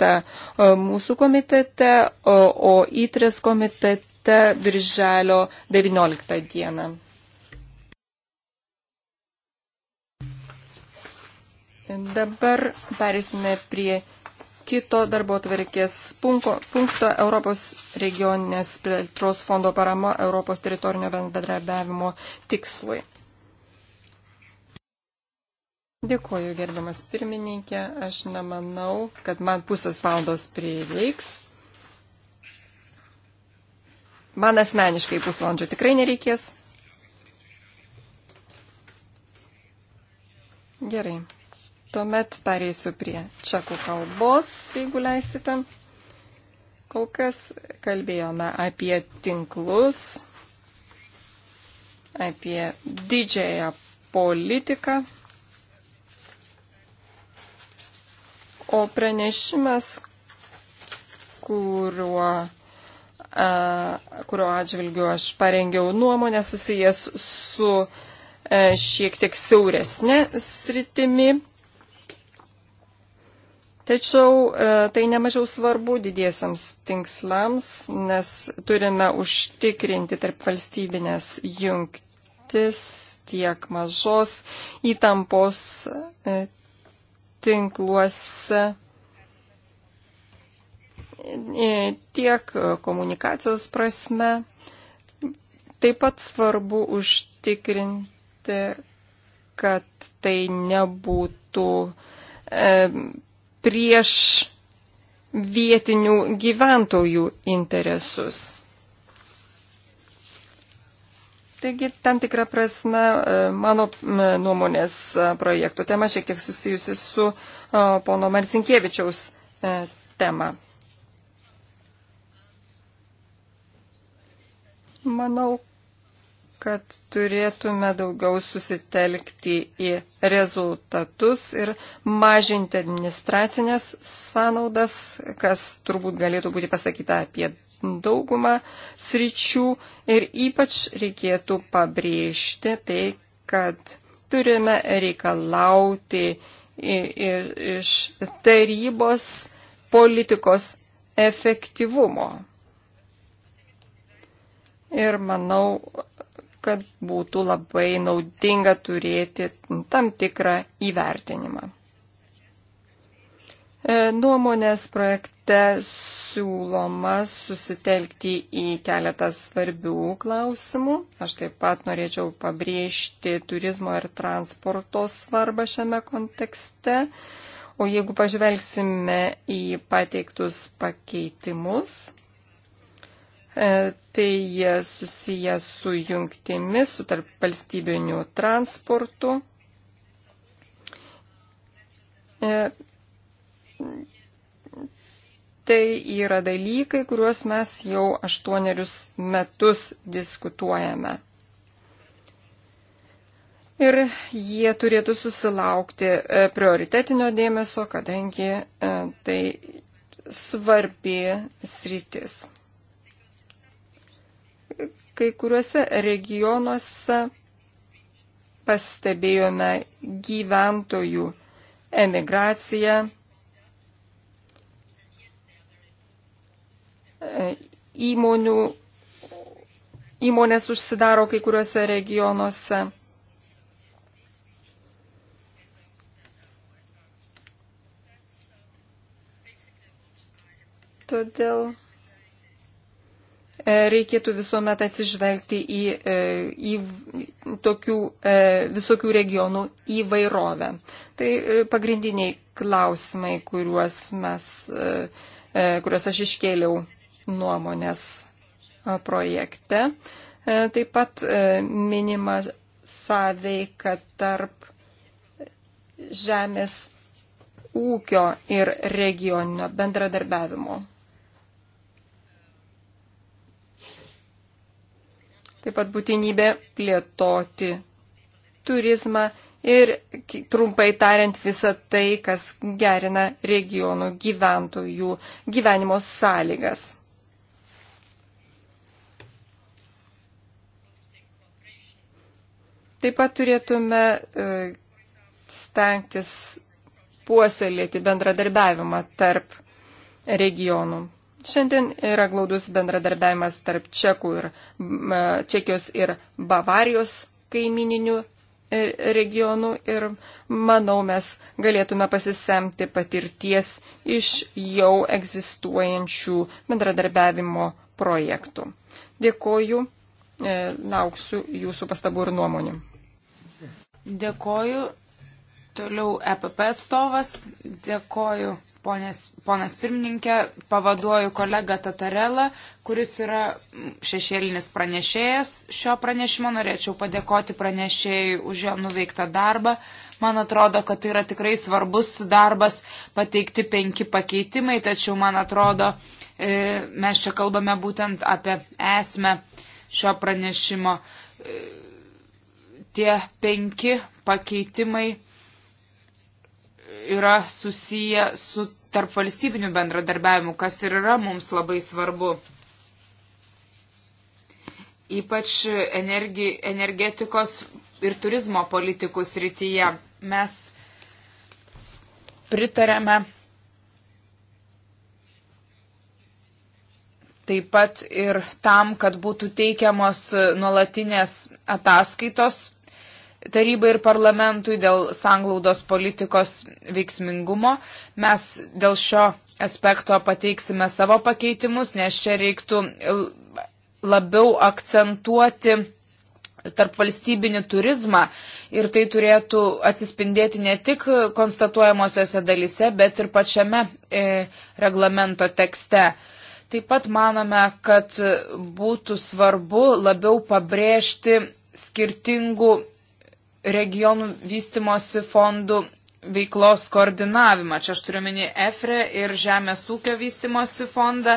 mūsų komitete, o, o įtres komitete birželio 19 dieną. Dabar perėsime prie kito darbo tvarkės punkto, punkto Europos regioninės plėtros fondo parama Europos teritorinio bendradarbiavimo tikslui. Dėkuoju, gerbiamas pirmininkė. Aš nemanau, kad man pusės valandos prireiks. Man asmeniškai pusvalandžio tikrai nereikės. Gerai. Tuomet pereisiu prie čekų kalbos, jeigu leisite. Kol kas kalbėjome apie tinklus, apie didžiąją politiką. O pranešimas, kuriuo, kurio atžvilgiu aš parengiau nuomonę susijęs su e, šiek tiek siauresnė sritimi Tačiau e, tai nemažiau svarbu didiesiams tinkslams, nes turime užtikrinti tarp valstybinės jungtis tiek mažos įtampos e, tinkluose, e, tiek komunikacijos prasme. Taip pat svarbu užtikrinti, kad tai nebūtų prieš vietinių gyventojų interesus. Taigi, tam tikrą prasme, e, mano nuomonės e, projekto tema šiek tiek susijusi su e, pono Marsinkievičiaus tema. Manau, kad turėtume daugiau susitelkti į rezultatus ir mažinti administracinės sąnaudas, kas turbūt galėtų būti pasakyta apie daugumą sričių ir ypač reikėtų pabrėžti tai, kad turime reikalauti iš tarybos politikos efektyvumo. Ir manau, kad būtų labai naudinga turėti tam tikrą įvertinimą. E, nuomonės projekte siūloma susitelkti į keletą svarbių klausimų. Aš taip pat norėčiau pabrėžti turizmo ir transporto svarbą šiame kontekste. O jeigu pažvelgsime į pateiktus pakeitimus, E, tai susiję su jungtimis, su tarp valstybiniu transportu. E, tai yra dalykai, kuriuos mes jau aštuonerius metus diskutuojame. Ir jie turėtų susilaukti e, prioritetinio dėmesio, kadangi tai svarbi sritis. Kai kuriuose regionuose pastebėjome gyventojų emigraciją, įmonių, įmonės užsidaro kai kuriuose regionuose. Todėl E, reikėtų visuomet atsižvelgti į, e, į tokių e, visokių regionų įvairovę. Tai pagrindiniai klausimai, kuriuos mes, kuriuos aš iškėliau nuomonės projekte. Taip pat minima sąveika tarp žemės ūkio ir regioninio bendradarbiavimo. taip pat būtinybė plėtoti turizmą ir, trumpai tariant, visą tai, kas gerina regionų gyventojų gyvenimo sąlygas. Taip pat turėtume e, stengtis puoselėti bendradarbiavimą tarp regionų. Šiandien yra glaudus bendradarbiavimas tarp Čekų ir, Čekijos ir Bavarijos kaimininių e, regionų ir manau mes galėtume pasisemti patirties iš jau egzistuojančių bendradarbiavimo projektų. Dėkoju, e, lauksiu jūsų pastabų ir nuomonių. Dėkoju, toliau EPP atstovas, dėkoju Ponės, ponas pirmininkė, pavaduoju kolegą Tatarelą, kuris yra šešėlinis pranešėjas šio pranešimo. Norėčiau padėkoti pranešėjui už jo nuveiktą darbą. Man atrodo, kad tai yra tikrai svarbus darbas pateikti penki pakeitimai, tačiau man atrodo, e, mes čia kalbame būtent apie esmę šio pranešimo. E, tie penki pakeitimai yra susiję su tarp valstybinių bendradarbiavimų, kas ir yra mums labai svarbu. Ypač energi, energetikos ir turizmo politikų srityje mes pritarėme taip pat ir tam, kad būtų teikiamos nuolatinės ataskaitos tarybai ir parlamentui dėl sanglaudos politikos veiksmingumo. Mes dėl šio aspekto pateiksime savo pakeitimus, nes čia reiktų labiau akcentuoti tarp valstybinį turizmą ir tai turėtų atsispindėti ne tik konstatuojamosiose dalise, bet ir pačiame e, reglamento tekste. Taip pat manome, kad būtų svarbu labiau pabrėžti skirtingų regionų vystimosi fondų veiklos koordinavimą. Čia aš turiu menį EFRE ir Žemės ūkio vystimosi fondą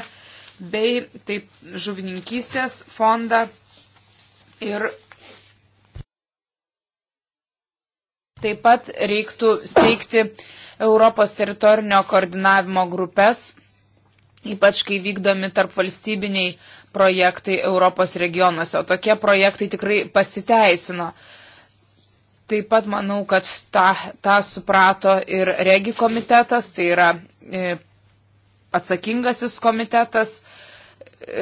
bei taip žuvininkystės fondą ir taip pat reiktų steigti Europos teritorinio koordinavimo grupės, ypač kai vykdomi tarp valstybiniai projektai Europos regionuose. O tokie projektai tikrai pasiteisino. Uh, Taip pat manau, kad tą, tą suprato ir regi komitetas, tai yra e, atsakingasis komitetas.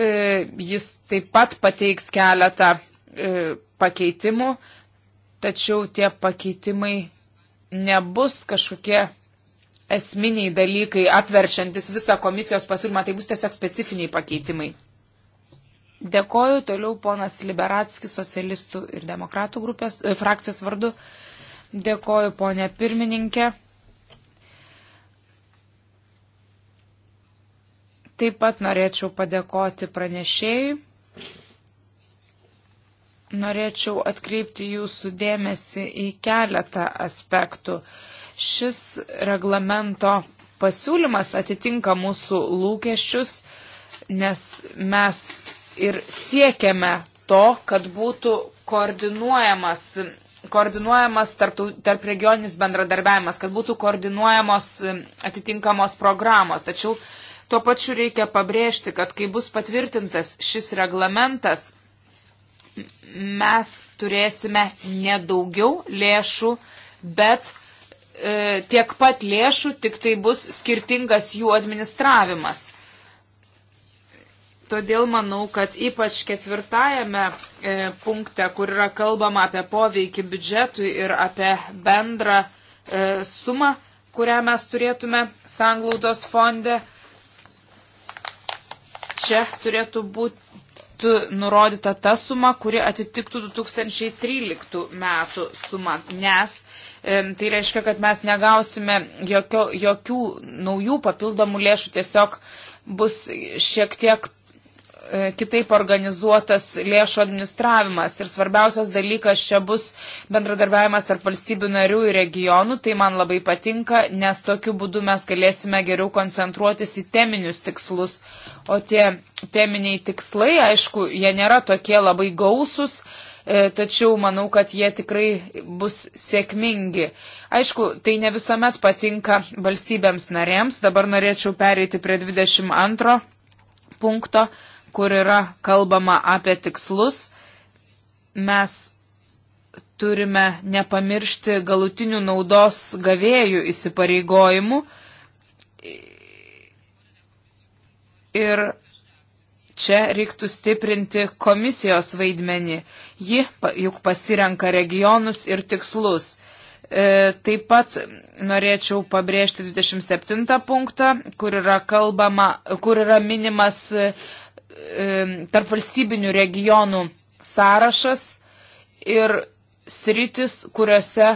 E, jis taip pat pateiks keletą e, pakeitimų, tačiau tie pakeitimai nebus kažkokie esminiai dalykai, apverčiantis visą komisijos pasiūlymą, tai bus tiesiog specifiniai pakeitimai. Dėkoju toliau ponas Liberatskis, socialistų ir demokratų grupės, e, frakcijos vardu. Dėkoju ponė pirmininkė. Taip pat norėčiau padėkoti pranešėjai. Norėčiau atkreipti jūsų dėmesį į keletą aspektų. Šis reglamento pasiūlymas atitinka mūsų lūkesčius, nes mes ir siekiame to, kad būtų koordinuojamas, koordinuojamas tarp, tarp regioninis bendradarbiavimas, kad būtų koordinuojamos atitinkamos programos. Tačiau tuo pačiu reikia pabrėžti, kad kai bus patvirtintas šis reglamentas, mes turėsime nedaugiau lėšų, bet e, tiek pat lėšų, tik tai bus skirtingas jų administravimas. Todėl manau, kad ypač ketvirtajame e, punkte, kur yra kalbama apie poveikį biudžetui ir apie bendrą e, sumą, kurią mes turėtume sanglaudos fonde, čia turėtų būti nurodyta ta suma, kuri atitiktų 2013 metų sumą, nes e, tai reiškia, kad mes negausime jokio, jokių naujų papildomų lėšų, tiesiog bus šiek tiek E, kitaip organizuotas lėšų administravimas. Ir svarbiausias dalykas čia bus bendradarbiavimas tarp valstybių narių ir regionų. Tai man labai patinka, nes tokiu būdu mes galėsime geriau koncentruotis į teminius tikslus. O tie teminiai tikslai, aišku, jie nėra tokie labai gausus. E, tačiau manau, kad jie tikrai bus sėkmingi. Aišku, tai ne visuomet patinka valstybėms narėms. Dabar norėčiau pereiti prie 22 punkto kur yra kalbama apie tikslus, mes turime nepamiršti galutinių naudos gavėjų įsipareigojimų. Ir čia reiktų stiprinti komisijos vaidmenį. Ji juk pasirenka regionus ir tikslus. E, taip pat norėčiau pabrėžti 27 punktą, kur yra, kalbama, kur yra minimas E, tarp valstybinių regionų sąrašas ir sritis, kuriuose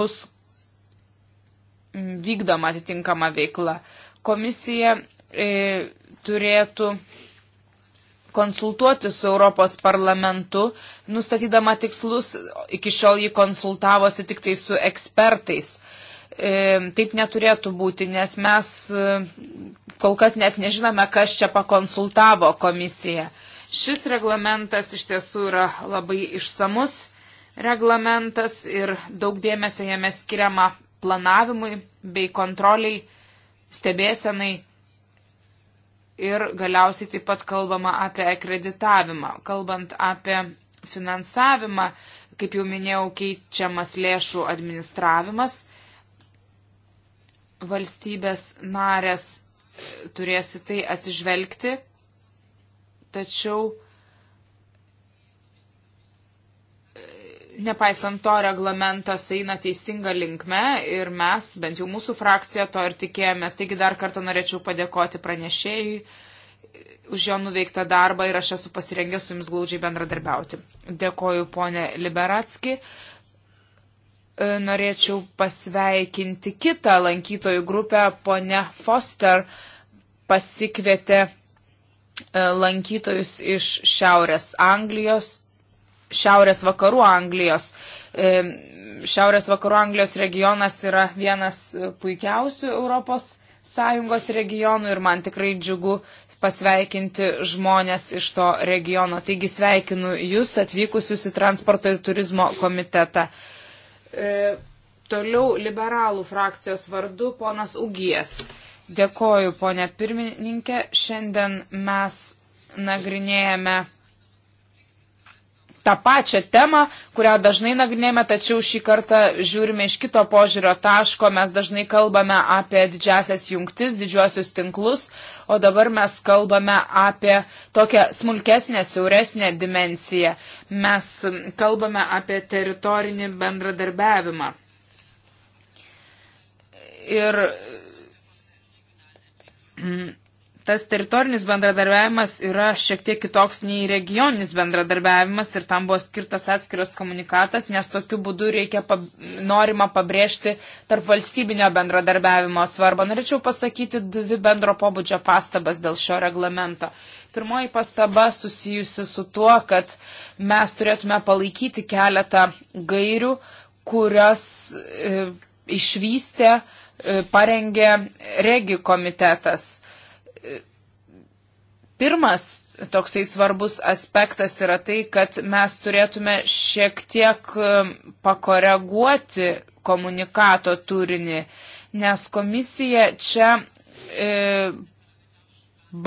bus vykdoma atitinkama veikla. Komisija e, turėtų konsultuoti su Europos parlamentu, nustatydama tikslus, iki šiol jį konsultavosi tik tai su ekspertais. E, taip neturėtų būti, nes mes e, kol kas net nežinome, kas čia pakonsultavo komisiją. Šis reglamentas iš tiesų yra labai išsamus reglamentas ir daug dėmesio jame skiriama planavimui bei kontroliai, stebėsenai ir galiausiai taip pat kalbama apie akreditavimą. Kalbant apie finansavimą, kaip jau minėjau, keičiamas lėšų administravimas valstybės narės e, turės į tai atsižvelgti, tačiau e, nepaisant to reglamentas eina teisinga linkme ir mes, bent jau mūsų frakcija, to ir tikėjomės. Taigi dar kartą norėčiau padėkoti pranešėjui e, už jo nuveiktą darbą ir aš esu pasirengęs su jums glaudžiai bendradarbiauti. Dėkoju ponė Liberatski. E, norėčiau pasveikinti kitą lankytojų grupę. Pone Foster pasikvietė e, lankytojus iš Šiaurės Anglijos, Šiaurės vakarų Anglijos. E, Šiaurės vakarų Anglijos regionas yra vienas puikiausių Europos Sąjungos regionų ir man tikrai džiugu pasveikinti žmonės iš to regiono. Taigi sveikinu Jūs atvykusius į transporto ir turizmo komitetą. E, toliau liberalų frakcijos vardu ponas Ugijas. Dėkoju, ponė pirmininkė. Šiandien mes nagrinėjame tą pačią temą, kurią dažnai nagrinėjame, tačiau šį kartą žiūrime iš kito požiūrio taško. Mes dažnai kalbame apie didžiasias jungtis, didžiuosius tinklus, o dabar mes kalbame apie tokią smulkesnę, siauresnę dimenciją. Mes kalbame apie teritorinį bendradarbiavimą. Ir mm, tas teritorinis bendradarbiavimas yra šiek tiek kitoks nei regioninis bendradarbiavimas ir tam buvo skirtas atskiras komunikatas, nes tokiu būdu reikia pab norima pabrėžti tarp valstybinio bendradarbiavimo svarbą. Norėčiau pasakyti dvi bendro pobūdžio pastabas dėl šio reglamento. Pirmoji pastaba susijusi su tuo, kad mes turėtume palaikyti keletą gairių, kurios e, išvystė, e, parengė regi komitetas Pirmas toksai svarbus aspektas yra tai, kad mes turėtume šiek tiek um, pakoreguoti komunikato turinį, nes komisija čia e,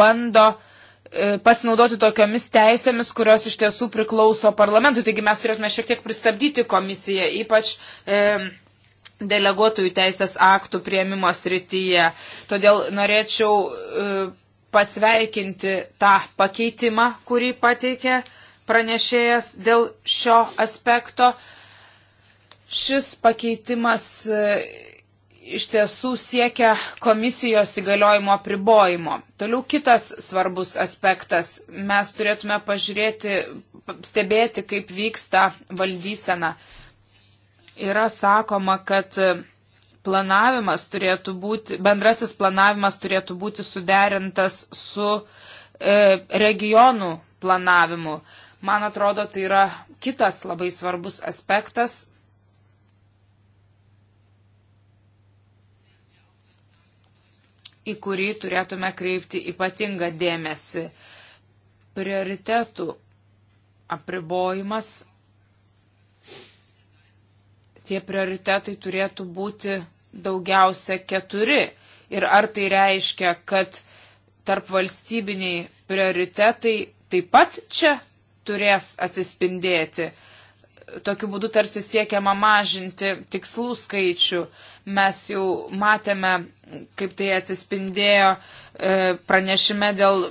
bando e, pasinaudoti tokiomis teisėmis, kurios iš tiesų priklauso parlamentui. Taigi mes turėtume šiek tiek pristabdyti komisiją, ypač e, deleguotojų teisės aktų prieimimo srityje. Todėl norėčiau e, pasveikinti tą pakeitimą, kurį pateikė pranešėjas dėl šio aspekto. Šis pakeitimas e, iš tiesų siekia komisijos įgaliojimo pribojimo. Toliau kitas svarbus aspektas. Mes turėtume pažiūrėti, stebėti, kaip vyksta valdysena. Yra sakoma, kad planavimas turėtų būti, bendrasis planavimas turėtų būti suderintas su e, regionų planavimu. Man atrodo, tai yra kitas labai svarbus aspektas. į kurį turėtume kreipti ypatingą dėmesį. Prioritetų apribojimas tie prioritetai turėtų būti daugiausia keturi. Ir ar tai reiškia, kad tarp valstybiniai prioritetai taip pat čia turės atsispindėti? Tokiu būdu tarsi siekiama mažinti tikslų skaičių. Mes jau matėme, kaip tai atsispindėjo e, pranešime dėl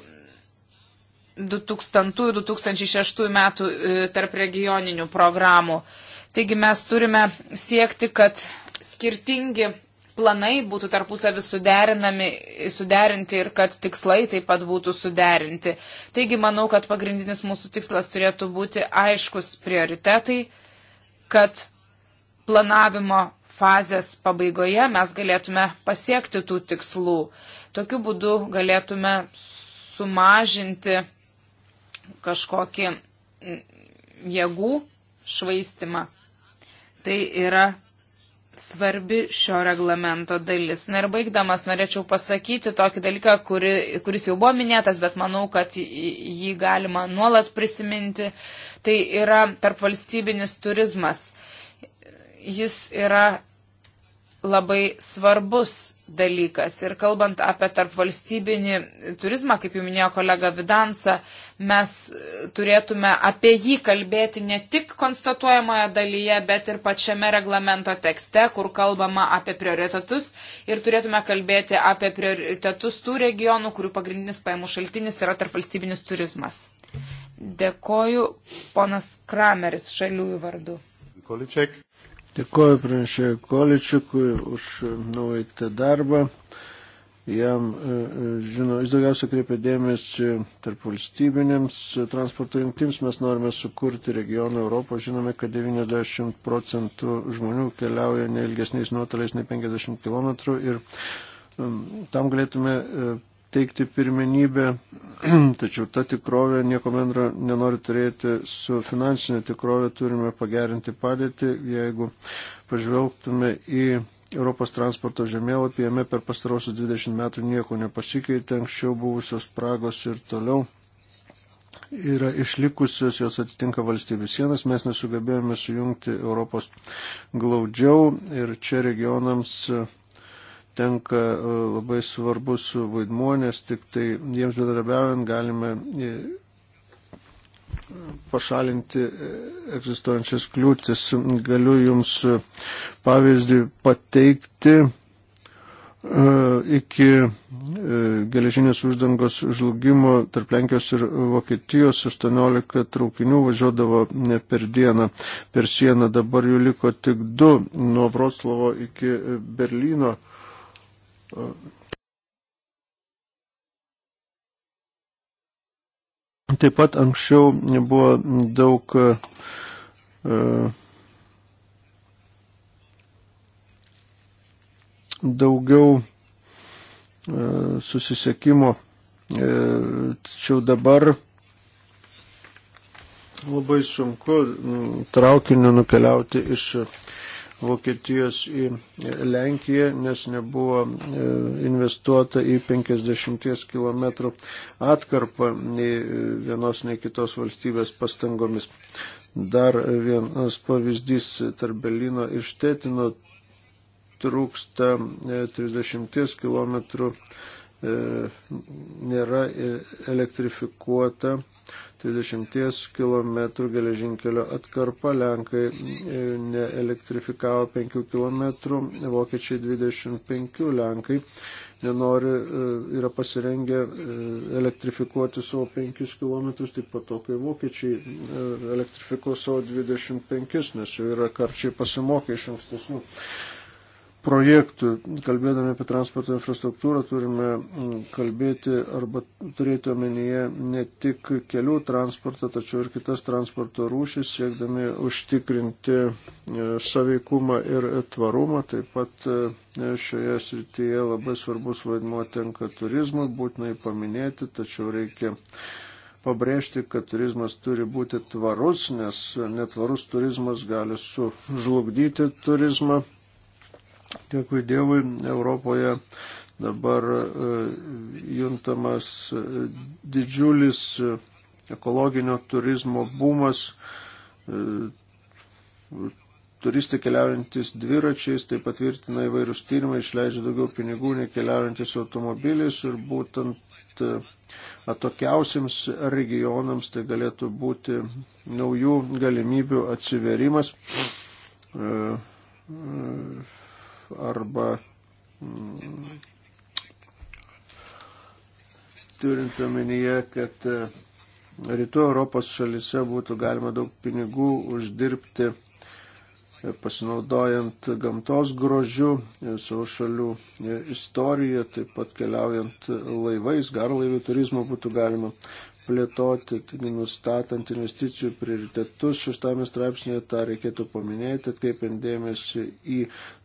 2000-2006 metų e, tarp regioninių programų. Taigi mes turime siekti, kad skirtingi planai būtų tarpusavį suderinti ir kad tikslai taip pat būtų suderinti. Taigi manau, kad pagrindinis mūsų tikslas turėtų būti aiškus prioritetai, kad planavimo fazės pabaigoje mes galėtume pasiekti tų tikslų. Tokiu būdu galėtume sumažinti kažkokį jėgų švaistimą. Tai yra svarbi šio reglamento dalis. Na ir baigdamas norėčiau pasakyti tokį dalyką, kuri, kuris jau buvo minėtas, bet manau, kad jį galima nuolat prisiminti. Tai yra tarpvalstybinis turizmas. Jis yra labai svarbus dalykas. Ir kalbant apie tarp valstybinį turizmą, kaip jau minėjo kolega Vidansa, mes turėtume apie jį kalbėti ne tik konstatuojamoje dalyje, bet ir pačiame reglamento tekste, kur kalbama apie prioritetus ir turėtume kalbėti apie prioritetus tų regionų, kurių pagrindinis pajamų šaltinis yra tarp valstybinis turizmas. Dėkoju, ponas Krameris, šaliųjų vardu. Količek. Dėkoju pranešėjui Količiukui už nuveiktą darbą. Jam, e, e, žinau, jis daugiausia kreipia dėmesį tarp valstybinėms transporto jungtims. Mes norime sukurti regioną Europą. Žinome, kad 90 procentų žmonių keliauja neilgesniais nuotoliais nei 50 km ir tam galėtume e, teikti pirmenybę, (clears throat) tačiau ta tikrovė nieko bendra nenori turėti su finansinė tikrovė, turime pagerinti padėtį, jeigu pažvelgtume į Europos transporto žemėlapį, jame per pastarosius 20 metų nieko nepasikeitė, anksčiau buvusios spragos ir toliau yra išlikusios, jos atitinka valstybės sienas, mes nesugebėjome sujungti Europos glaudžiau ir čia regionams tenka e, labai svarbus vaidmuo, nes tik tai jiems bedarbiaujant galime e, pašalinti e, egzistuojančias kliūtis. Galiu Jums pavyzdį pateikti iki geležinės uždangos žlugimo tarp Lenkijos ir Vokietijos 18 traukinių važiuodavo ne per dieną per sieną, dabar jų liko tik du nuo Vroclavo iki Berlyno Taip pat anksčiau buvo daug e, daugiau e, susisiekimo, e, tačiau dabar labai sunku traukiniu nukeliauti iš Vokietijos į Lenkiją, nes nebuvo e, investuota į 50 km atkarpą nei e, vienos, nei kitos valstybės pastangomis. Dar vienas pavyzdys tarp Berlyno ir Štetino trūksta 30 e, km nėra elektrifikuota 30 km geležinkelio atkarpa, Lenkai e, neelektrifikavo 5 km, Vokiečiai 25, Lenkai nenori, e, yra pasirengę e, elektrifikuoti savo 5 km, tik po to, kai vokiečiai elektrifikuos savo 25, nes jau yra karčiai pasimokę iš ankstesnių projektų. Kalbėdami apie transporto infrastruktūrą turime mm, kalbėti arba turėti omenyje ne tik kelių transportą, tačiau ir kitas transporto rūšis, siekdami užtikrinti e, saveikumą ir tvarumą. Taip pat e, šioje srityje labai svarbus vaidmuo tenka turizmui, būtinai paminėti, tačiau reikia pabrėžti, kad turizmas turi būti tvarus, nes netvarus turizmas gali sužlugdyti turizmą. Dėkui Dievui, Europoje dabar e, juntamas e, didžiulis e, ekologinio turizmo bumas, turistai keliaujantis dviračiais, tai patvirtina įvairius tyrimai, išleidžia daugiau pinigų nei keliaujantis automobiliais ir būtent atokiausiams regionams tai galėtų būti naujų galimybių atsiverimas arba mm, turint omenyje, kad e, rytų Europos šalise būtų galima daug pinigų uždirbti e, pasinaudojant gamtos grožiu, e, savo šalių istoriją, taip pat keliaujant laivais, garlaivių turizmo būtų galima plėtoti, taigi nustatant investicijų prioritetus, šeštame straipsnėje tą reikėtų paminėti, atkreipiant dėmesį į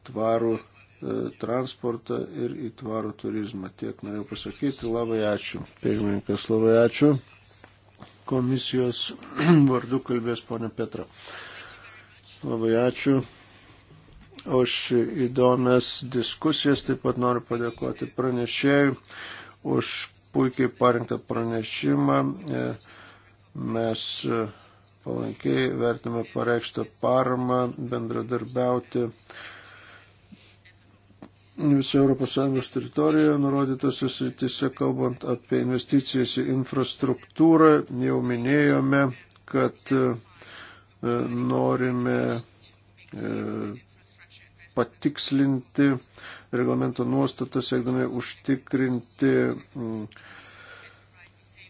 tvarų e, transportą ir į tvarų turizmą. Tiek norėjau pasakyti, labai ačiū. Pirmininkas, labai ačiū. Komisijos (clears throat) vardu kalbės ponė Petra. Labai ačiū už įdomias diskusijas, taip pat noriu padėkoti pranešėjui už puikiai parinktą pranešimą. E, mes e, palankiai vertiname pareikštą paramą bendradarbiauti viso ES teritorijoje nurodytose sritise, kalbant apie investicijas į infrastruktūrą, jau minėjome, kad e, norime patikslinti reglamento nuostatą, siekdami užtikrinti mm,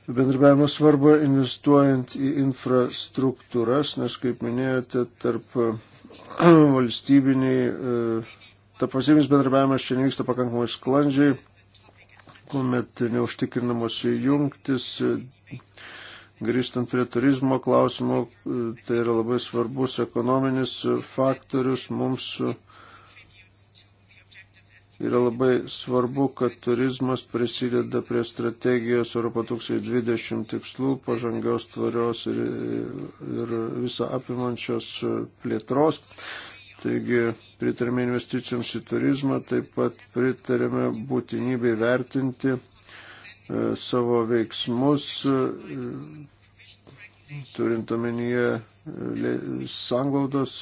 bendrabiavimo svarbą investuojant į infrastruktūras, nes, kaip minėjote, tarp (clears throat) valstybiniai, e, tarp valstybinis bendrabiavimas čia nevyksta pakankamai sklandžiai, kuomet neužtikrinamos jungtis. E, grįžtant prie turizmo klausimų, e, tai yra labai svarbus ekonominis faktorius mums. Uh, yra labai svarbu, kad turizmas prisideda prie strategijos Europo 2020 tikslų, pažangios tvarios ir, ir visą apimančios plėtros. Taigi pritarėme investicijoms į turizmą, taip pat pritarėme būtinybę vertinti e, savo veiksmus, e, turint omenyje e, sanglaudos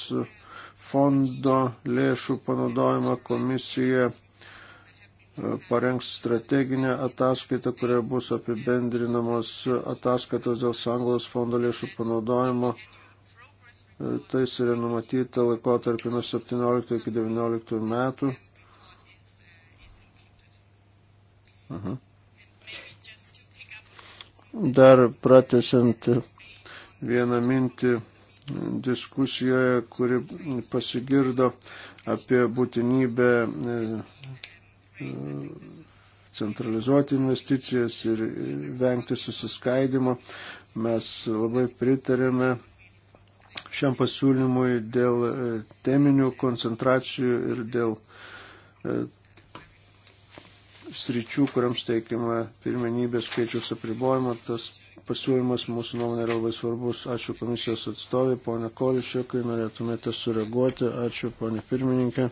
fondo lėšų panaudojimą komisija parengs strateginę ataskaitą, kurioje bus apibendrinamos ataskaitos dėl Sanglos fondo lėšų panaudojimo. E, Tais yra numatyta laikotarpį nuo 17 iki 19 metų. Aha. Mhm. Dar pratesiant vieną mintį diskusijoje, kuri pasigirdo apie būtinybę e, centralizuoti investicijas ir vengti susiskaidimo. Mes labai pritarėme šiam pasiūlymui dėl e, teminių koncentracijų ir dėl e, sričių, kuriams teikiama pirmenybės skaičiaus apribojimo. Tas pasiūlymas mūsų nuomonė yra labai svarbus. Ačiū komisijos atstovė, ponė Količio, kai norėtumėte sureaguoti. Ačiū, ponė pirmininkė.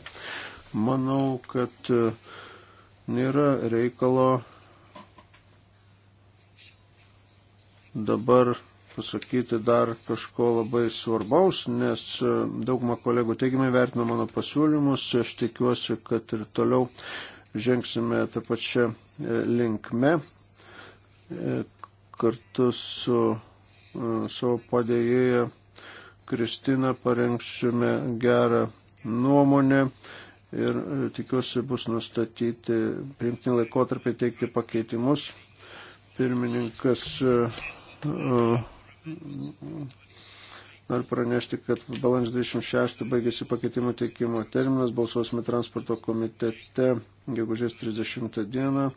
Manau, kad uh, nėra reikalo dabar pasakyti dar kažko labai svarbaus, nes dauguma kolegų teigiamai vertina mano pasiūlymus. Aš tikiuosi, kad ir toliau žengsime tą pačią e, linkmę e, kartu su e, savo padėjėja Kristina parengsime gerą nuomonę ir e, tikiuosi bus nustatyti priimtini laikotarpiai teikti pakeitimus. Pirmininkas e, e, noriu pranešti, kad balandžio 26 baigėsi pakeitimų teikimo terminas, balsuosime transporto komitete gegužės 30 dieną.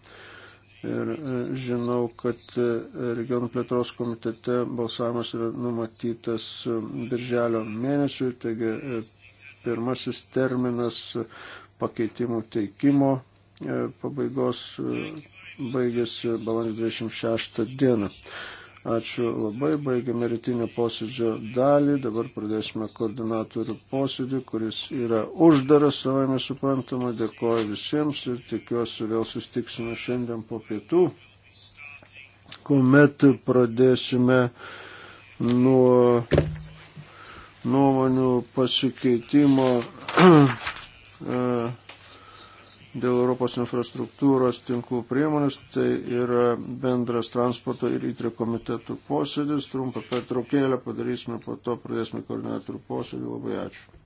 Ir žinau, kad regionų plėtros komitete balsavimas yra numatytas birželio mėnesiui, taigi Pirmasis terminas pakeitimų teikimo e, pabaigos e, baigėsi balandžio 26 dieną. Ačiū labai, baigiame rytinio posėdžio dalį, dabar pradėsime koordinatorių posėdį, kuris yra uždaras savame suprantama, dėkoju visiems ir tikiuosi vėl sustiksime šiandien po pietų, kuomet pradėsime nuo nuomonių pasikeitimo (clears throat) e, dėl Europos infrastruktūros tinklų priemonės, tai yra bendras transporto ir įtrio komitetų posėdis, trumpą pertraukėlę padarysime, po to pradėsime koordinatorių posėdį, labai ačiū.